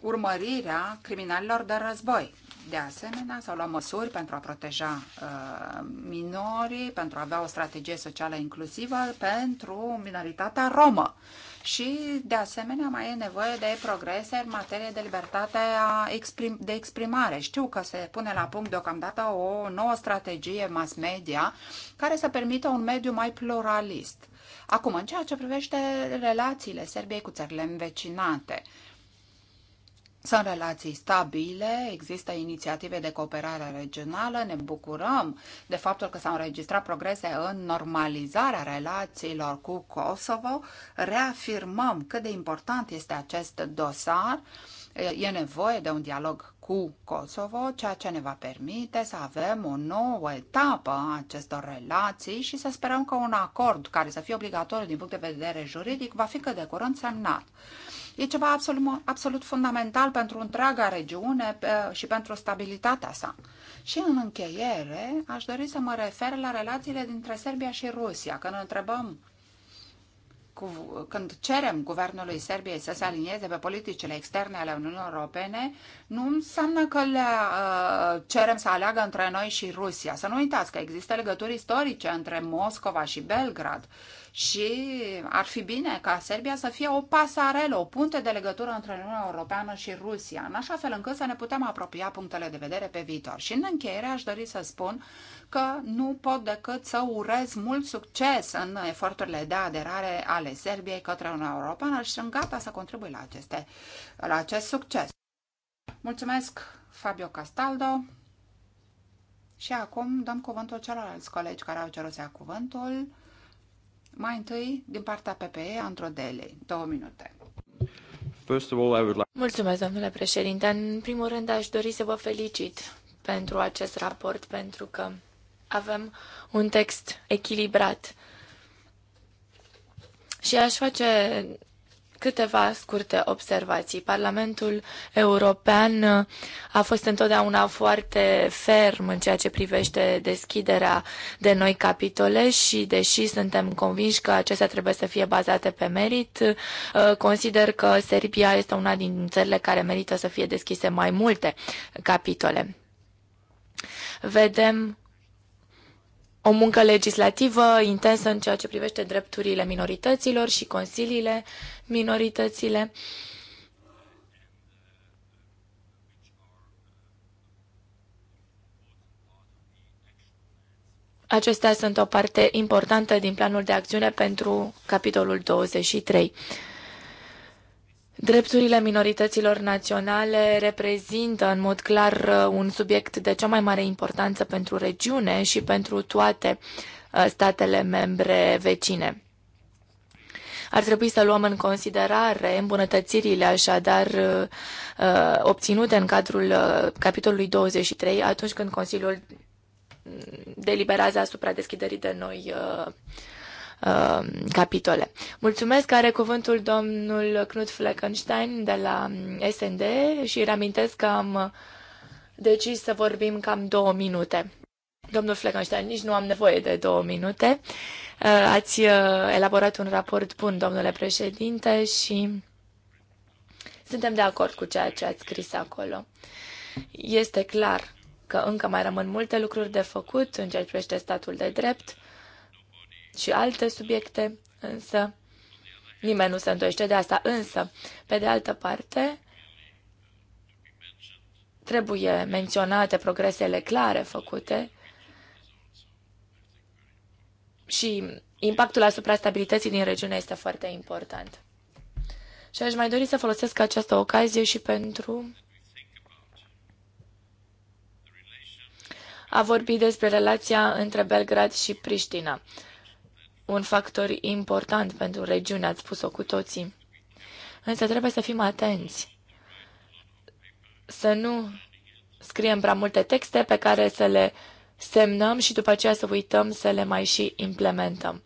urmărirea criminalilor de război. De asemenea, s-au luat măsuri pentru a proteja uh, minorii, pentru a avea o strategie socială inclusivă pentru minoritatea romă. Și, de asemenea, mai e nevoie de progrese în materie de libertate exprim de exprimare. Știu că se pune la punct deocamdată o nouă strategie mass media care să permită un mediu mai pluralist. Acum, în ceea ce privește relațiile Serbiei cu țările învecinate, uh, sunt relații stabile, există inițiative de cooperare regională, ne bucurăm de faptul că s-au înregistrat progrese în normalizarea relațiilor cu Kosovo, reafirmăm cât de important este acest dosar, e nevoie de un dialog cu Kosovo, ceea ce ne va permite să avem o nouă etapă a acestor relații și să sperăm că un acord care să fie obligatoriu din punct de vedere juridic va fi cât de curând semnat. E ceva absolut, absolut fundamental pentru întreaga regiune și pentru stabilitatea sa. Și în încheiere, aș dori să mă refer la relațiile dintre Serbia și Rusia. Când întrebăm cu, când cerem guvernului Serbiei să se alinieze pe politicile externe ale Uniunii Europene, nu înseamnă că le uh, cerem să aleagă între noi și Rusia. Să nu uitați că există legături istorice între Moscova și Belgrad și ar fi bine ca Serbia să fie o pasarelă, o punte de legătură între Uniunea Europeană și Rusia, în așa fel încât să ne putem apropia punctele de vedere pe viitor. Și în încheiere aș dori să spun că nu pot decât să urez mult succes în eforturile de aderare ale Serbiei către Uniunea Europeană și sunt gata să contribui la, aceste, la acest succes. Mulțumesc, Fabio Castaldo. Și acum dăm cuvântul celorlalți colegi care au cerut să ia cuvântul. Mai întâi, din partea PPE, Androdelei. Două minute. First of all, I would like... Mulțumesc, domnule președinte. În primul rând, aș dori să vă felicit pentru acest raport, pentru că avem un text echilibrat. Și aș face Câteva scurte observații. Parlamentul European uh, a fost întotdeauna foarte ferm în ceea ce privește deschiderea de noi capitole și, deși suntem convinși că acestea trebuie să fie bazate pe merit, uh, consider că Serbia este una din țările care merită să fie deschise mai multe capitole. Vedem o muncă legislativă intensă în ceea ce privește drepturile minorităților și consiliile uh, minoritățile. Acestea sunt o parte importantă din planul de acțiune pentru capitolul 23. Drepturile minorităților naționale reprezintă în mod clar uh, un subiect de cea mai mare importanță pentru regiune și pentru toate uh, statele membre vecine. Ar trebui să luăm în considerare îmbunătățirile așadar uh, uh, obținute în cadrul uh, capitolului 23 atunci când Consiliul deliberează asupra deschiderii de noi capitole. Mulțumesc, are cuvântul domnul Knut Fleckenstein de la um, SND și reamintesc că am decis să vorbim cam două minute. Domnul Fleckenstein, nici nu am nevoie de două minute. Uh, ați uh, elaborat un raport bun, domnule președinte, și suntem de acord cu ceea ce ați scris acolo. Este clar că încă mai rămân multe lucruri de făcut în ceea ce privește statul de drept și alte subiecte, însă nimeni nu se îndoiește de asta. Însă, pe de altă parte, trebuie menționate progresele clare făcute și impactul asupra stabilității din regiune este foarte important. Și aș mai dori să folosesc această ocazie și pentru a vorbi despre relația între Belgrad și Priștina. Un factor important pentru regiune, ați spus-o cu toții. Însă trebuie să fim atenți, să nu scriem prea multe texte pe care să le uh, semnăm și după aceea să uităm să le mai și implementăm.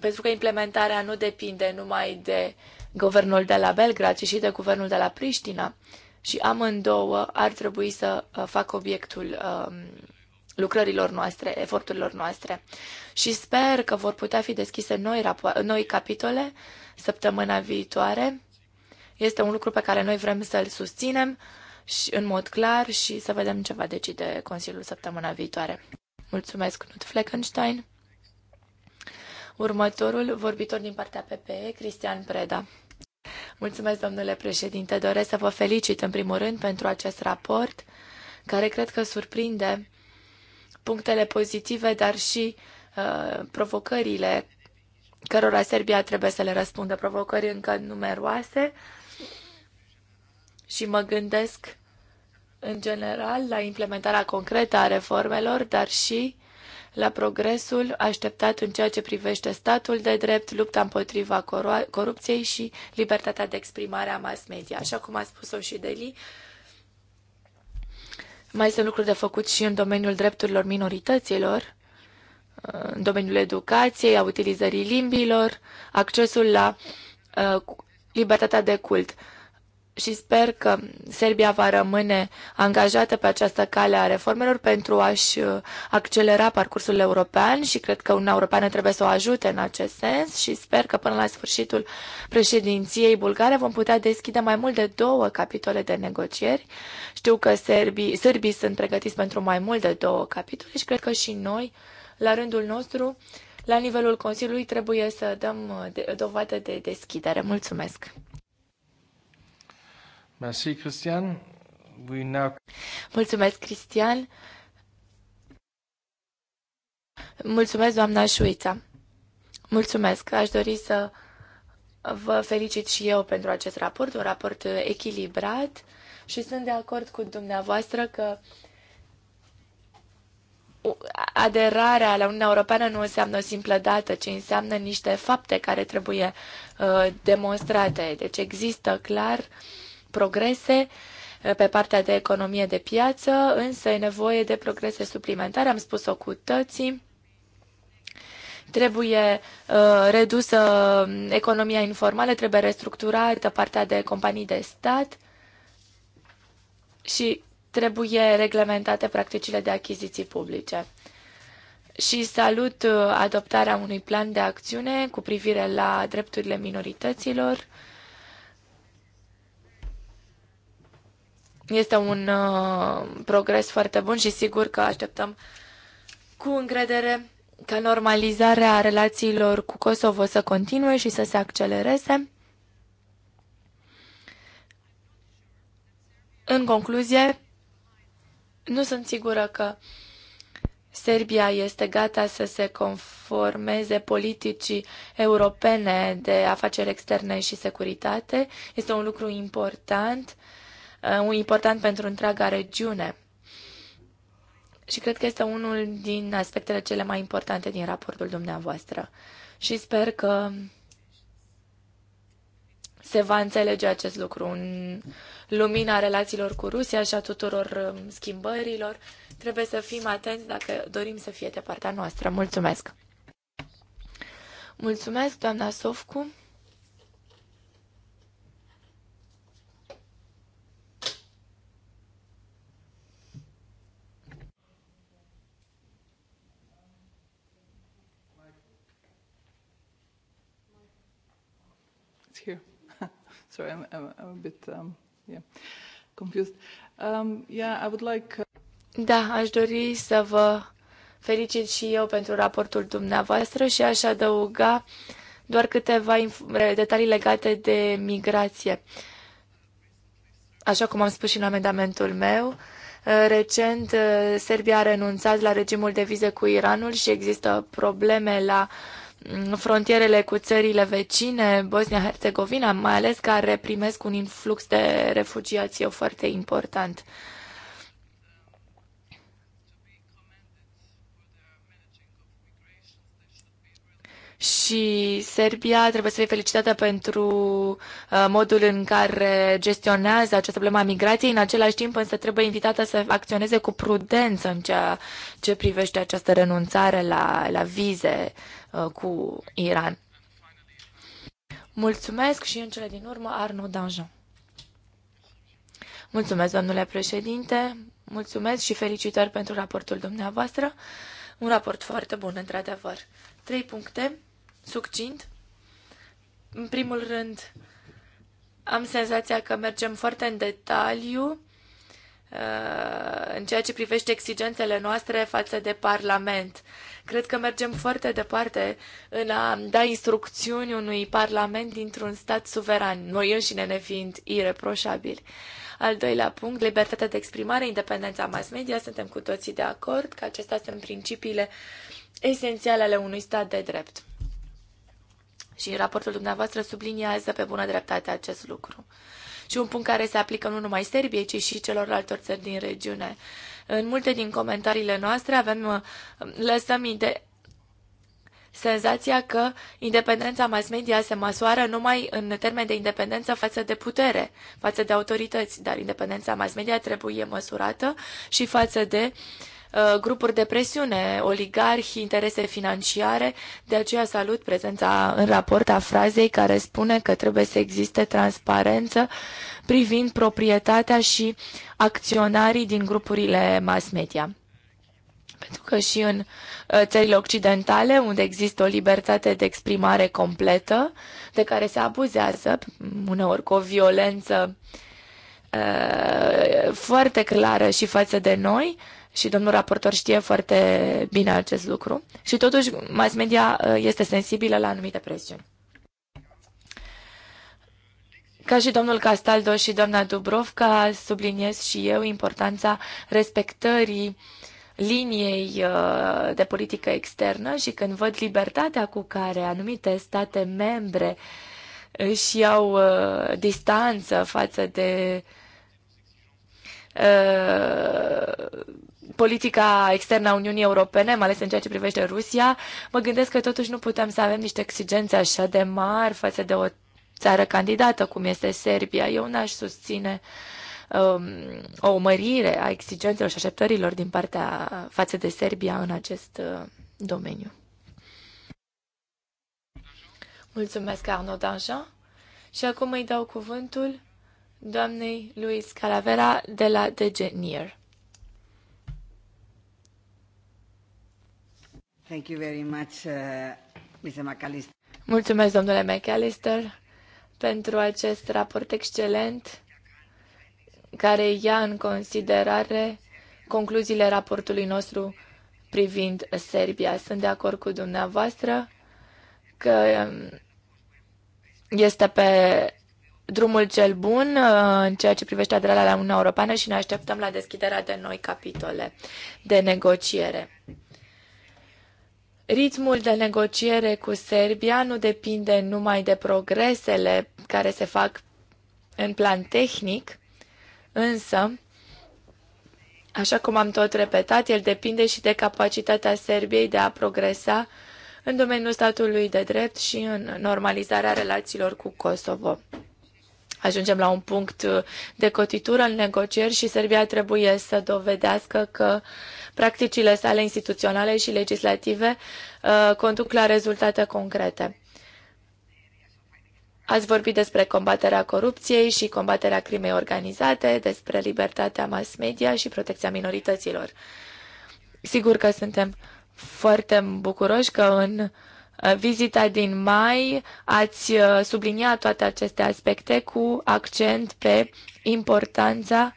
Pentru că implementarea nu depinde numai de guvernul de la Belgrad, ci și de guvernul de la Priștina. Și amândouă ar trebui să uh, facă obiectul um, lucrărilor noastre, eforturilor noastre. Și sper că vor putea fi deschise noi, noi capitole săptămâna viitoare. Este un lucru pe care noi vrem să-l susținem și, în mod clar și să vedem ce va decide Consiliul săptămâna viitoare. Mulțumesc, Knut Fleckenstein. Următorul vorbitor din partea PPE, Cristian Preda. Mulțumesc, domnule președinte. Doresc să vă felicit, în primul rând, pentru acest raport, care cred că surprinde punctele pozitive, dar și uh, provocările cărora Serbia trebuie să le răspundă, provocări încă numeroase. Uh, și mă gândesc în general la implementarea concretă a reformelor, dar și la progresul așteptat în ceea ce privește statul de drept, lupta împotriva corupției și libertatea de exprimare a mass media. Așa cum a spus-o și Deli, mai sunt lucruri de făcut și în domeniul drepturilor minorităților, în domeniul educației, a utilizării limbilor, accesul la uh, libertatea de cult și sper că Serbia va rămâne angajată pe această cale a reformelor pentru a-și uh, accelera parcursul european și cred că Uniunea Europeană trebuie să o ajute în acest sens și sper că până la sfârșitul președinției bulgare vom putea deschide mai mult de două capitole de negocieri. Știu că serbii, sârbii sunt pregătiți pentru mai mult de două capitole și cred că și noi, la rândul nostru, la nivelul Consiliului trebuie să dăm uh, dovadă de deschidere. Mulțumesc! Merci, Christian. We now... Mulțumesc, Cristian. Mulțumesc, doamna Șuița. Mulțumesc. Aș dori să vă felicit și eu pentru acest raport, un raport echilibrat și sunt de acord cu dumneavoastră că aderarea la Uniunea Europeană nu înseamnă o simplă dată, ci înseamnă niște fapte care trebuie uh, demonstrate. Deci există clar uh, progrese uh, pe partea de economie de piață, însă e nevoie de progrese suplimentare, am spus-o cu toții. Trebuie uh, redusă um, economia informală, trebuie restructurată partea de companii de stat și trebuie reglementate practicile de achiziții publice. Și salut uh, adoptarea unui plan de acțiune cu privire la drepturile minorităților Este un uh, progres foarte bun și sigur că așteptăm cu încredere ca normalizarea relațiilor cu Kosovo să continue și să se accelereze. În concluzie, nu sunt sigură că Serbia este gata să se conformeze politicii europene de afaceri externe și securitate. Este un lucru important Uh, important pentru întreaga regiune. Și cred că este unul din aspectele cele mai importante din raportul dumneavoastră. Și sper că se va înțelege acest lucru în lumina relațiilor cu Rusia și a tuturor um, schimbărilor. Trebuie să fim atenți dacă dorim să fie de partea noastră. Mulțumesc! Mulțumesc, doamna Sofcu! Sorry, I'm, I'm, I'm a bit um, yeah, confused. Um, yeah, I would like... Uh, da, aș dori să vă felicit și eu pentru raportul dumneavoastră și aș adăuga doar câteva detalii legate de migrație. Așa cum am spus și în amendamentul meu, uh, recent uh, Serbia a renunțat la regimul de vize cu Iranul și există probleme la uh, frontierele cu țările vecine, Bosnia-Herzegovina, mai ales care primesc un influx de refugiați foarte important. și Serbia trebuie să fie felicitată pentru uh, modul în care gestionează această problemă a migrației, în același timp însă trebuie invitată să acționeze cu prudență în ceea ce privește această renunțare la, la vize Uh, cu Iran. Mulțumesc și în cele din urmă Arnaud Danjean. Mulțumesc, domnule președinte, mulțumesc și felicitări pentru raportul dumneavoastră. Un raport foarte bun, într-adevăr. Trei puncte, succint. În primul rând, am senzația că mergem foarte în detaliu uh, în ceea ce privește exigențele noastre față de Parlament. Cred că mergem foarte departe în a da instrucțiuni unui parlament dintr-un stat suveran, noi înșine ne fiind ireproșabili. Al doilea punct, libertatea de exprimare, independența mass media, suntem cu toții de acord că acestea sunt principiile esențiale ale unui stat de drept. Și raportul dumneavoastră subliniază pe bună dreptate acest lucru. Și un punct care se aplică nu numai Serbiei, ci și celorlalte țări din regiune. Uh, în multe din comentariile noastre avem, uh, lăsăm ide- senzația că independența mass media se măsoară numai în termen de independență față de putere, față de autorități, dar independența mass media trebuie măsurată și față de uh, Uh, grupuri de presiune, oligarhi, interese financiare. De aceea salut prezența în raport a frazei care spune că trebuie să existe transparență privind proprietatea și acționarii din grupurile mass media. Pentru că și în uh, țările occidentale, unde există o libertate de exprimare completă, de care se abuzează, uneori cu o violență uh, foarte clară și față de noi, uh, și domnul raportor știe foarte bine acest lucru și totuși mass media uh, este sensibilă la anumite presiuni. Ca și domnul Castaldo și doamna Dubrovca, subliniez și eu importanța respectării liniei uh, de politică externă și când văd libertatea cu care anumite state membre își iau uh, distanță față de uh, Uh, politica externă a Uniunii Europene, mai ales în ceea ce privește Rusia, mă gândesc că totuși nu putem să avem niște exigențe așa de mari față de o țară candidată cum este Serbia. Eu n-aș susține um, o mărire a exigențelor și așteptărilor din partea față de Serbia în acest uh, domeniu. Mulțumesc, Arnaud Danjean. Și acum îi dau cuvântul doamnei Luis Calavera de la degenier. Thank you very much, uh, McAllister. Mulțumesc, domnule McAllister, pentru acest raport excelent care ia în considerare concluziile raportului nostru privind Serbia. Sunt de acord cu dumneavoastră că este pe drumul cel bun uh, în ceea ce privește aderarea la Uniunea Europeană și ne așteptăm la deschiderea de noi capitole de negociere. Ritmul de negociere cu Serbia nu depinde numai de progresele care se fac în plan tehnic, însă, așa cum am tot repetat, el depinde și de capacitatea Serbiei de a progresa în domeniul statului de drept și în normalizarea relațiilor cu Kosovo ajungem la un punct uh, de cotitură în negocieri și Serbia trebuie să dovedească că practicile sale instituționale și legislative uh, conduc la rezultate concrete. Ați vorbit despre combaterea corupției și combaterea crimei organizate, despre libertatea mass media și protecția minorităților. Sigur că suntem foarte bucuroși că în Uh, vizita din mai ați uh, subliniat toate aceste aspecte cu accent pe importanța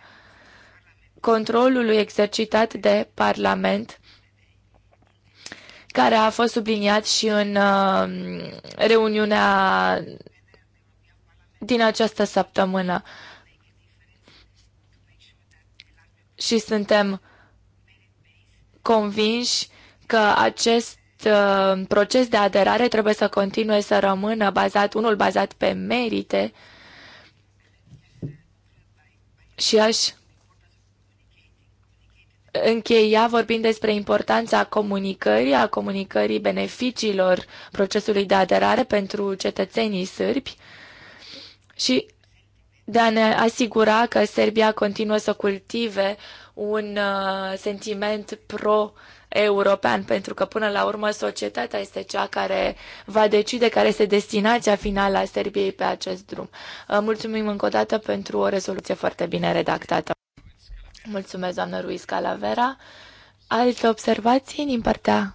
controlului exercitat de Parlament care a fost subliniat și în uh, reuniunea din această săptămână. Și suntem convinși că acest Uh, proces de aderare trebuie să continue să rămână bazat, unul bazat pe merite și aș încheia vorbind despre importanța comunicării, a comunicării beneficiilor procesului de aderare pentru cetățenii sârbi și de a ne asigura că Serbia continuă să cultive un uh, sentiment pro- european, pentru că până la urmă societatea este cea care va decide care este destinația finală a Serbiei pe acest drum. Uh, mulțumim încă o dată pentru o rezoluție foarte bine redactată. Mulțumesc, doamnă Ruiz Calavera. Alte observații din partea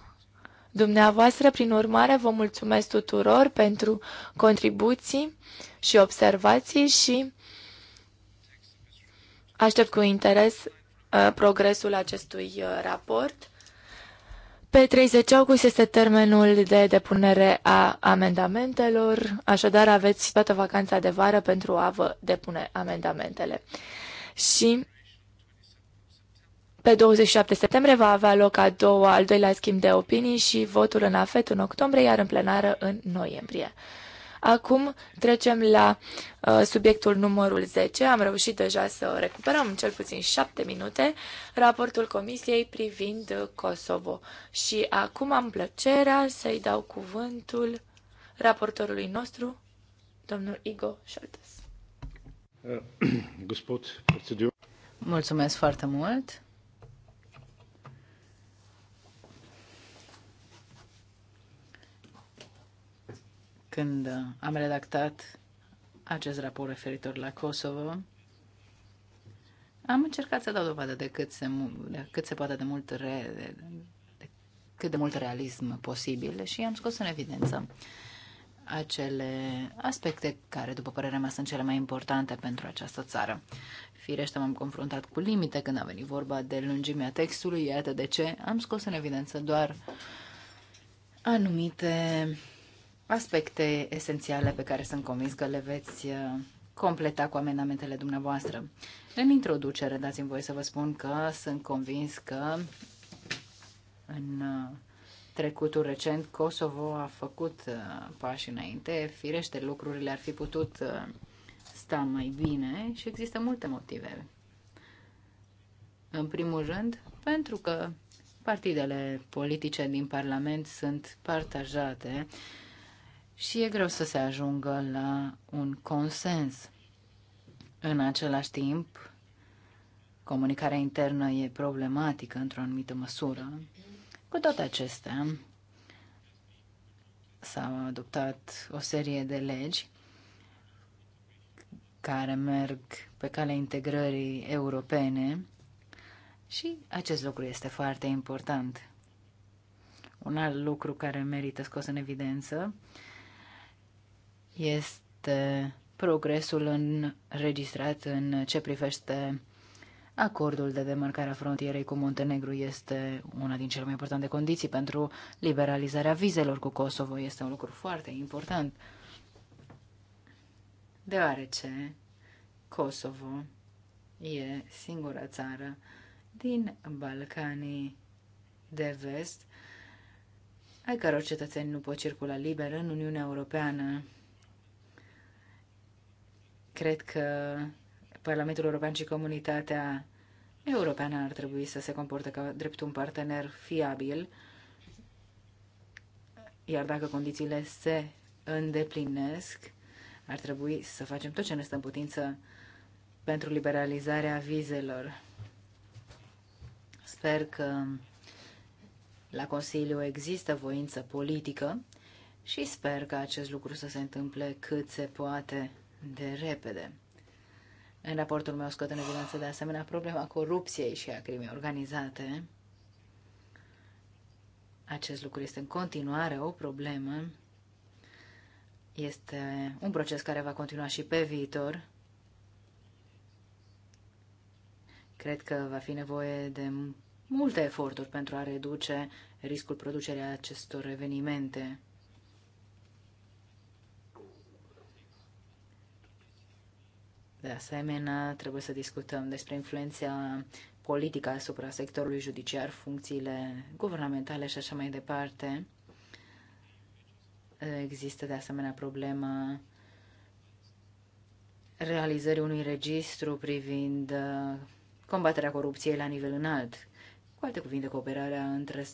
dumneavoastră? Prin urmare, vă mulțumesc tuturor pentru contribuții și observații și aștept cu interes uh, progresul acestui uh, raport. Pe 30 august este termenul de depunere a amendamentelor, așadar aveți toată vacanța de vară pentru a vă depune amendamentele. Și pe 27 septembrie va avea loc a doua, al doilea schimb de opinii și votul în afet în octombrie, iar în plenară în noiembrie. Acum trecem la uh, subiectul numărul 10. Am reușit deja să recuperăm cel puțin 7 minute raportul Comisiei privind Kosovo. Și acum am plăcerea să-i dau cuvântul raportorului nostru, domnul Igo Șoltes. Uh, Mulțumesc foarte mult. Când am redactat acest raport referitor la Kosovo, am încercat să dau dovadă de cât se, de cât se poate de mult re, de, de cât de mult realism posibil și am scos în evidență acele aspecte care, după părerea mea, sunt cele mai importante pentru această țară. Firește, m-am confruntat cu limite când a venit vorba de lungimea textului, iată de ce am scos în evidență doar anumite aspecte esențiale pe care sunt convins că le veți uh, completa cu amendamentele dumneavoastră. În introducere, dați-mi voie să vă spun că sunt convins că în uh, trecutul recent Kosovo a făcut uh, pași înainte. Firește, lucrurile ar fi putut sta mai bine și există multe motive. În primul rând, pentru că partidele politice din Parlament sunt partajate și e greu să se ajungă la un consens. În același timp, comunicarea internă e problematică într-o anumită măsură. Cu toate acestea, s-au adoptat o serie de legi care merg pe calea integrării europene și acest lucru este foarte important. Un alt lucru care merită scos în evidență este progresul înregistrat în ce privește acordul de demarcare a frontierei cu Muntenegru. Este una din cele mai importante condiții pentru liberalizarea vizelor cu Kosovo. Este un lucru foarte important, deoarece Kosovo e singura țară din Balcanii de vest ai căror cetățeni nu pot circula liber în Uniunea Europeană. Cred că Parlamentul European și comunitatea europeană ar trebui să se comporte ca drept un partener fiabil, iar dacă condițiile se îndeplinesc, ar trebui să facem tot ce ne stă în putință pentru liberalizarea vizelor. Sper că la Consiliu există voință politică și sper că acest lucru să se întâmple cât se poate de repede. În raportul meu scot în evidență de asemenea problema corupției și a crimei organizate. Acest lucru este în continuare o problemă. Este un proces care va continua și pe viitor. Cred că va fi nevoie de multe eforturi pentru a reduce riscul producerii acestor evenimente. De asemenea, trebuie să discutăm despre influența politică asupra sectorului judiciar, funcțiile guvernamentale și așa mai departe. Există de asemenea problema realizării unui registru privind uh, combaterea corupției la nivel înalt. Cu alte cuvinte, cooperarea între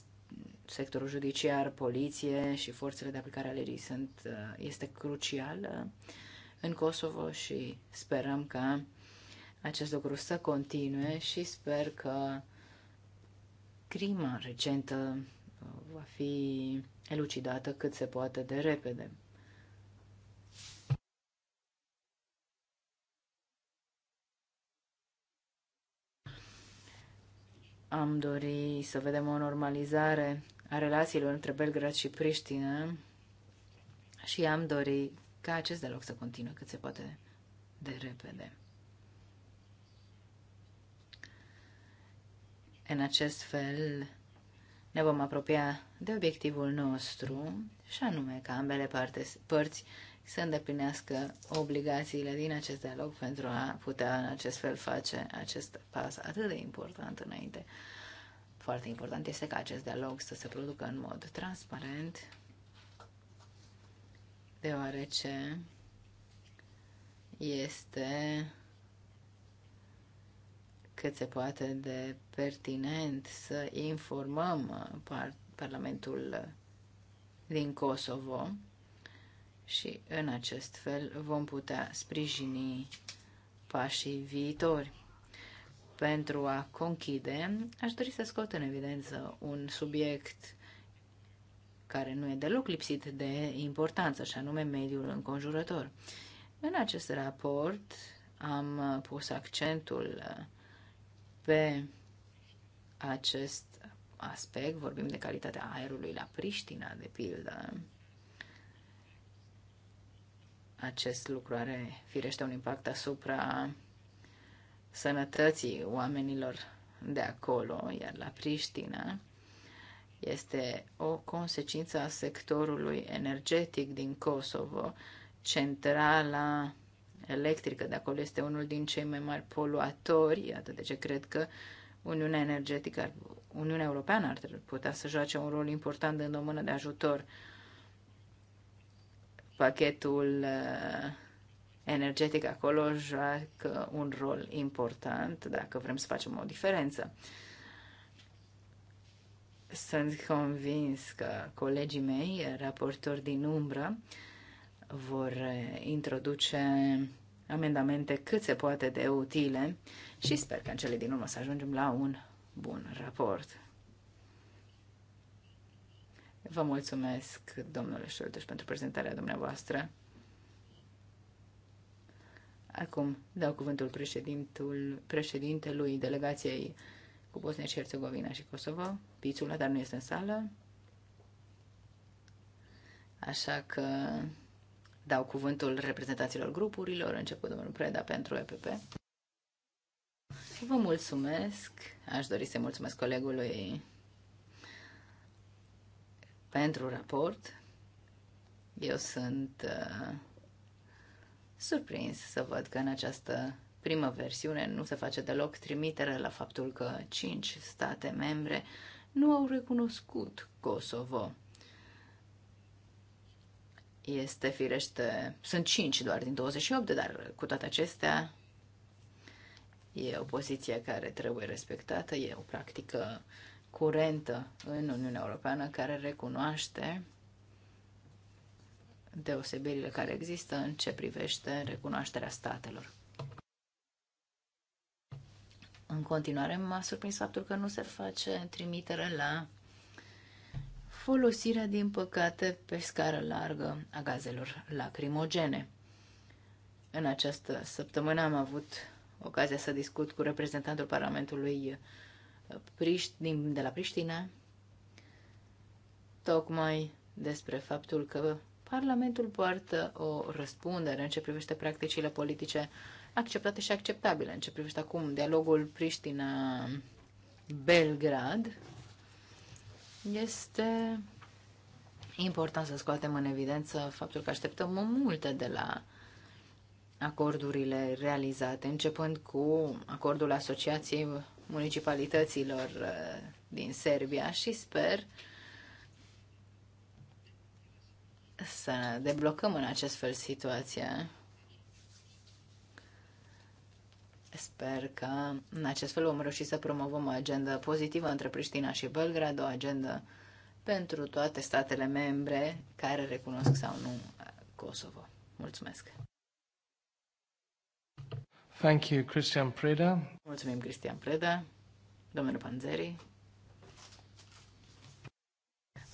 sectorul judiciar, poliție și forțele de aplicare a legii sunt, uh, este crucială în Kosovo și sperăm că acest lucru să continue și sper că crima recentă uh, va fi elucidată cât se poate de repede. Am dori să vedem o normalizare a relațiilor între Belgrad și Priștină și am dori ca acest dialog să continue cât se poate de repede. În acest fel ne vom apropia de obiectivul nostru și anume ca ambele parte, părți să îndeplinească obligațiile din acest dialog pentru a putea în acest fel face acest pas atât de important înainte. Foarte important este ca acest dialog să se producă în mod transparent, deoarece este cât se poate de pertinent să informăm par Parlamentul din Kosovo și în acest fel vom putea sprijini pașii viitori. Pentru a conchide, aș dori să scot în evidență un subiect care nu e deloc lipsit de importanță, și anume mediul înconjurător. În acest raport am pus accentul pe acest aspect, vorbim de calitatea aerului la Priștina, de pildă. Acest lucru are, firește, un impact asupra sănătății oamenilor de acolo, iar la Priștina este o consecință a sectorului energetic din Kosovo. Centrala electrică de acolo este unul din cei mai mari poluatori, iată de ce cred că Uniunea Energetică, Uniunea Europeană ar putea să joace un rol important în o mână de ajutor. Pachetul uh, energetic acolo joacă un rol important dacă vrem să facem o diferență. Sunt convins că colegii mei, raportori din umbră, vor eh, introduce amendamente cât se poate de utile și sper că în cele din urmă să ajungem la un bun raport. Vă mulțumesc, domnule Șoltuș, pentru prezentarea dumneavoastră. Acum dau cuvântul președintelui delegației cu Bosnia și Herțegovina și Kosovo, Pițula, dar nu este în sală. Așa că dau cuvântul reprezentanților grupurilor, început domnul Preda pentru EPP. Vă mulțumesc. Aș dori să mulțumesc colegului pentru raport. Eu sunt uh, surprins să văd că în această primă versiune nu se face deloc trimitere la faptul că cinci state membre nu au recunoscut Kosovo. Este firește, sunt 5 doar din 28, dar cu toate acestea e o poziție care trebuie respectată, e o practică curentă în Uniunea Europeană care recunoaște deosebirile care există în ce privește recunoașterea statelor în continuare m-a surprins faptul că nu se face trimitere la folosirea, din păcate, pe scară largă a gazelor lacrimogene. În această săptămână am avut ocazia să discut cu reprezentantul Parlamentului eh, din, de la Priștina, tocmai despre faptul că Parlamentul poartă o răspundere în ce privește practicile politice acceptate și acceptabile. În ce privește acum dialogul Priștina-Belgrad, este important să scoatem în evidență faptul că așteptăm multe de la acordurile realizate, începând cu acordul Asociației Municipalităților eh, din Serbia și sper să deblocăm în acest fel situația. Sper că în acest fel vom reuși să promovăm o agendă pozitivă între Priștina și Belgrad, o agendă pentru toate statele membre care recunosc sau nu Kosovo. Mulțumesc! Thank you, Cristian Preda. Mulțumim, Cristian Preda. Domnul Panzeri.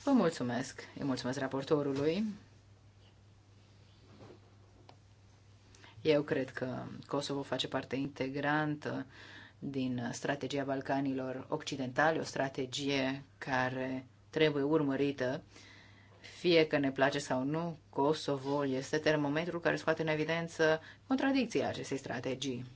Vă mulțumesc. Îi mulțumesc raportorului. Eu cred că Kosovo face parte integrantă din strategia Balcanilor Occidentali, o strategie care trebuie urmărită, fie că ne place sau nu, Kosovo este termometrul care scoate în evidență contradicția acestei strategii.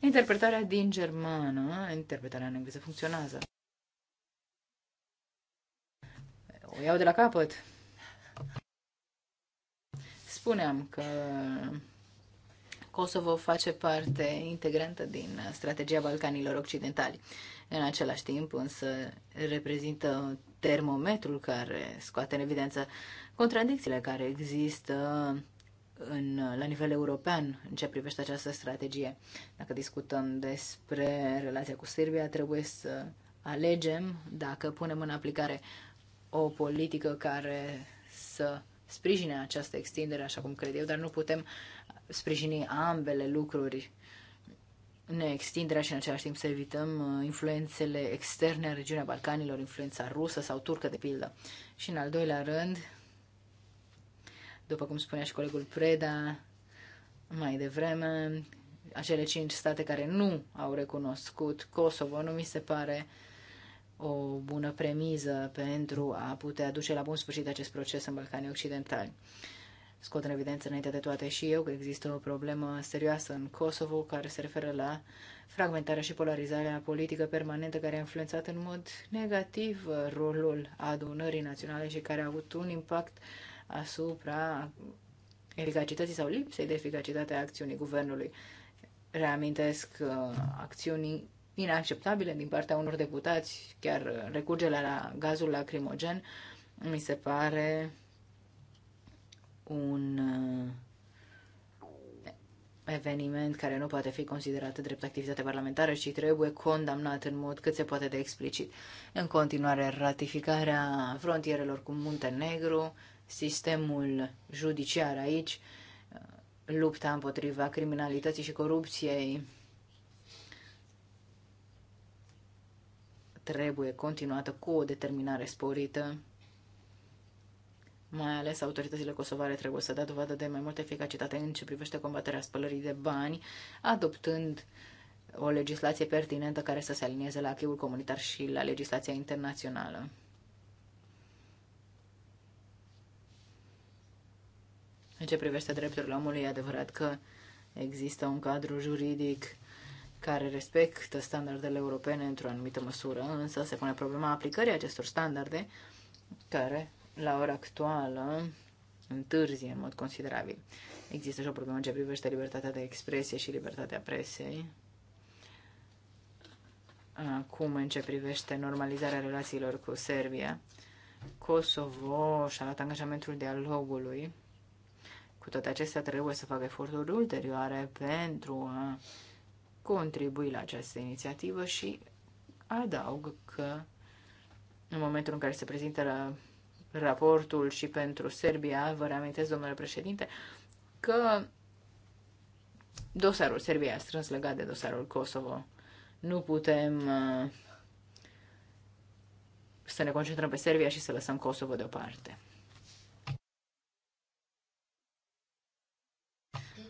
Interpretarea din germană, interpretarea în engleză funcționează. O iau de la capăt. Spuneam că Kosovo face parte integrantă din strategia Balcanilor Occidentali. În același timp, însă, reprezintă termometrul care scoate în evidență contradicțiile care există în, la nivel european în ce privește această strategie. Dacă discutăm despre relația cu Serbia, trebuie să alegem dacă punem în aplicare o politică care să sprijine această extindere, așa cum cred eu, dar nu putem sprijini ambele lucruri, ne extinderea și în același timp să evităm uh, influențele externe a regiunea Balcanilor, influența rusă sau turcă, de pildă. Și în al doilea rând, după cum spunea și colegul Preda mai devreme, acele cinci state care nu au recunoscut Kosovo nu mi se pare o bună premiză pentru a putea duce la bun sfârșit acest proces în Balcanii Occidentali. Scot în evidență înainte de toate și eu că există o problemă serioasă în Kosovo care se referă la fragmentarea și polarizarea politică permanentă care a influențat în mod negativ rolul adunării naționale și care a avut un impact asupra eficacității sau lipsei de eficacitate a acțiunii guvernului. Reamintesc uh, acțiuni inacceptabile din partea unor deputați, chiar uh, recurgerea la gazul lacrimogen, mi se pare un uh, eveniment care nu poate fi considerat drept activitate parlamentară și trebuie condamnat în mod cât se poate de explicit. În continuare, ratificarea frontierelor cu Muntenegru, sistemul judiciar aici, lupta împotriva criminalității și corupției trebuie continuată cu o determinare sporită. Mai ales autoritățile kosovare trebuie să dea dovadă de mai multă eficacitate în ce privește combaterea spălării de bani, adoptând o legislație pertinentă care să se alinieze la acquis comunitar și la legislația internațională. În ce privește drepturile omului, e adevărat că există un cadru juridic care respectă standardele europene într-o anumită măsură, însă se pune problema aplicării acestor standarde, care, la ora actuală, întârzie în mod considerabil. Există și o problemă în ce privește libertatea de expresie și libertatea presei. Acum, în ce privește normalizarea relațiilor cu Serbia, Kosovo și-a luat angajamentul dialogului cu toate acestea, trebuie să facă eforturi ulterioare pentru a contribui la această inițiativă și adaug că în momentul în care se prezintă raportul și pentru Serbia, vă reamintesc, domnule președinte, că dosarul Serbia a strâns legat de dosarul Kosovo. Nu putem uh, să ne concentrăm pe Serbia și să lăsăm Kosovo deoparte.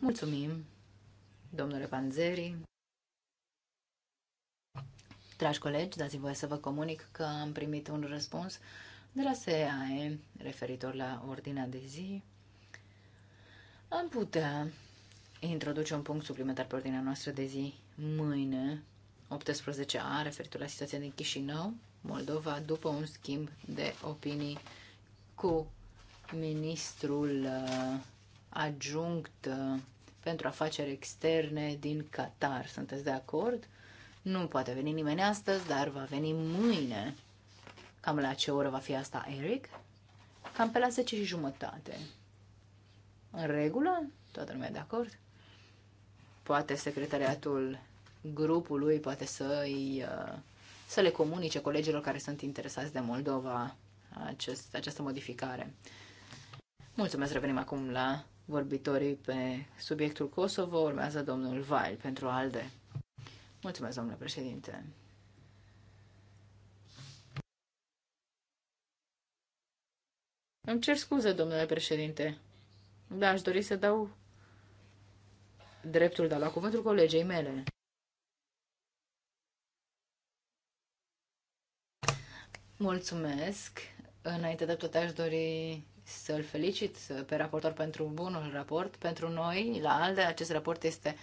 Mulțumim, domnule Panzeri. Dragi colegi, dați-mi voie să vă comunic că am primit un răspuns de la SEAE referitor la ordinea de zi. Am putea introduce un punct suplimentar pe ordinea noastră de zi mâine, 18A, referitor la situația din Chișinău, Moldova, după un schimb de opinii cu ministrul uh, adjunct uh, pentru afaceri externe din Qatar. Sunteți de acord? Nu poate veni nimeni astăzi, dar va veni mâine. Cam la ce oră va fi asta, Eric? Cam pe la 10 și jumătate. În regulă? Toată lumea de acord? Poate secretariatul grupului poate să, i uh, să le comunice colegilor care sunt interesați de Moldova acest, această modificare. Mulțumesc, revenim acum la vorbitorii pe subiectul Kosovo. Urmează domnul Vail pentru ALDE. Mulțumesc, domnule președinte. Îmi cer scuze, domnule președinte. Da, aș dori să dau dreptul de a lua cuvântul colegei mele. Mulțumesc. Înainte de toate aș dori să-l felicit pe raportor pentru bunul raport. Pentru noi, la ALDE, acest raport este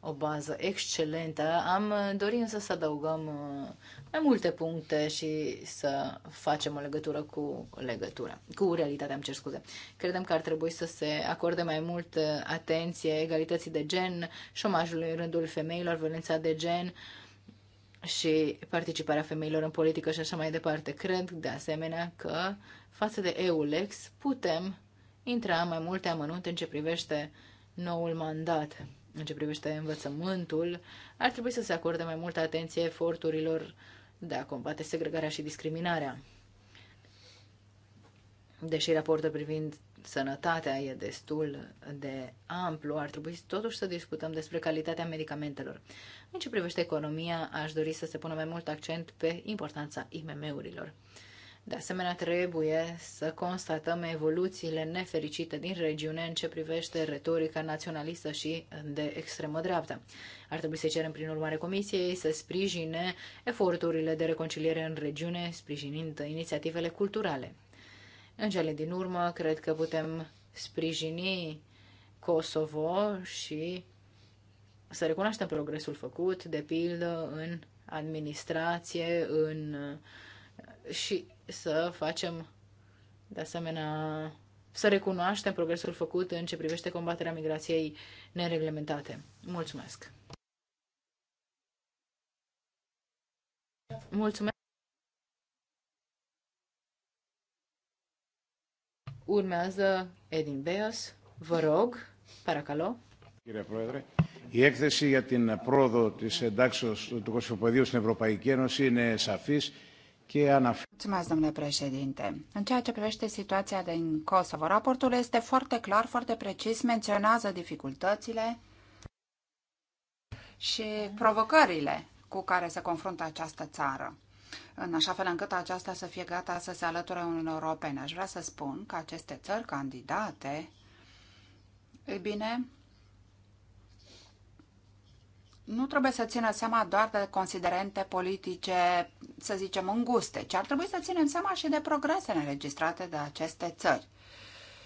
o bază excelentă. Am dorit însă să adăugăm uh, mai multe puncte și să facem o legătură cu legătura, cu realitatea, îmi cer scuze. Credem că ar trebui să se acorde mai mult uh, atenție egalității de gen, șomajului în rândul femeilor, violența de gen, și participarea femeilor în politică și așa mai departe. Cred, de asemenea, că față de EULEX, putem intra mai multe amănunte în ce privește noul mandat, în ce privește învățământul. Ar trebui să se acorde mai multă atenție eforturilor de a combate segregarea și discriminarea. Deși raportul privind sănătatea e destul de amplu, ar trebui totuși să discutăm despre calitatea medicamentelor. În ce privește economia, aș dori să se pună mai mult accent pe importanța IMM-urilor. De asemenea, trebuie să constatăm evoluțiile nefericite din regiune în ce privește retorica naționalistă și de extremă dreaptă. Ar trebui să cerem, prin urmare, Comisiei să sprijine eforturile de reconciliere în regiune, sprijinind inițiativele culturale. În cele din urmă, cred că putem sprijini Kosovo și să recunoaștem progresul făcut, de pildă, în administrație, în și să facem de asemenea să recunoaștem progresul făcut în ce privește combaterea migrației nereglementate. Mulțumesc! Mulțumesc! Urmează Edin Beos. Vă rog, Paracalo. Κύριε Πρόεδρε, η έκθεση για την πρόοδο της εντάξεως του Κωσυφοπεδίου στην Ευρωπαϊκή Ένωση είναι σαφής Mulțumesc, domnule președinte. În ceea ce privește situația din Kosovo, raportul este foarte clar, foarte precis, menționează dificultățile și provocările cu care se confruntă această țară în așa fel încât aceasta să fie gata să se alăture Uniunii Europene. Aș vrea să spun că aceste țări candidate, E bine, nu trebuie să țină seama doar de considerente politice, să zicem, înguste, ci ar trebui să ținem seama și de progresele înregistrate de aceste țări.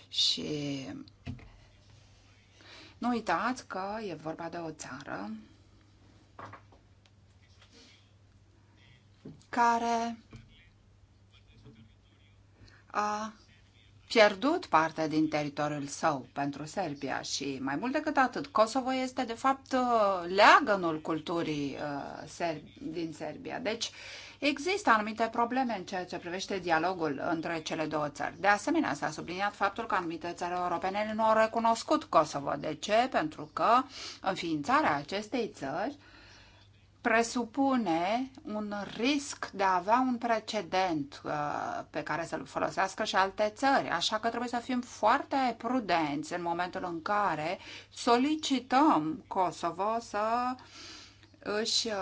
Și nu uitați că e vorba de o țară care a pierdut parte din teritoriul său pentru Serbia și mai mult decât atât, Kosovo este de fapt uh, leagănul culturii uh, din Serbia. Deci există anumite probleme în ceea ce privește dialogul între cele două țări. De asemenea, s-a subliniat faptul că anumite țări europene nu au recunoscut Kosovo. De ce? Pentru că înființarea acestei țări presupune un risc de a avea un precedent uh, pe care să-l folosească și alte țări. Așa că trebuie să fim foarte prudenți în momentul în care solicităm Kosovo să își uh,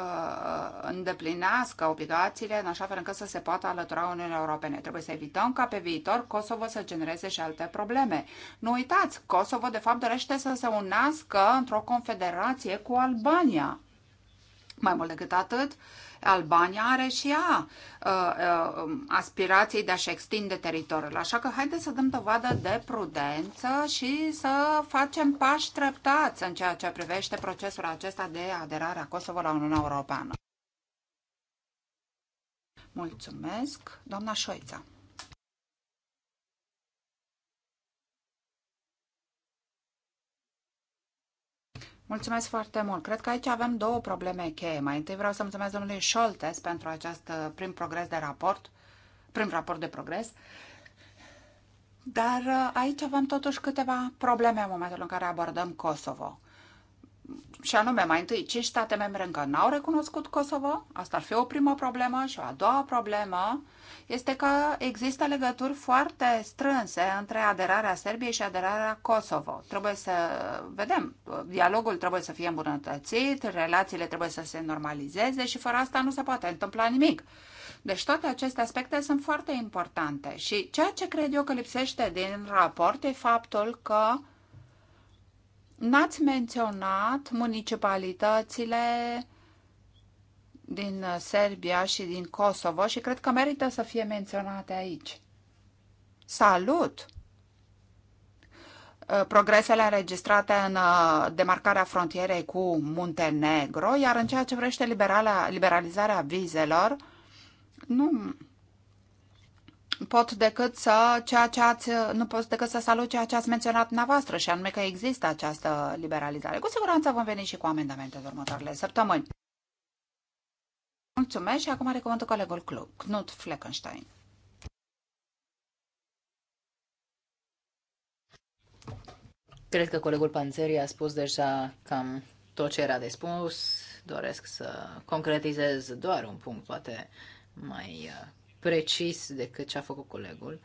îndeplinească obligațiile în așa fel încât să se poată alătura Uniunii Europene. Trebuie să evităm ca pe viitor Kosovo să genereze și alte probleme. Nu uitați, Kosovo de fapt dorește să se unească într-o confederație cu Albania. Mai mult decât atât, Albania are și ea uh, uh, aspirații de a-și extinde teritoriul. Așa că haideți să dăm dovadă de prudență și să facem pași treptați în ceea ce privește procesul acesta de aderare a Kosovo la Uniunea Europeană. Mulțumesc, doamna Șoița. Mulțumesc foarte mult. Cred că aici avem două probleme cheie. Mai întâi vreau să mulțumesc domnului Scholtes pentru acest uh, prim progres de raport, prim raport de progres. Dar uh, aici avem totuși câteva probleme în momentul în care abordăm Kosovo. Și anume, mai întâi, cinci state membre încă n-au recunoscut Kosovo. Asta ar fi o primă problemă. Și o a doua problemă este că există legături foarte strânse între aderarea Serbiei și aderarea Kosovo. Trebuie să vedem, dialogul trebuie să fie îmbunătățit, relațiile trebuie să se normalizeze și fără asta nu se poate întâmpla nimic. Deci toate aceste aspecte sunt foarte importante și ceea ce cred eu că lipsește din raport e faptul că n-ați menționat municipalitățile din uh, Serbia și din Kosovo și cred că merită să fie menționate aici. Salut! Uh, progresele înregistrate în uh, demarcarea frontierei cu Muntenegro, iar în ceea ce vrește liberalizarea vizelor, nu pot decât să ceea ce ați, nu pot decât să salut ceea ce ați menționat dumneavoastră și anume că există această liberalizare. Cu siguranță vom veni și cu amendamente în următoarele săptămâni. Mulțumesc și acum are colegul colegul Knut Fleckenstein. Cred că colegul Panzeri a spus deja cam tot ce era de spus. Doresc să concretizez doar un punct, poate mai uh, precis decât ce a făcut colegul.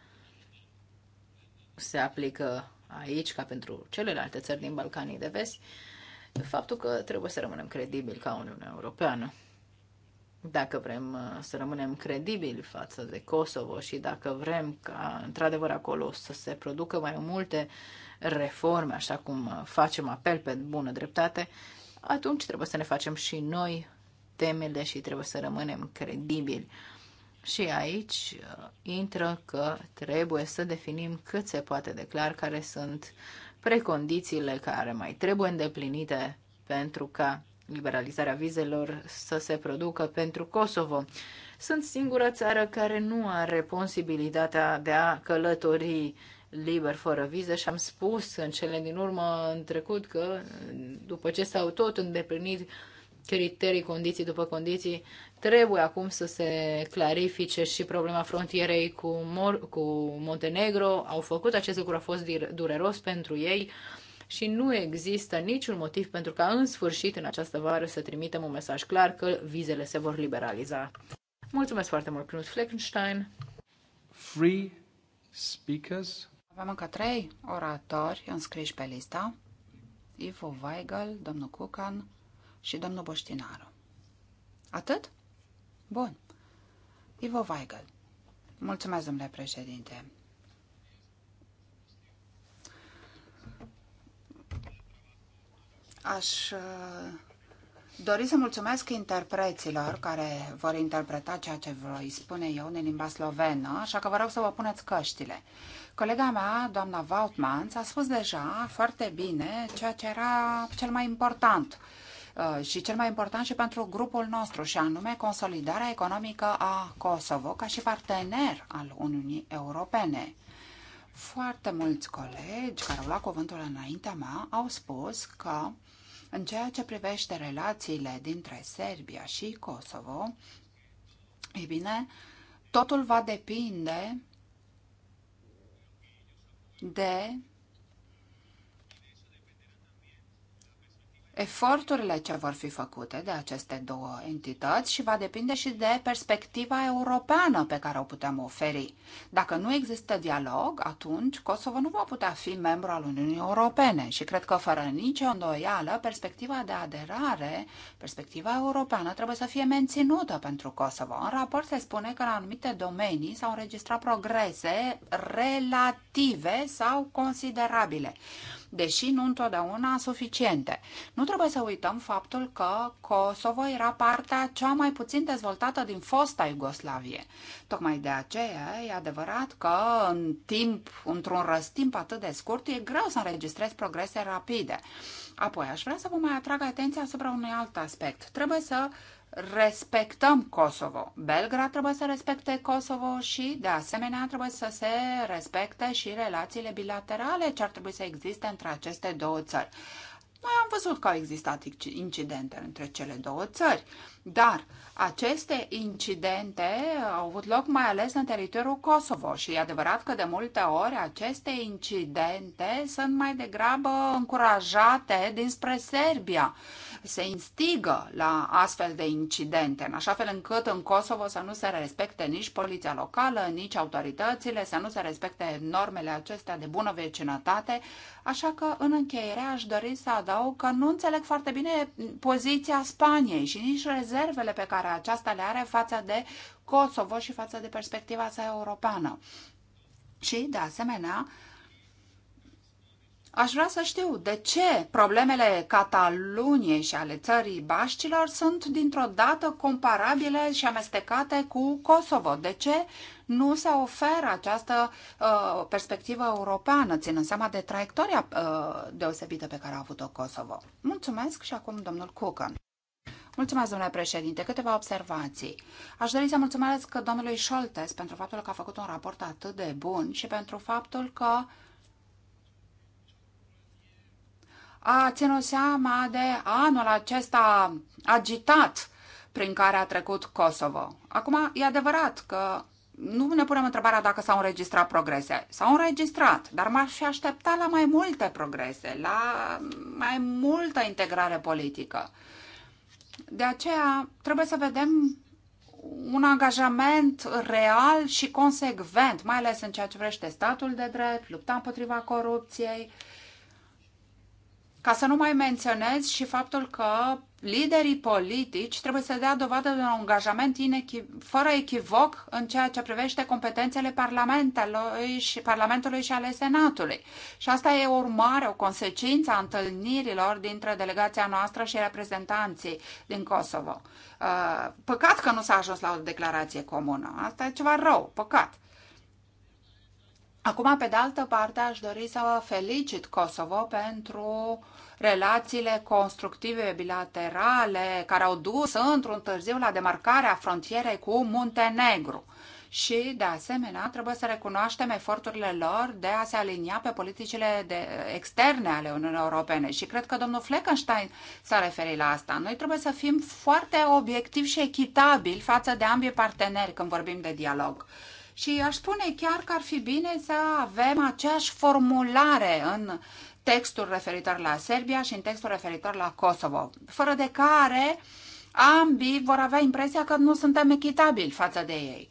Se aplică aici, ca pentru celelalte țări din Balcanii de Vest, faptul că trebuie să rămânem credibili ca Uniunea Europeană dacă vrem uh, să rămânem credibili față de Kosovo și dacă vrem ca, într-adevăr, acolo să se producă mai multe reforme, așa cum uh, facem apel pe bună dreptate, atunci trebuie să ne facem și noi temele și trebuie să rămânem credibili. Și aici uh, intră că trebuie să definim cât se poate de clar care sunt precondițiile care mai trebuie îndeplinite pentru ca liberalizarea vizelor să se producă pentru Kosovo. Sunt singura țară care nu are posibilitatea de a călători liber, fără viză și am spus în cele din urmă în trecut că după ce s-au tot îndeplinit criterii, condiții după condiții, trebuie acum să se clarifice și problema frontierei cu, Mor- cu Montenegro. Au făcut acest lucru, a fost dureros pentru ei și nu există niciun motiv pentru ca în sfârșit în această vară să trimitem un mesaj clar că vizele se vor liberaliza. Mulțumesc foarte mult, Knut Fleckenstein. Free speakers. Avem încă trei oratori înscriși pe lista. Ivo Weigel, domnul Cucan și domnul Boștinaru. Atât? Bun. Ivo Weigel. Mulțumesc, domnule președinte. Aș uh, dori să mulțumesc interpreților care vor interpreta ceea ce voi spune eu în limba slovenă, așa că vă rog să vă puneți căștile. Colega mea, doamna Vautman, a spus deja foarte bine ceea ce era cel mai important uh, și cel mai important și pentru grupul nostru, și anume consolidarea economică a Kosovo ca și partener al Uniunii Europene. Foarte mulți colegi care au luat cuvântul înaintea mea au spus că în ceea ce privește relațiile dintre Serbia și Kosovo, e bine, totul va depinde de eforturile ce vor fi făcute de aceste două entități și va depinde și de perspectiva europeană pe care o putem oferi. Dacă nu există dialog, atunci Kosovo nu va putea fi membru al Uniunii Europene și cred că fără nicio îndoială, perspectiva de aderare, perspectiva europeană trebuie să fie menținută pentru Kosovo. În raport se spune că în anumite domenii s-au înregistrat progrese relative sau considerabile deși nu întotdeauna suficiente. Nu trebuie să uităm faptul că Kosovo era partea cea mai puțin dezvoltată din fosta Iugoslavie. Tocmai de aceea e adevărat că în timp, într-un răstimp atât de scurt, e greu să înregistrezi progrese rapide. Apoi, aș vrea să vă mai atrag atenția asupra unui alt aspect. Trebuie să respectăm Kosovo. Belgrad trebuie să respecte Kosovo și, de asemenea, trebuie să se respecte și relațiile bilaterale ce ar trebui să existe între aceste două țări. Noi am văzut că au existat incidente între cele două țări, dar aceste incidente au avut loc mai ales în teritoriul Kosovo și e adevărat că de multe ori aceste incidente sunt mai degrabă încurajate dinspre Serbia se instigă la astfel de incidente, în așa fel încât în Kosovo să nu se respecte nici poliția locală, nici autoritățile, să nu se respecte normele acestea de bună vecinătate. Așa că, în încheiere, aș dori să adaug că nu înțeleg foarte bine poziția Spaniei și nici rezervele pe care aceasta le are față de Kosovo și față de perspectiva sa europeană. Și, de asemenea, Aș vrea să știu de ce problemele Cataluniei și ale țării Baștilor sunt dintr-o dată comparabile și amestecate cu Kosovo. De ce nu se oferă această uh, perspectivă europeană, ținând seama de traiectoria uh, deosebită pe care a avut-o Kosovo? Mulțumesc și acum domnul Cucan. Mulțumesc, domnule președinte. Câteva observații. Aș dori să mulțumesc domnului Scholtes pentru faptul că a făcut un raport atât de bun și pentru faptul că a ținut seama de anul acesta agitat prin care a trecut Kosovo. Acum, e adevărat că nu ne punem întrebarea dacă s-au înregistrat progrese. S-au înregistrat, dar m-aș fi aștepta la mai multe progrese, la mai multă integrare politică. De aceea trebuie să vedem un angajament real și consecvent, mai ales în ceea ce vrește statul de drept, lupta împotriva corupției, uh, ca să nu mai menționez și faptul că liderii politici trebuie să dea dovadă de un angajament inechiv- fără echivoc în ceea ce privește competențele parlamentului și, Parlamentului și ale Senatului. Și asta e o urmare, o consecință a întâlnirilor dintre delegația noastră și reprezentanții din Kosovo. Uh, păcat că nu s-a ajuns la o declarație comună. Asta e ceva rău, păcat. Acum, pe de altă parte, aș dori să felicit Kosovo pentru relațiile constructive bilaterale care au dus într-un târziu la demarcarea frontierei cu Muntenegru. Și, de asemenea, trebuie să recunoaștem eforturile lor de a se alinia pe politicile de, externe ale Uniunii Europene. Și cred că domnul Fleckenstein s-a referit la asta. Noi trebuie să fim foarte obiectivi și echitabili față de ambii parteneri când vorbim de dialog și aș spune chiar că ar fi bine să avem aceeași formulare în textul referitor la Serbia și în textul referitor la Kosovo, fără de care ambii vor avea impresia că nu suntem echitabili față de ei.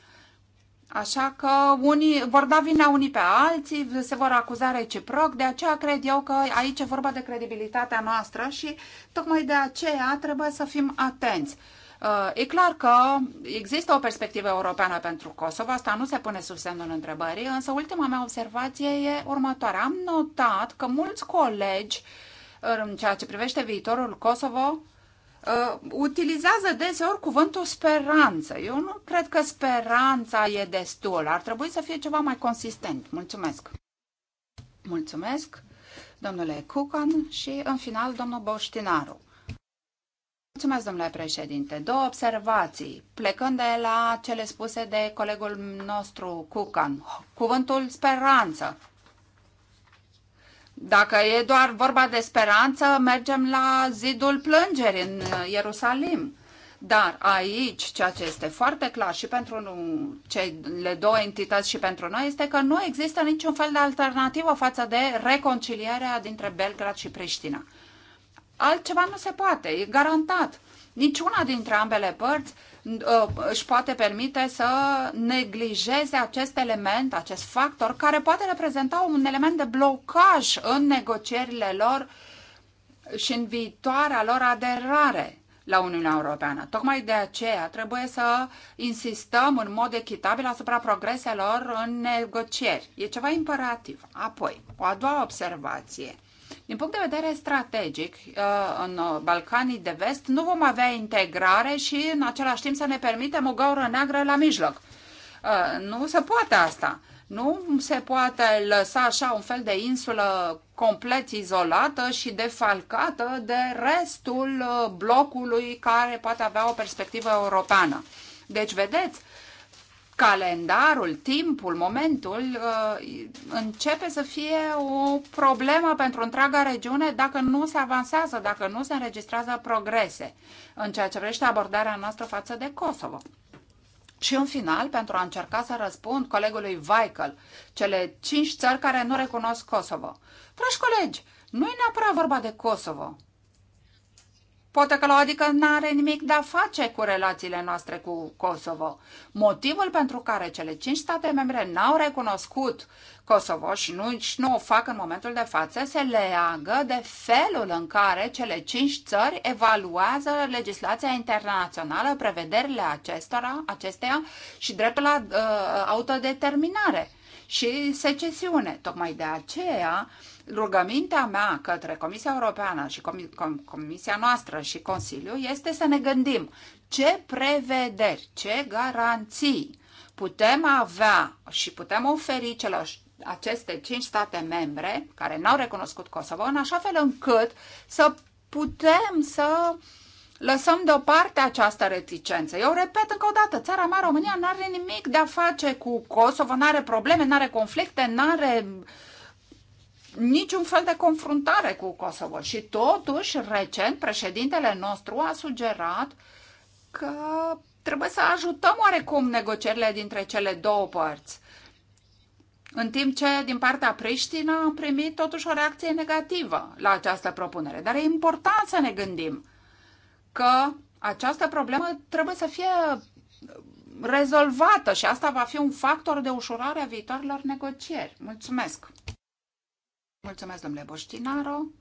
Așa că unii vor da vina unii pe alții, se vor acuza reciproc, de aceea cred eu că aici e vorba de credibilitatea noastră și tocmai de aceea trebuie să fim atenți. Uh, e clar că există o perspectivă europeană pentru Kosovo, asta nu se pune sub semnul întrebării, însă ultima mea observație e următoarea. Am notat că mulți colegi, uh, în ceea ce privește viitorul Kosovo, uh, utilizează deseori cuvântul speranță. Eu nu cred că speranța e destul. Ar trebui să fie ceva mai consistent. Mulțumesc! Mulțumesc, domnule Cucan și, în final, domnul Boștinaru. Mulțumesc, domnule președinte. Două observații. Plecând de la cele spuse de colegul nostru Cucan, cuvântul speranță. Dacă e doar vorba de speranță, mergem la zidul plângerii în uh, Ierusalim. Dar aici, ceea ce este foarte clar și pentru cele două entități și pentru noi, este că nu există niciun fel de alternativă față de reconcilierea dintre Belgrad și Priștina altceva nu se poate, e garantat. Niciuna dintre ambele părți uh, își poate permite să neglijeze acest element, acest factor, care poate reprezenta un element de blocaj în negocierile lor și în viitoarea lor aderare la Uniunea Europeană. Tocmai de aceea trebuie să insistăm în mod echitabil asupra progreselor în negocieri. E ceva imperativ. Apoi, o a doua observație – din punct de vedere strategic, uh, în Balcanii de vest nu vom avea integrare și în același timp să ne permitem o gaură neagră la mijloc. Uh, nu se poate asta. Nu se poate lăsa așa un fel de insulă complet izolată și defalcată de restul uh, blocului care poate avea o perspectivă europeană. Deci, vedeți, calendarul, timpul, momentul uh, începe să fie o problemă pentru întreaga regiune dacă nu se avansează, dacă nu se înregistrează progrese în ceea ce privește abordarea noastră față de Kosovo. Și în final, pentru a încerca să răspund colegului Weichel, cele cinci țări care nu recunosc Kosovo. Dragi colegi, nu e neapărat vorba de Kosovo. Poate că la adică n-are nimic de a face cu relațiile noastre cu Kosovo. Motivul pentru care cele cinci state membre n-au recunoscut Kosovo și nu, și nu o fac în momentul de față se leagă de felul în care cele cinci țări evaluează legislația internațională, prevederile acestora, acesteia și dreptul la uh, autodeterminare și secesiune. Tocmai de aceea uh, Rugămintea mea către Comisia Europeană și Com- Com- Comisia noastră și Consiliu este să ne gândim ce prevederi, ce garanții putem avea și putem oferi celor aceste cinci state membre care n-au recunoscut Kosovo, în așa fel încât să putem să lăsăm deoparte această reticență. Eu repet încă o dată, țara mea, România, nu are nimic de a face cu Kosovo, nu are probleme, nu are conflicte, nu are uh, niciun fel de confruntare cu Kosovo. Și totuși, recent, președintele nostru a sugerat că trebuie să ajutăm oarecum negocierile dintre cele două părți. În timp ce din partea Priștina am primit totuși o reacție negativă la această propunere. Dar e important să ne gândim că această problemă trebuie să fie rezolvată și asta va fi un factor de ușurare a viitoarelor negocieri. Mulțumesc! Mulțumesc, domnule Boștinaru.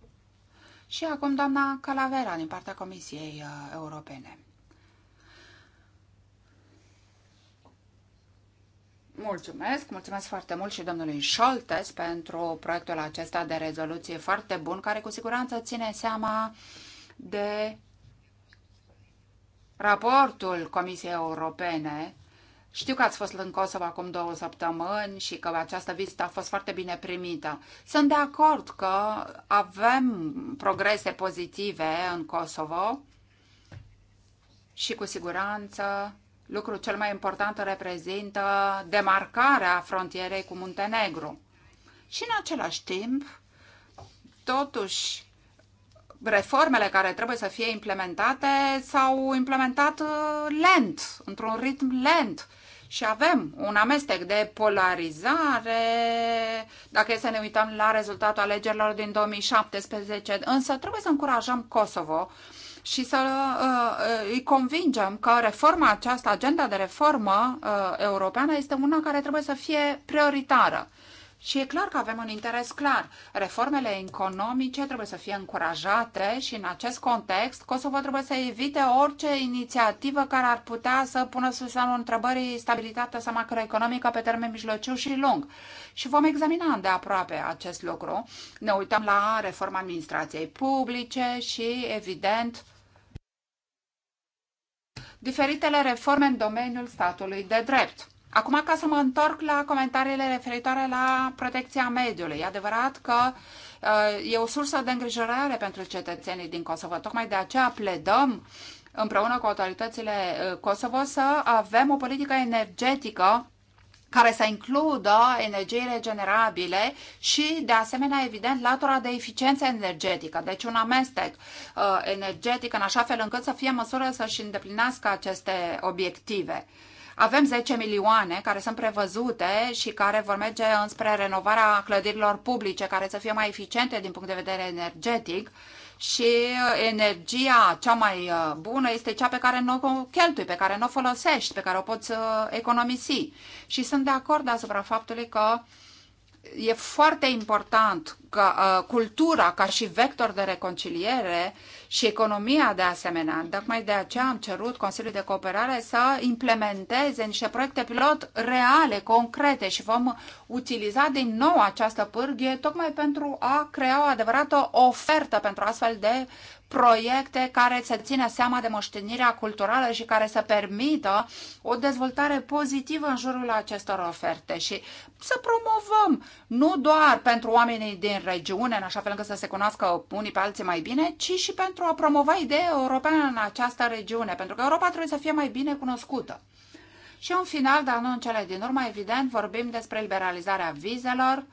Și acum doamna Calavera din partea Comisiei uh, Europene. Mulțumesc, mulțumesc foarte mult și domnului Scholtes pentru proiectul acesta de rezoluție foarte bun, care cu siguranță ține seama de raportul Comisiei Europene știu că ați fost în Kosovo acum două săptămâni și că această vizită a fost foarte bine primită. Sunt de acord că avem progrese pozitive în Kosovo și cu siguranță lucrul cel mai important reprezintă demarcarea frontierei cu Muntenegru. Și în același timp, totuși, reformele care trebuie să fie implementate s-au implementat uh, lent, într-un ritm lent și avem un amestec de polarizare, dacă e să ne uităm la rezultatul alegerilor din 2017, însă trebuie să încurajăm Kosovo și să uh, uh, îi convingem că reforma aceasta, agenda de reformă uh, europeană, este una care trebuie să fie prioritară. Și e clar că avem un interes clar. Reformele economice trebuie să fie încurajate și în acest context Kosovo trebuie să evite orice inițiativă care ar putea să pună sub semnul întrebării stabilitatea sa macroeconomică pe termen mijlociu și lung. Și vom examina de aproape acest lucru. Ne uităm la reforma administrației publice și, evident, diferitele reforme în domeniul statului de drept. Acum ca să mă întorc la comentariile referitoare la protecția mediului. E adevărat că uh, e o sursă de îngrijorare pentru cetățenii din Kosovo. Tocmai de aceea pledăm împreună cu autoritățile uh, Kosovo să avem o politică energetică care să includă energii regenerabile și, de asemenea, evident, latura de eficiență energetică, deci un amestec uh, energetic, în așa fel încât să fie măsură să-și îndeplinească aceste obiective. Avem 10 milioane care sunt prevăzute și care vor merge înspre renovarea clădirilor publice, care să fie mai eficiente din punct de vedere energetic și uh, energia cea mai uh, bună este cea pe care nu o cheltui, pe care nu o folosești, pe care o poți uh, economisi. Și sunt de acord asupra faptului că e foarte important că cultura ca și vector de reconciliere uh, și economia de asemenea. Tocmai de aceea am cerut Consiliul de Cooperare să implementeze niște proiecte pilot reale, concrete și vom utiliza din nou această pârghie tocmai pentru a crea o adevărată ofertă pentru astfel de proiecte care să țină seama de moștenirea culturală și care să permită o dezvoltare pozitivă în jurul acestor oferte și să promovăm nu doar pentru oamenii din regiune, în așa fel încât să se cunoască unii pe alții mai bine, ci și pentru a promova ideea europeană în această regiune, pentru că Europa trebuie să fie mai bine cunoscută. Și în final, dar nu în cele din urmă, evident, vorbim despre liberalizarea vizelor,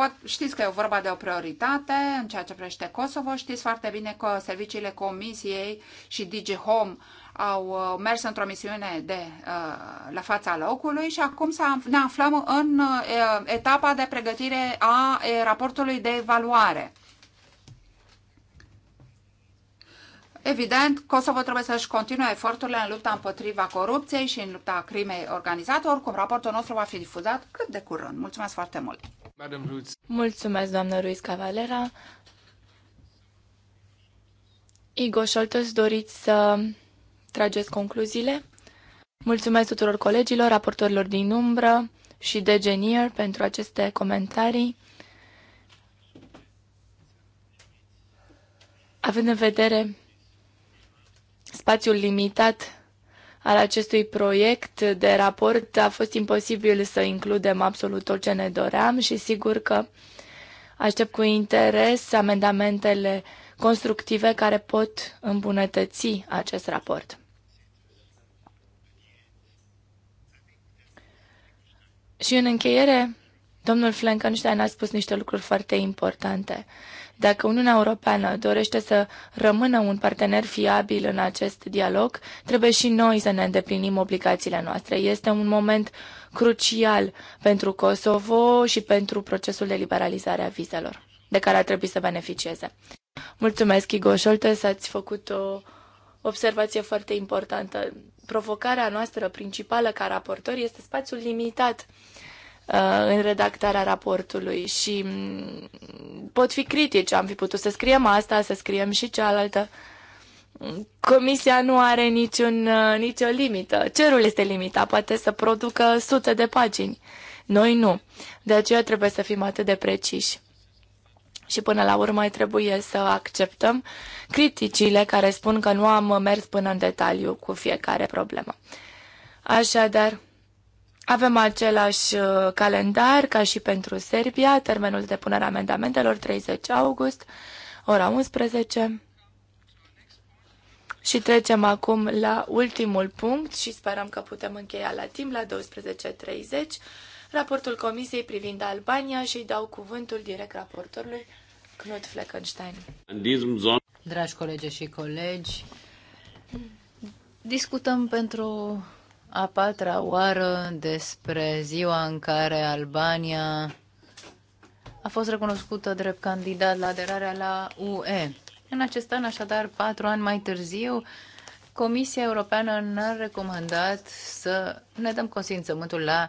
Pot, știți că e vorba de o prioritate în ceea ce privește Kosovo. Știți foarte bine că serviciile Comisiei și Digi Home au uh, mers într-o misiune de, uh, la fața locului și acum ne aflăm în uh, etapa de pregătire a raportului de evaluare. Evident, Kosovo trebuie să-și continue eforturile în lupta împotriva corupției și în lupta crimei organizate. Oricum, raportul nostru va fi difuzat cât de curând. Mulțumesc foarte mult! Mulțumesc, doamnă Ruiz Cavalera. Igo Șoltos, doriți să trageți concluziile? Mulțumesc tuturor colegilor, raportorilor din umbră și de genier pentru aceste comentarii. Având în vedere spațiul limitat al acestui proiect de raport a fost imposibil să includem absolut tot ce ne doream și sigur că aștept cu interes amendamentele constructive care pot îmbunătăți acest raport. Și în încheiere, domnul Flankenstein a spus niște lucruri foarte importante. Dacă Uniunea Europeană dorește să rămână un partener fiabil în acest dialog, trebuie și noi să ne îndeplinim obligațiile noastre. Este un moment crucial pentru Kosovo și pentru procesul de liberalizare a vizelor, de care ar trebui să beneficieze. Mulțumesc, Igo Șoltes, ați făcut o observație foarte importantă. Provocarea noastră principală ca raportori este spațiul limitat Uh, în redactarea raportului și mm, pot fi critici. Am fi putut să scriem asta, să scriem și cealaltă. Comisia nu are niciun, uh, nicio limită. Cerul este limita, poate să producă sute de pagini. Noi nu. De aceea trebuie să fim atât de preciși. Și până la urmă trebuie să acceptăm criticile care spun că nu am mers până în detaliu cu fiecare problemă. Așadar, avem același uh, calendar ca și pentru Serbia, termenul de punere a amendamentelor 30 august, ora 11. Și trecem acum la ultimul punct și sperăm că putem încheia la timp, la 12.30, raportul Comisiei privind Albania și dau cuvântul direct raportorului Knut Fleckenstein. Dragi colegi și colegi, discutăm pentru a patra oară despre ziua în care Albania a fost recunoscută drept candidat la aderarea la UE. În acest an, așadar, patru ani mai târziu, Comisia Europeană ne-a recomandat să ne dăm consimțământul la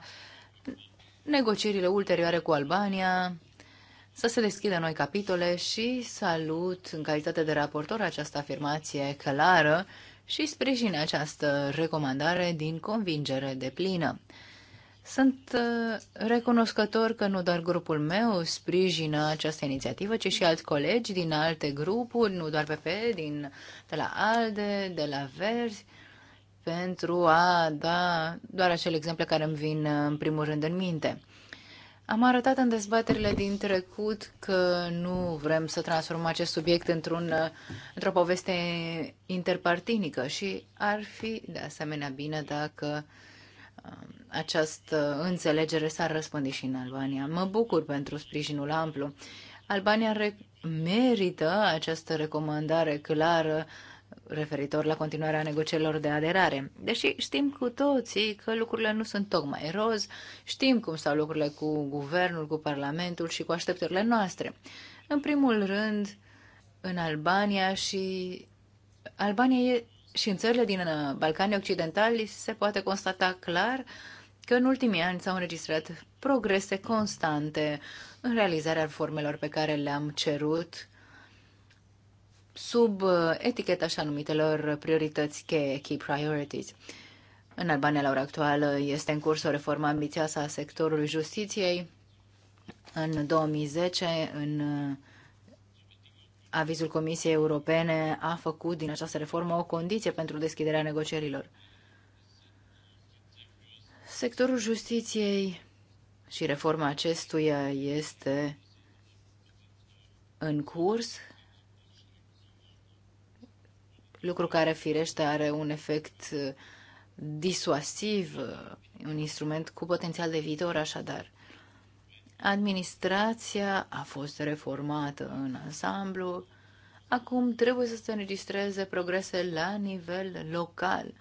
negocierile ulterioare cu Albania, să se deschidă noi capitole și salut, în calitate de raportor, această afirmație clară și sprijin această recomandare din convingere de plină. Sunt uh, recunoscător că nu doar grupul meu sprijină această inițiativă, ci și alți colegi din alte grupuri, nu doar PP, din, de la ALDE, de la Verzi, pentru a da doar acele exemple care îmi vin uh, în primul rând în minte. Am arătat în dezbaterile din trecut că nu vrem să transformăm acest subiect într-un, într-o poveste interpartinică și ar fi de asemenea bine dacă um, această înțelegere s-ar răspândi și în Albania. Mă bucur pentru sprijinul amplu. Albania merită această recomandare clară referitor la continuarea negocierilor de aderare. Deși știm cu toții că lucrurile nu sunt tocmai roz, știm cum stau lucrurile cu guvernul, cu parlamentul și cu așteptările noastre. În primul rând, în Albania și Albania e, și în țările din Balcanii Occidentali se poate constata clar că în ultimii ani s-au înregistrat progrese constante în realizarea reformelor pe care le-am cerut sub uh, eticheta așa numitelor priorități cheie, key priorities. În Albania, la ora actuală, este în curs o reformă ambițioasă a sectorului justiției. În 2010, în uh, avizul Comisiei Europene, a făcut din această reformă o condiție pentru deschiderea negocierilor. Sectorul justiției și reforma acestuia este în curs lucru care firește are un efect uh, disuasiv, uh, un instrument cu potențial de viitor așadar. Administrația a fost reformată în ansamblu, acum trebuie să se înregistreze progrese la nivel local.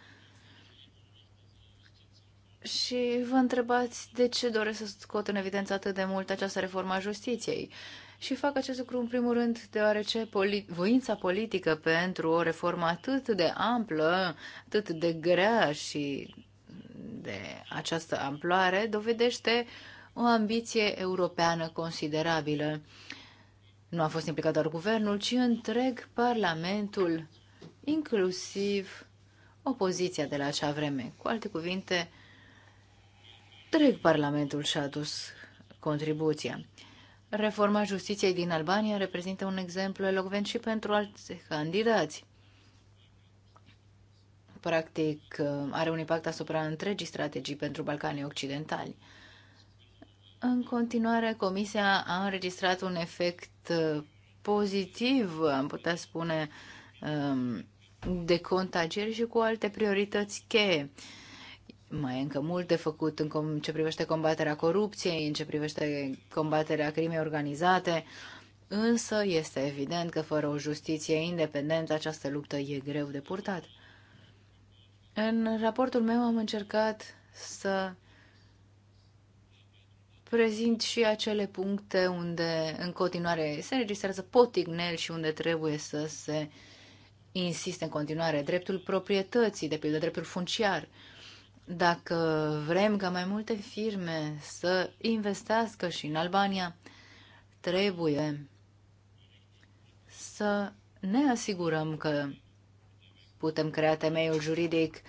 Și vă întrebați de ce doresc să scot în evidență atât de mult această reformă a justiției și fac acest lucru în primul rând deoarece poli- voința politică pentru o reformă atât de amplă, atât de grea și de această amploare dovedește o ambiție europeană considerabilă. Nu a fost implicat doar guvernul, ci întreg Parlamentul, inclusiv opoziția de la acea vreme. Cu alte cuvinte, întreg Parlamentul și-a adus contribuția. Reforma justiției din Albania reprezintă un exemplu elocvent și pentru alți candidați. Practic, are un impact asupra întregii strategii pentru Balcanii Occidentali. În continuare, Comisia a înregistrat un efect uh, pozitiv, am putea spune, um, de contagieri și cu alte priorități cheie. Mai e încă de făcut în ce privește combaterea corupției, în ce privește combaterea crimei organizate, însă este evident că fără o justiție independentă această luptă e greu de purtat. În raportul meu am încercat să prezint și acele puncte unde în continuare se înregistrează potignel și unde trebuie să se insiste în continuare dreptul proprietății, de pildă dreptul funciar, dacă vrem ca mai multe firme să investească și în Albania, trebuie să ne asigurăm că putem crea temeiul juridic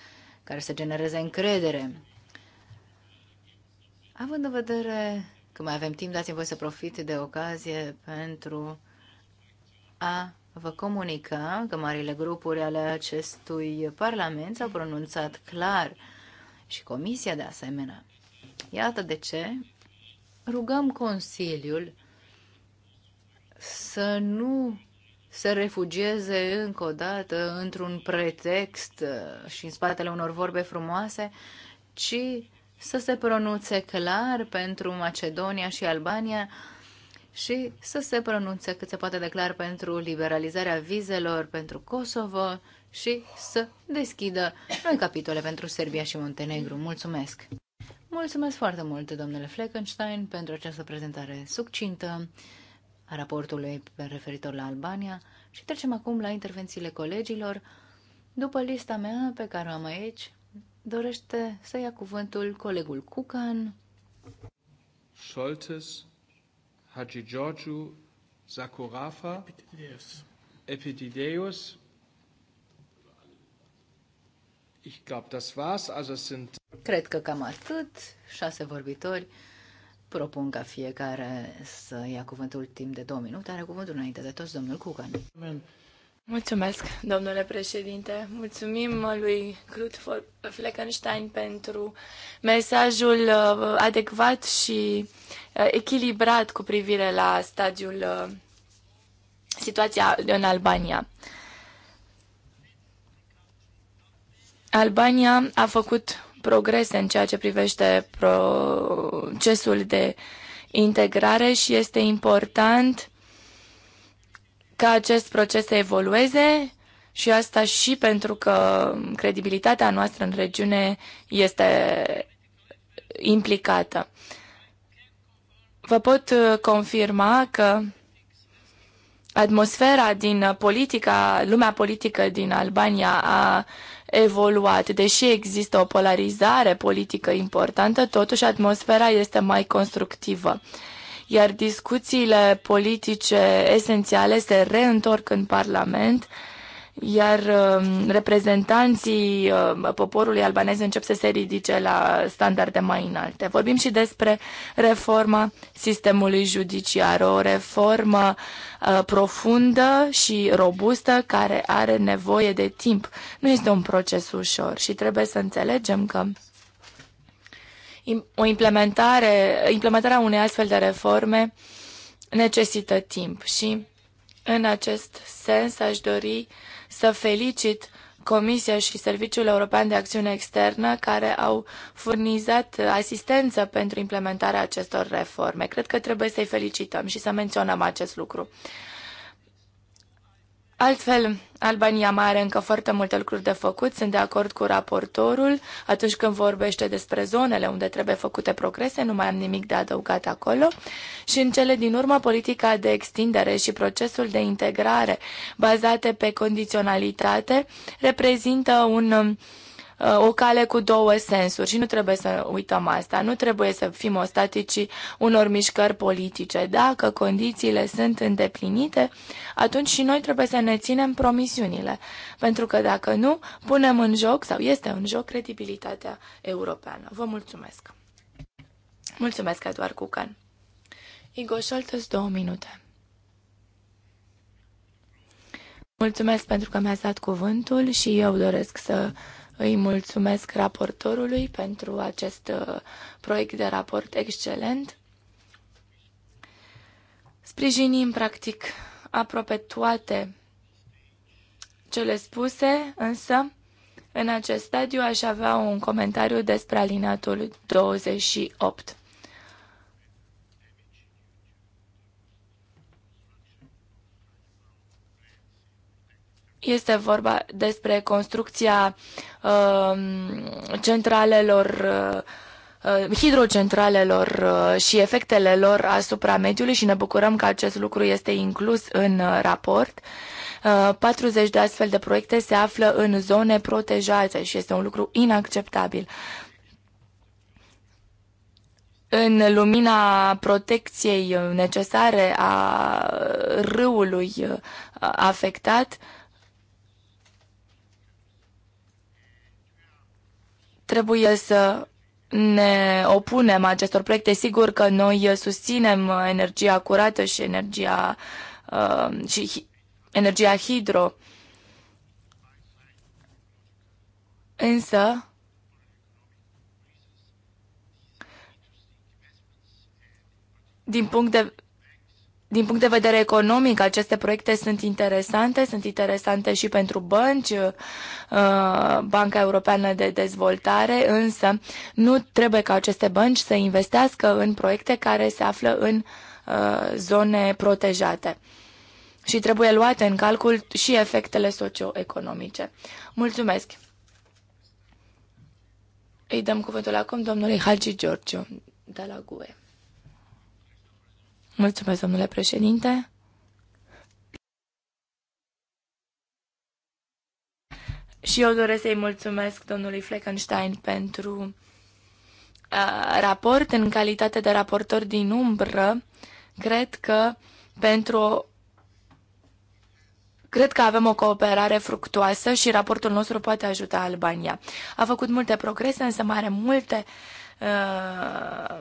care să genereze încredere. Având în vedere că mai avem timp, dați-mi voi să profit de ocazie pentru a vă comunica că marile grupuri ale acestui Parlament s-au pronunțat clar și Comisia de asemenea. Iată de ce rugăm Consiliul să nu se refugieze încă o dată într-un pretext uh, și în spatele unor vorbe frumoase, ci să se pronunțe clar pentru Macedonia și Albania și să se pronunțe cât se poate de clar pentru liberalizarea vizelor pentru Kosovo și să deschidă noi capitole pentru Serbia și Montenegru. Mulțumesc! Mulțumesc foarte mult, domnule Fleckenstein, pentru această prezentare succintă a raportului referitor la Albania și trecem acum la intervențiile colegilor. După lista mea pe care o am aici, dorește să ia cuvântul colegul Cucan. Scholtes, Hagi Georgiu, Zakurafa, Epidideus, Epidideus Ich das war's. Also sind... Cred că cam atât. Șase vorbitori. Propun ca fiecare să ia cuvântul timp de două minute. Are cuvântul înainte de toți domnul Cugan. Mulțumesc, domnule președinte. Mulțumim lui Crut Fleckenstein pentru mesajul uh, adecvat și uh, echilibrat cu privire la stadiul uh, situația în Albania. Albania a făcut progrese în ceea ce privește procesul de integrare și este important ca acest proces să evolueze și asta și pentru că credibilitatea noastră în regiune este implicată. Vă pot uh, confirma că atmosfera din politica, lumea politică din Albania a evoluat. Deși există o polarizare politică importantă, totuși atmosfera este mai constructivă. Iar discuțiile politice esențiale se reîntorc în Parlament iar um, reprezentanții um, poporului albanez încep să se ridice la standarde mai înalte. Vorbim și despre reforma sistemului judiciar, o reformă uh, profundă și robustă care are nevoie de timp. Nu este un proces ușor și trebuie să înțelegem că o implementare, implementarea unei astfel de reforme necesită timp și în acest sens aș dori uh, să felicit Comisia și Serviciul European de Acțiune Externă care au furnizat asistență pentru implementarea acestor reforme. Cred că trebuie să-i felicităm și să menționăm acest lucru. Altfel, Albania mai are încă foarte multe lucruri de făcut. Sunt de acord cu raportorul atunci când vorbește despre zonele unde trebuie făcute progrese. Nu mai am nimic de adăugat acolo. Și în cele din urmă, politica de extindere și procesul de integrare bazate pe condiționalitate reprezintă un o cale cu două sensuri și nu trebuie să uităm asta. Nu trebuie să fim ostaticii unor mișcări politice. Dacă condițiile sunt îndeplinite, atunci și noi trebuie să ne ținem promisiunile. Pentru că dacă nu, punem în joc sau este în joc credibilitatea europeană. Vă mulțumesc! Mulțumesc, Eduard Cucan! Igo Șoltes, două minute. Mulțumesc pentru că mi-ați dat cuvântul și eu doresc să îi mulțumesc raportorului pentru acest uh, proiect de raport excelent. Sprijinim, practic, aproape toate cele spuse, însă, în acest stadiu aș avea un comentariu despre alinatul 28. Este vorba despre construcția uh, centralelor, uh, hidrocentralelor uh, și efectele lor asupra mediului și ne bucurăm că acest lucru este inclus în uh, raport. 40 uh, de astfel de proiecte se află în zone protejate și este un lucru inacceptabil în lumina protecției necesare a râului afectat, Trebuie să ne opunem acestor proiecte. Sigur că noi susținem energia curată și energia, uh, și energia hidro. Însă, din punct de din punct de vedere economic, aceste proiecte sunt interesante, sunt interesante și pentru bănci, uh, Banca Europeană de Dezvoltare, însă nu trebuie ca aceste bănci să investească în proiecte care se află în uh, zone protejate și trebuie luate în calcul și efectele socioeconomice. Mulțumesc! Îi dăm cuvântul acum domnului Hagi Giorgio de la GUE. Mulțumesc, domnule președinte. Și eu doresc să-i mulțumesc domnului Fleckenstein pentru uh, raport. În calitate de raportor din umbră, cred că pentru Cred că avem o cooperare fructuoasă și raportul nostru poate ajuta Albania. A făcut multe progrese, însă mai are multe uh, Uh,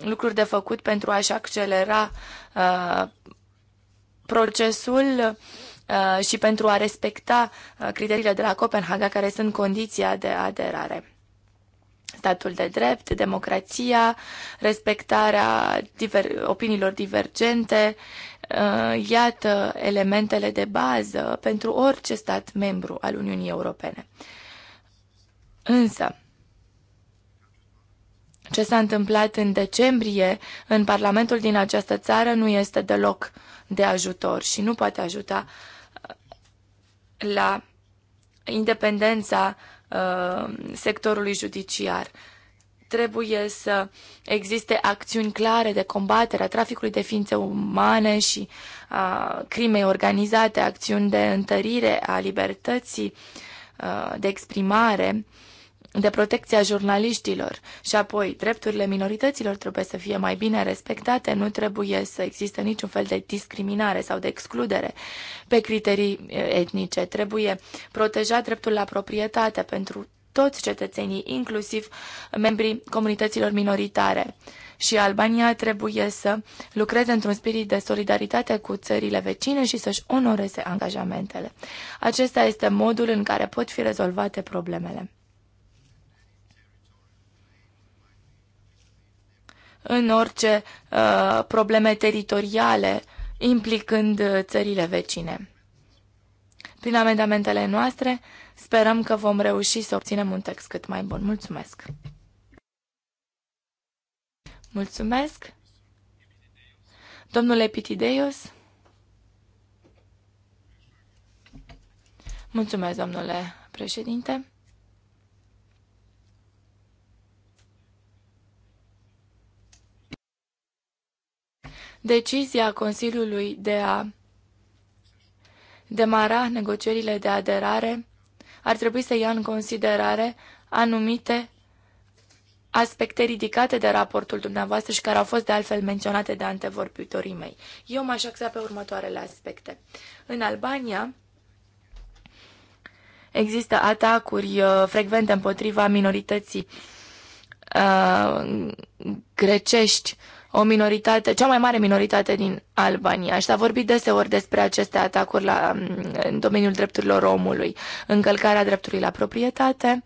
lucruri de făcut pentru a-și accelera uh, procesul uh, și pentru a respecta criteriile de la Copenhaga, care sunt condiția de aderare. Statul de drept, democrația, respectarea diver- opiniilor divergente, iată elementele de bază pentru orice stat membru al Uniunii Europene. Însă, ce s-a întâmplat în decembrie în Parlamentul din această țară nu este deloc de ajutor și nu poate ajuta uh, la independența uh, sectorului judiciar. Trebuie să existe acțiuni clare de combatere a traficului de ființe umane și a crimei organizate, acțiuni de întărire a libertății uh, de exprimare. Uh, de protecția jurnaliștilor și apoi drepturile minorităților trebuie să fie mai bine respectate, nu trebuie să existe niciun fel de discriminare sau de excludere pe criterii eh, etnice. Trebuie protejat dreptul la proprietate pentru toți cetățenii, inclusiv membrii comunităților minoritare. Și Albania trebuie să lucreze într-un spirit de solidaritate cu țările vecine și să-și onoreze angajamentele. Acesta este modul în care pot fi rezolvate problemele. în orice uh, probleme teritoriale implicând uh, țările vecine. Prin amendamentele noastre, sperăm că vom reuși să obținem un text cât mai bun. Mulțumesc! Mulțumesc! Domnule Pitideios? Mulțumesc, domnule președinte! Decizia Consiliului de a demara negocierile de aderare ar trebui să ia în considerare anumite aspecte ridicate de raportul dumneavoastră și care au fost de altfel menționate de antevorbitorii mei. Eu m-aș axa pe următoarele aspecte. În Albania există atacuri uh, frecvente împotriva minorității uh, grecești o minoritate, cea mai mare minoritate din Albania. Și s-a vorbit deseori despre aceste atacuri la, mm, în domeniul drepturilor omului, încălcarea dreptului la proprietate.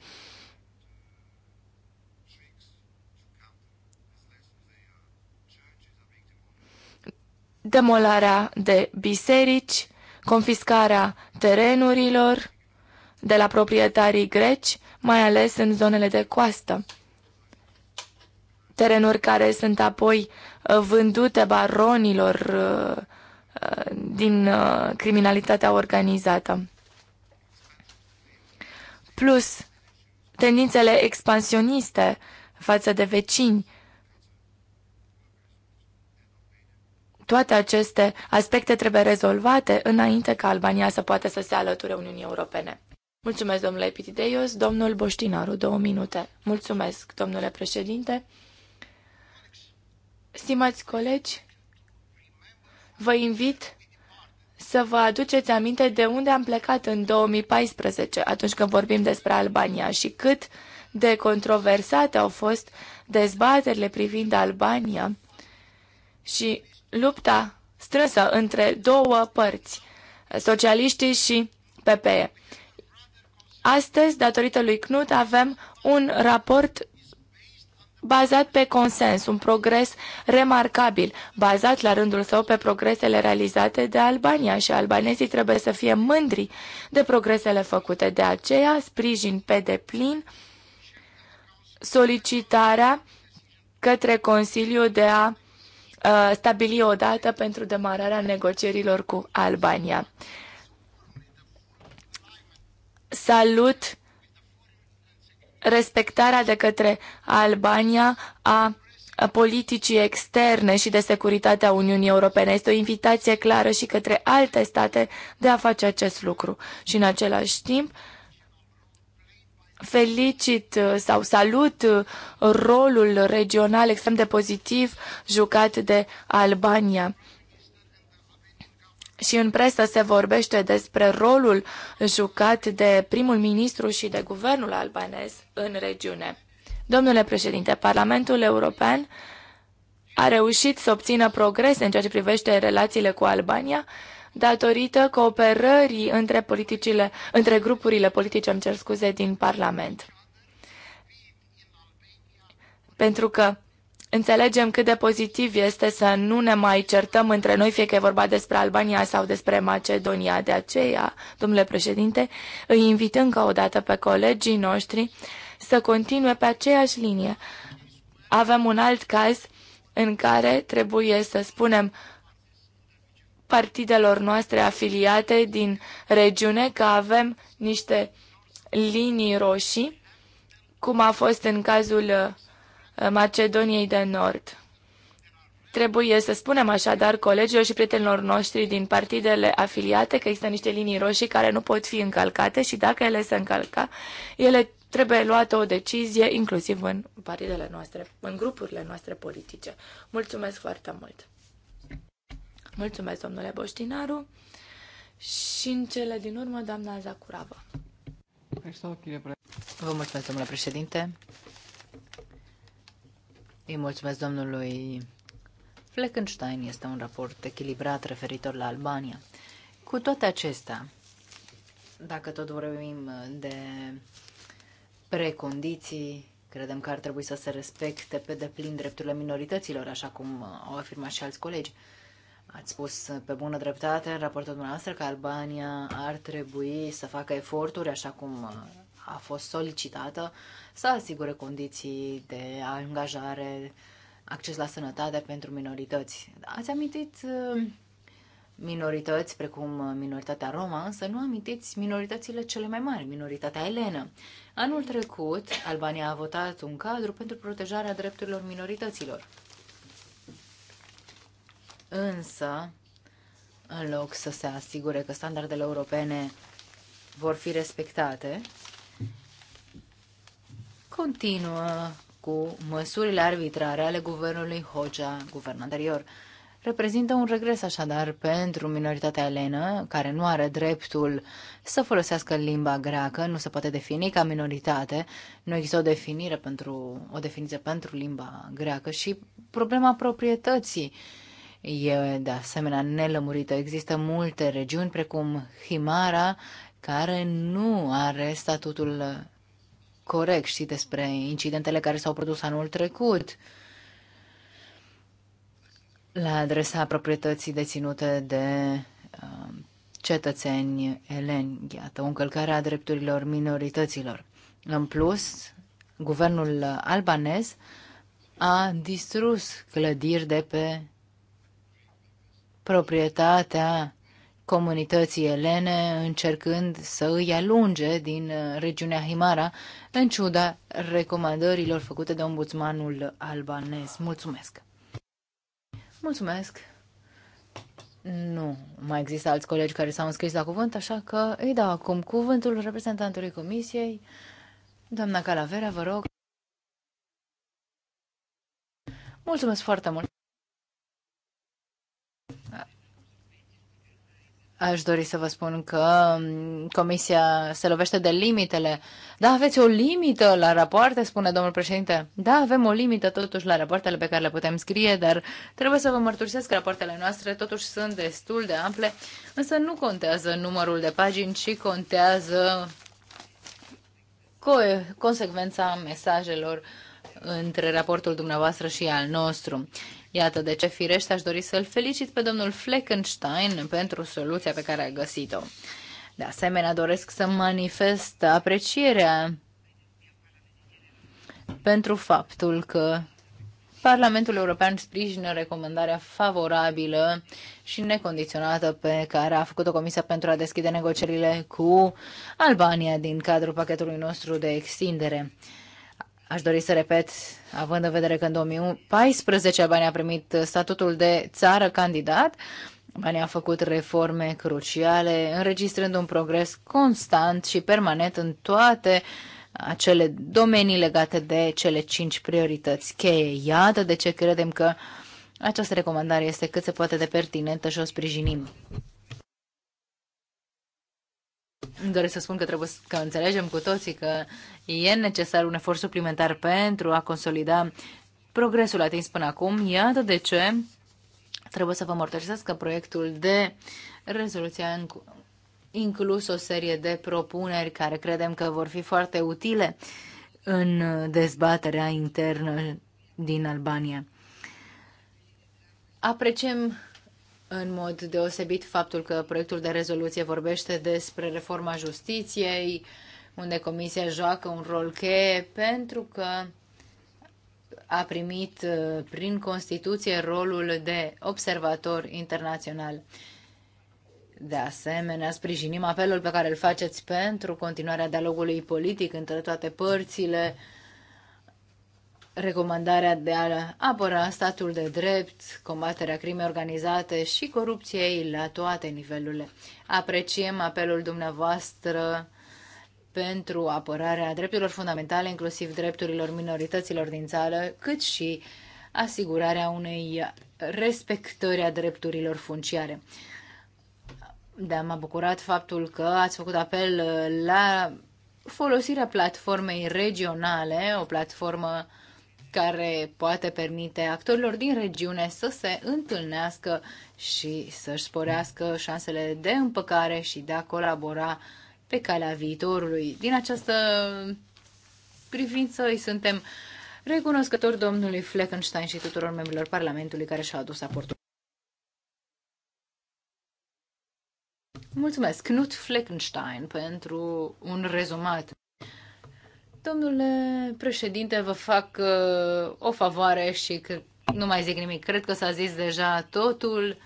demolarea de biserici, confiscarea terenurilor de la proprietarii greci, mai ales în zonele de coastă terenuri care sunt apoi uh, vândute baronilor uh, uh, din criminalitatea organizată. Plus, tendințele expansioniste față de vecini. Toate aceste aspecte trebuie rezolvate înainte ca Albania să poată să se alăture Uniunii Europene. Mulțumesc, domnule Epitideios. Domnul Boștinaru, două minute. Mulțumesc, domnule președinte. Stimați colegi, vă invit să vă aduceți aminte de unde am plecat în 2014, atunci când vorbim despre Albania și cât de controversate au fost dezbaterile privind Albania și lupta strânsă între două părți, socialiștii și PPE. Astăzi, datorită lui Knut, avem un raport bazat pe consens, un progres remarcabil, bazat la rândul său pe progresele realizate de Albania și albanezii trebuie să fie mândri de progresele făcute. De aceea, sprijin pe deplin solicitarea către Consiliu de a uh, stabili o dată pentru demararea negocierilor cu Albania. Salut! respectarea de către Albania a politicii externe și de securitate a Uniunii Europene. Este o invitație clară și către alte state de a face acest lucru. Și în același timp, felicit uh, sau salut uh, rolul regional extrem de pozitiv jucat de Albania și în presă se vorbește despre rolul jucat de primul ministru și de guvernul albanez în regiune. Domnule președinte, Parlamentul European a reușit să obțină progrese în ceea ce privește relațiile cu Albania datorită cooperării între, politicile, între grupurile politice, îmi cer scuze, din Parlament. Pentru că înțelegem cât de pozitiv este să nu ne mai certăm între noi, fie că e vorba despre Albania sau despre Macedonia. De aceea, domnule președinte, îi invit încă o dată pe colegii noștri să continue pe aceeași linie. Avem un alt caz în care trebuie să spunem partidelor noastre afiliate din regiune că avem niște linii roșii, cum a fost în cazul Uh, Macedoniei de Nord. Trebuie să spunem așadar colegilor și prietenilor noștri din partidele afiliate că există niște linii roșii care nu pot fi încălcate și dacă ele se încălca, ele trebuie luată o decizie inclusiv în partidele noastre, în grupurile noastre politice. Mulțumesc foarte mult! Mulțumesc, domnule Boștinaru! Și în cele din urmă, doamna Zacurava. Vă mulțumesc, domnule președinte. Îi mulțumesc domnului Fleckenstein. Este un raport echilibrat referitor la Albania. Cu toate acestea, dacă tot vorbim de precondiții, credem că ar trebui să se respecte pe deplin drepturile minorităților, așa cum au afirmat și alți colegi. Ați spus pe bună dreptate în raportul dumneavoastră că Albania ar trebui să facă eforturi, așa cum a fost solicitată să asigure condiții de angajare, acces la sănătate pentru minorități. Ați amintit uh, minorități precum uh, minoritatea Roma, însă nu amintiți minoritățile cele mai mari, minoritatea elenă. Anul trecut, Albania a votat un cadru pentru protejarea drepturilor minorităților. Însă, în loc să se asigure că standardele europene vor fi respectate, continuă cu măsurile arbitrare ale guvernului Hocea, guvern anterior. Reprezintă un regres așadar pentru minoritatea elenă, care nu are dreptul să folosească limba greacă, nu se poate defini ca minoritate, nu există o definire pentru, o definiție pentru limba greacă și problema proprietății e de asemenea nelămurită. Există multe regiuni, precum Himara, care nu are statutul corect știi, despre incidentele care s-au produs anul trecut la adresa proprietății deținute de uh, cetățeni eleni. Iată, o încălcare a drepturilor minorităților. În plus, guvernul albanez a distrus clădiri de pe proprietatea comunității elene, încercând să îi alunge din uh, regiunea Himara, în ciuda recomandărilor făcute de ombudsmanul albanez. Mulțumesc! Mulțumesc! Nu, mai există alți colegi care s-au înscris la cuvânt, așa că îi dau acum cuvântul reprezentantului comisiei. Doamna Calavera, vă rog. Mulțumesc foarte mult! Aș dori să vă spun că mm, comisia se lovește de limitele. Da, aveți o limită la rapoarte, spune domnul președinte. Da, avem o limită totuși la rapoartele pe care le putem scrie, dar trebuie să vă mărturisesc că rapoartele noastre totuși sunt destul de ample, însă nu contează numărul de pagini, ci contează co- consecvența mesajelor între raportul dumneavoastră și al nostru. Iată de ce, firește, aș dori să-l felicit pe domnul Fleckenstein pentru soluția pe care a găsit-o. De asemenea, doresc să manifest aprecierea pentru faptul că Parlamentul European sprijină recomandarea favorabilă și necondiționată pe care a făcut-o Comisia pentru a deschide negocierile cu Albania din cadrul pachetului nostru de extindere. Aș dori să repet, având în vedere că în 2014 Albania a primit statutul de țară candidat, Albania a făcut reforme cruciale, înregistrând un progres constant și permanent în toate acele domenii legate de cele cinci priorități cheie. Iată de ce credem că această recomandare este cât se poate de pertinentă și o sprijinim. Îmi doresc să spun că trebuie să înțelegem cu toții că e necesar un efort suplimentar pentru a consolida progresul atins până acum. Iată de ce trebuie să vă mărturisesc că proiectul de rezoluție a inclus o serie de propuneri care credem că vor fi foarte utile în dezbaterea internă din Albania. Apreciem în mod deosebit faptul că proiectul de rezoluție vorbește despre reforma justiției, unde Comisia joacă un rol cheie pentru că a primit uh, prin Constituție rolul de observator internațional. De asemenea, sprijinim apelul pe care îl faceți pentru continuarea dialogului politic între toate părțile recomandarea de a apăra statul de drept, combaterea crimei organizate și corupției la toate nivelurile. Apreciem apelul dumneavoastră pentru apărarea drepturilor fundamentale, inclusiv drepturilor minorităților din țară, cât și asigurarea unei respectări a drepturilor funciare. Da, m-a bucurat faptul că ați făcut apel la folosirea platformei regionale, o platformă care poate permite actorilor din regiune să se întâlnească și să-și sporească șansele de împăcare și de a colabora pe calea viitorului. Din această privință îi suntem recunoscători domnului Fleckenstein și tuturor membrilor Parlamentului care și-au adus aportul. Mulțumesc, Knut Fleckenstein, pentru un rezumat. Domnule președinte, vă fac uh, o favoare și că nu mai zic nimic. Cred că s-a zis deja totul.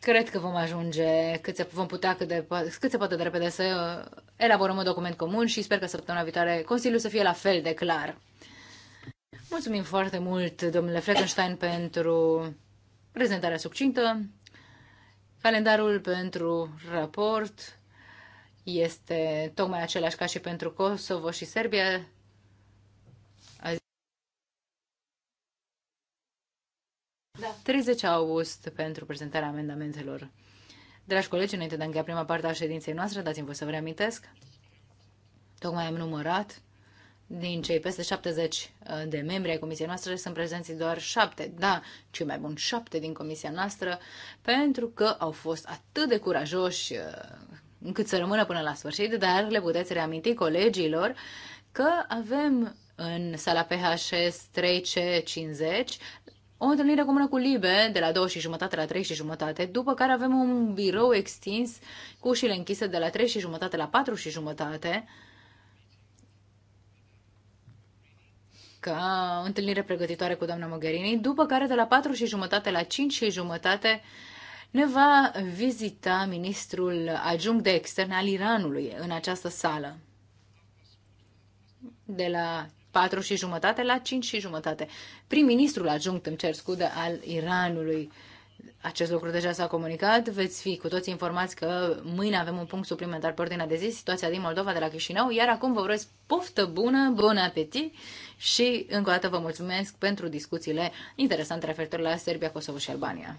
Cred că vom ajunge cât se, vom putea cât, de, cât se poate de repede să elaborăm un document comun și sper că săptămâna viitoare Consiliul să fie la fel de clar. Mulțumim foarte mult, domnule Fleckenstein, pentru prezentarea succintă. Calendarul pentru raport este tocmai același ca și pentru Kosovo și Serbia. Da. 30 august pentru prezentarea amendamentelor. Dragi colegi, înainte de a încheia prima parte a ședinței noastre, dați-mi voi să vă reamintesc. Tocmai am numărat din cei peste 70 uh, de membri ai comisiei noastre sunt prezenți doar 7, da, cei mai buni 7 din comisia noastră, pentru că au fost atât de curajoși uh, încât să rămână până la sfârșit, dar le puteți reaminti colegilor că avem în sala PHS 3C50 o întâlnire comună cu Libe de la 2 și jumătate la 3 și jumătate, după care avem un birou extins cu ușile închise de la 3 și jumătate la 4 și jumătate, ca întâlnire pregătitoare cu doamna Mogherini, după care de la 4 și jumătate la 5 și jumătate ne va vizita ministrul adjunct de extern al Iranului în această sală. De la 4 și jumătate la 5 și jumătate. Prim-ministrul adjunct, îmi cer scudă, al Iranului acest lucru deja s-a comunicat. Veți fi cu toți informați că mâine avem un punct suplimentar pe ordinea de zi, situația din Moldova de la Chișinău, iar acum vă urez poftă bună, bun apetit și încă o dată vă mulțumesc pentru discuțiile interesante referitoare la Serbia, Kosovo și Albania.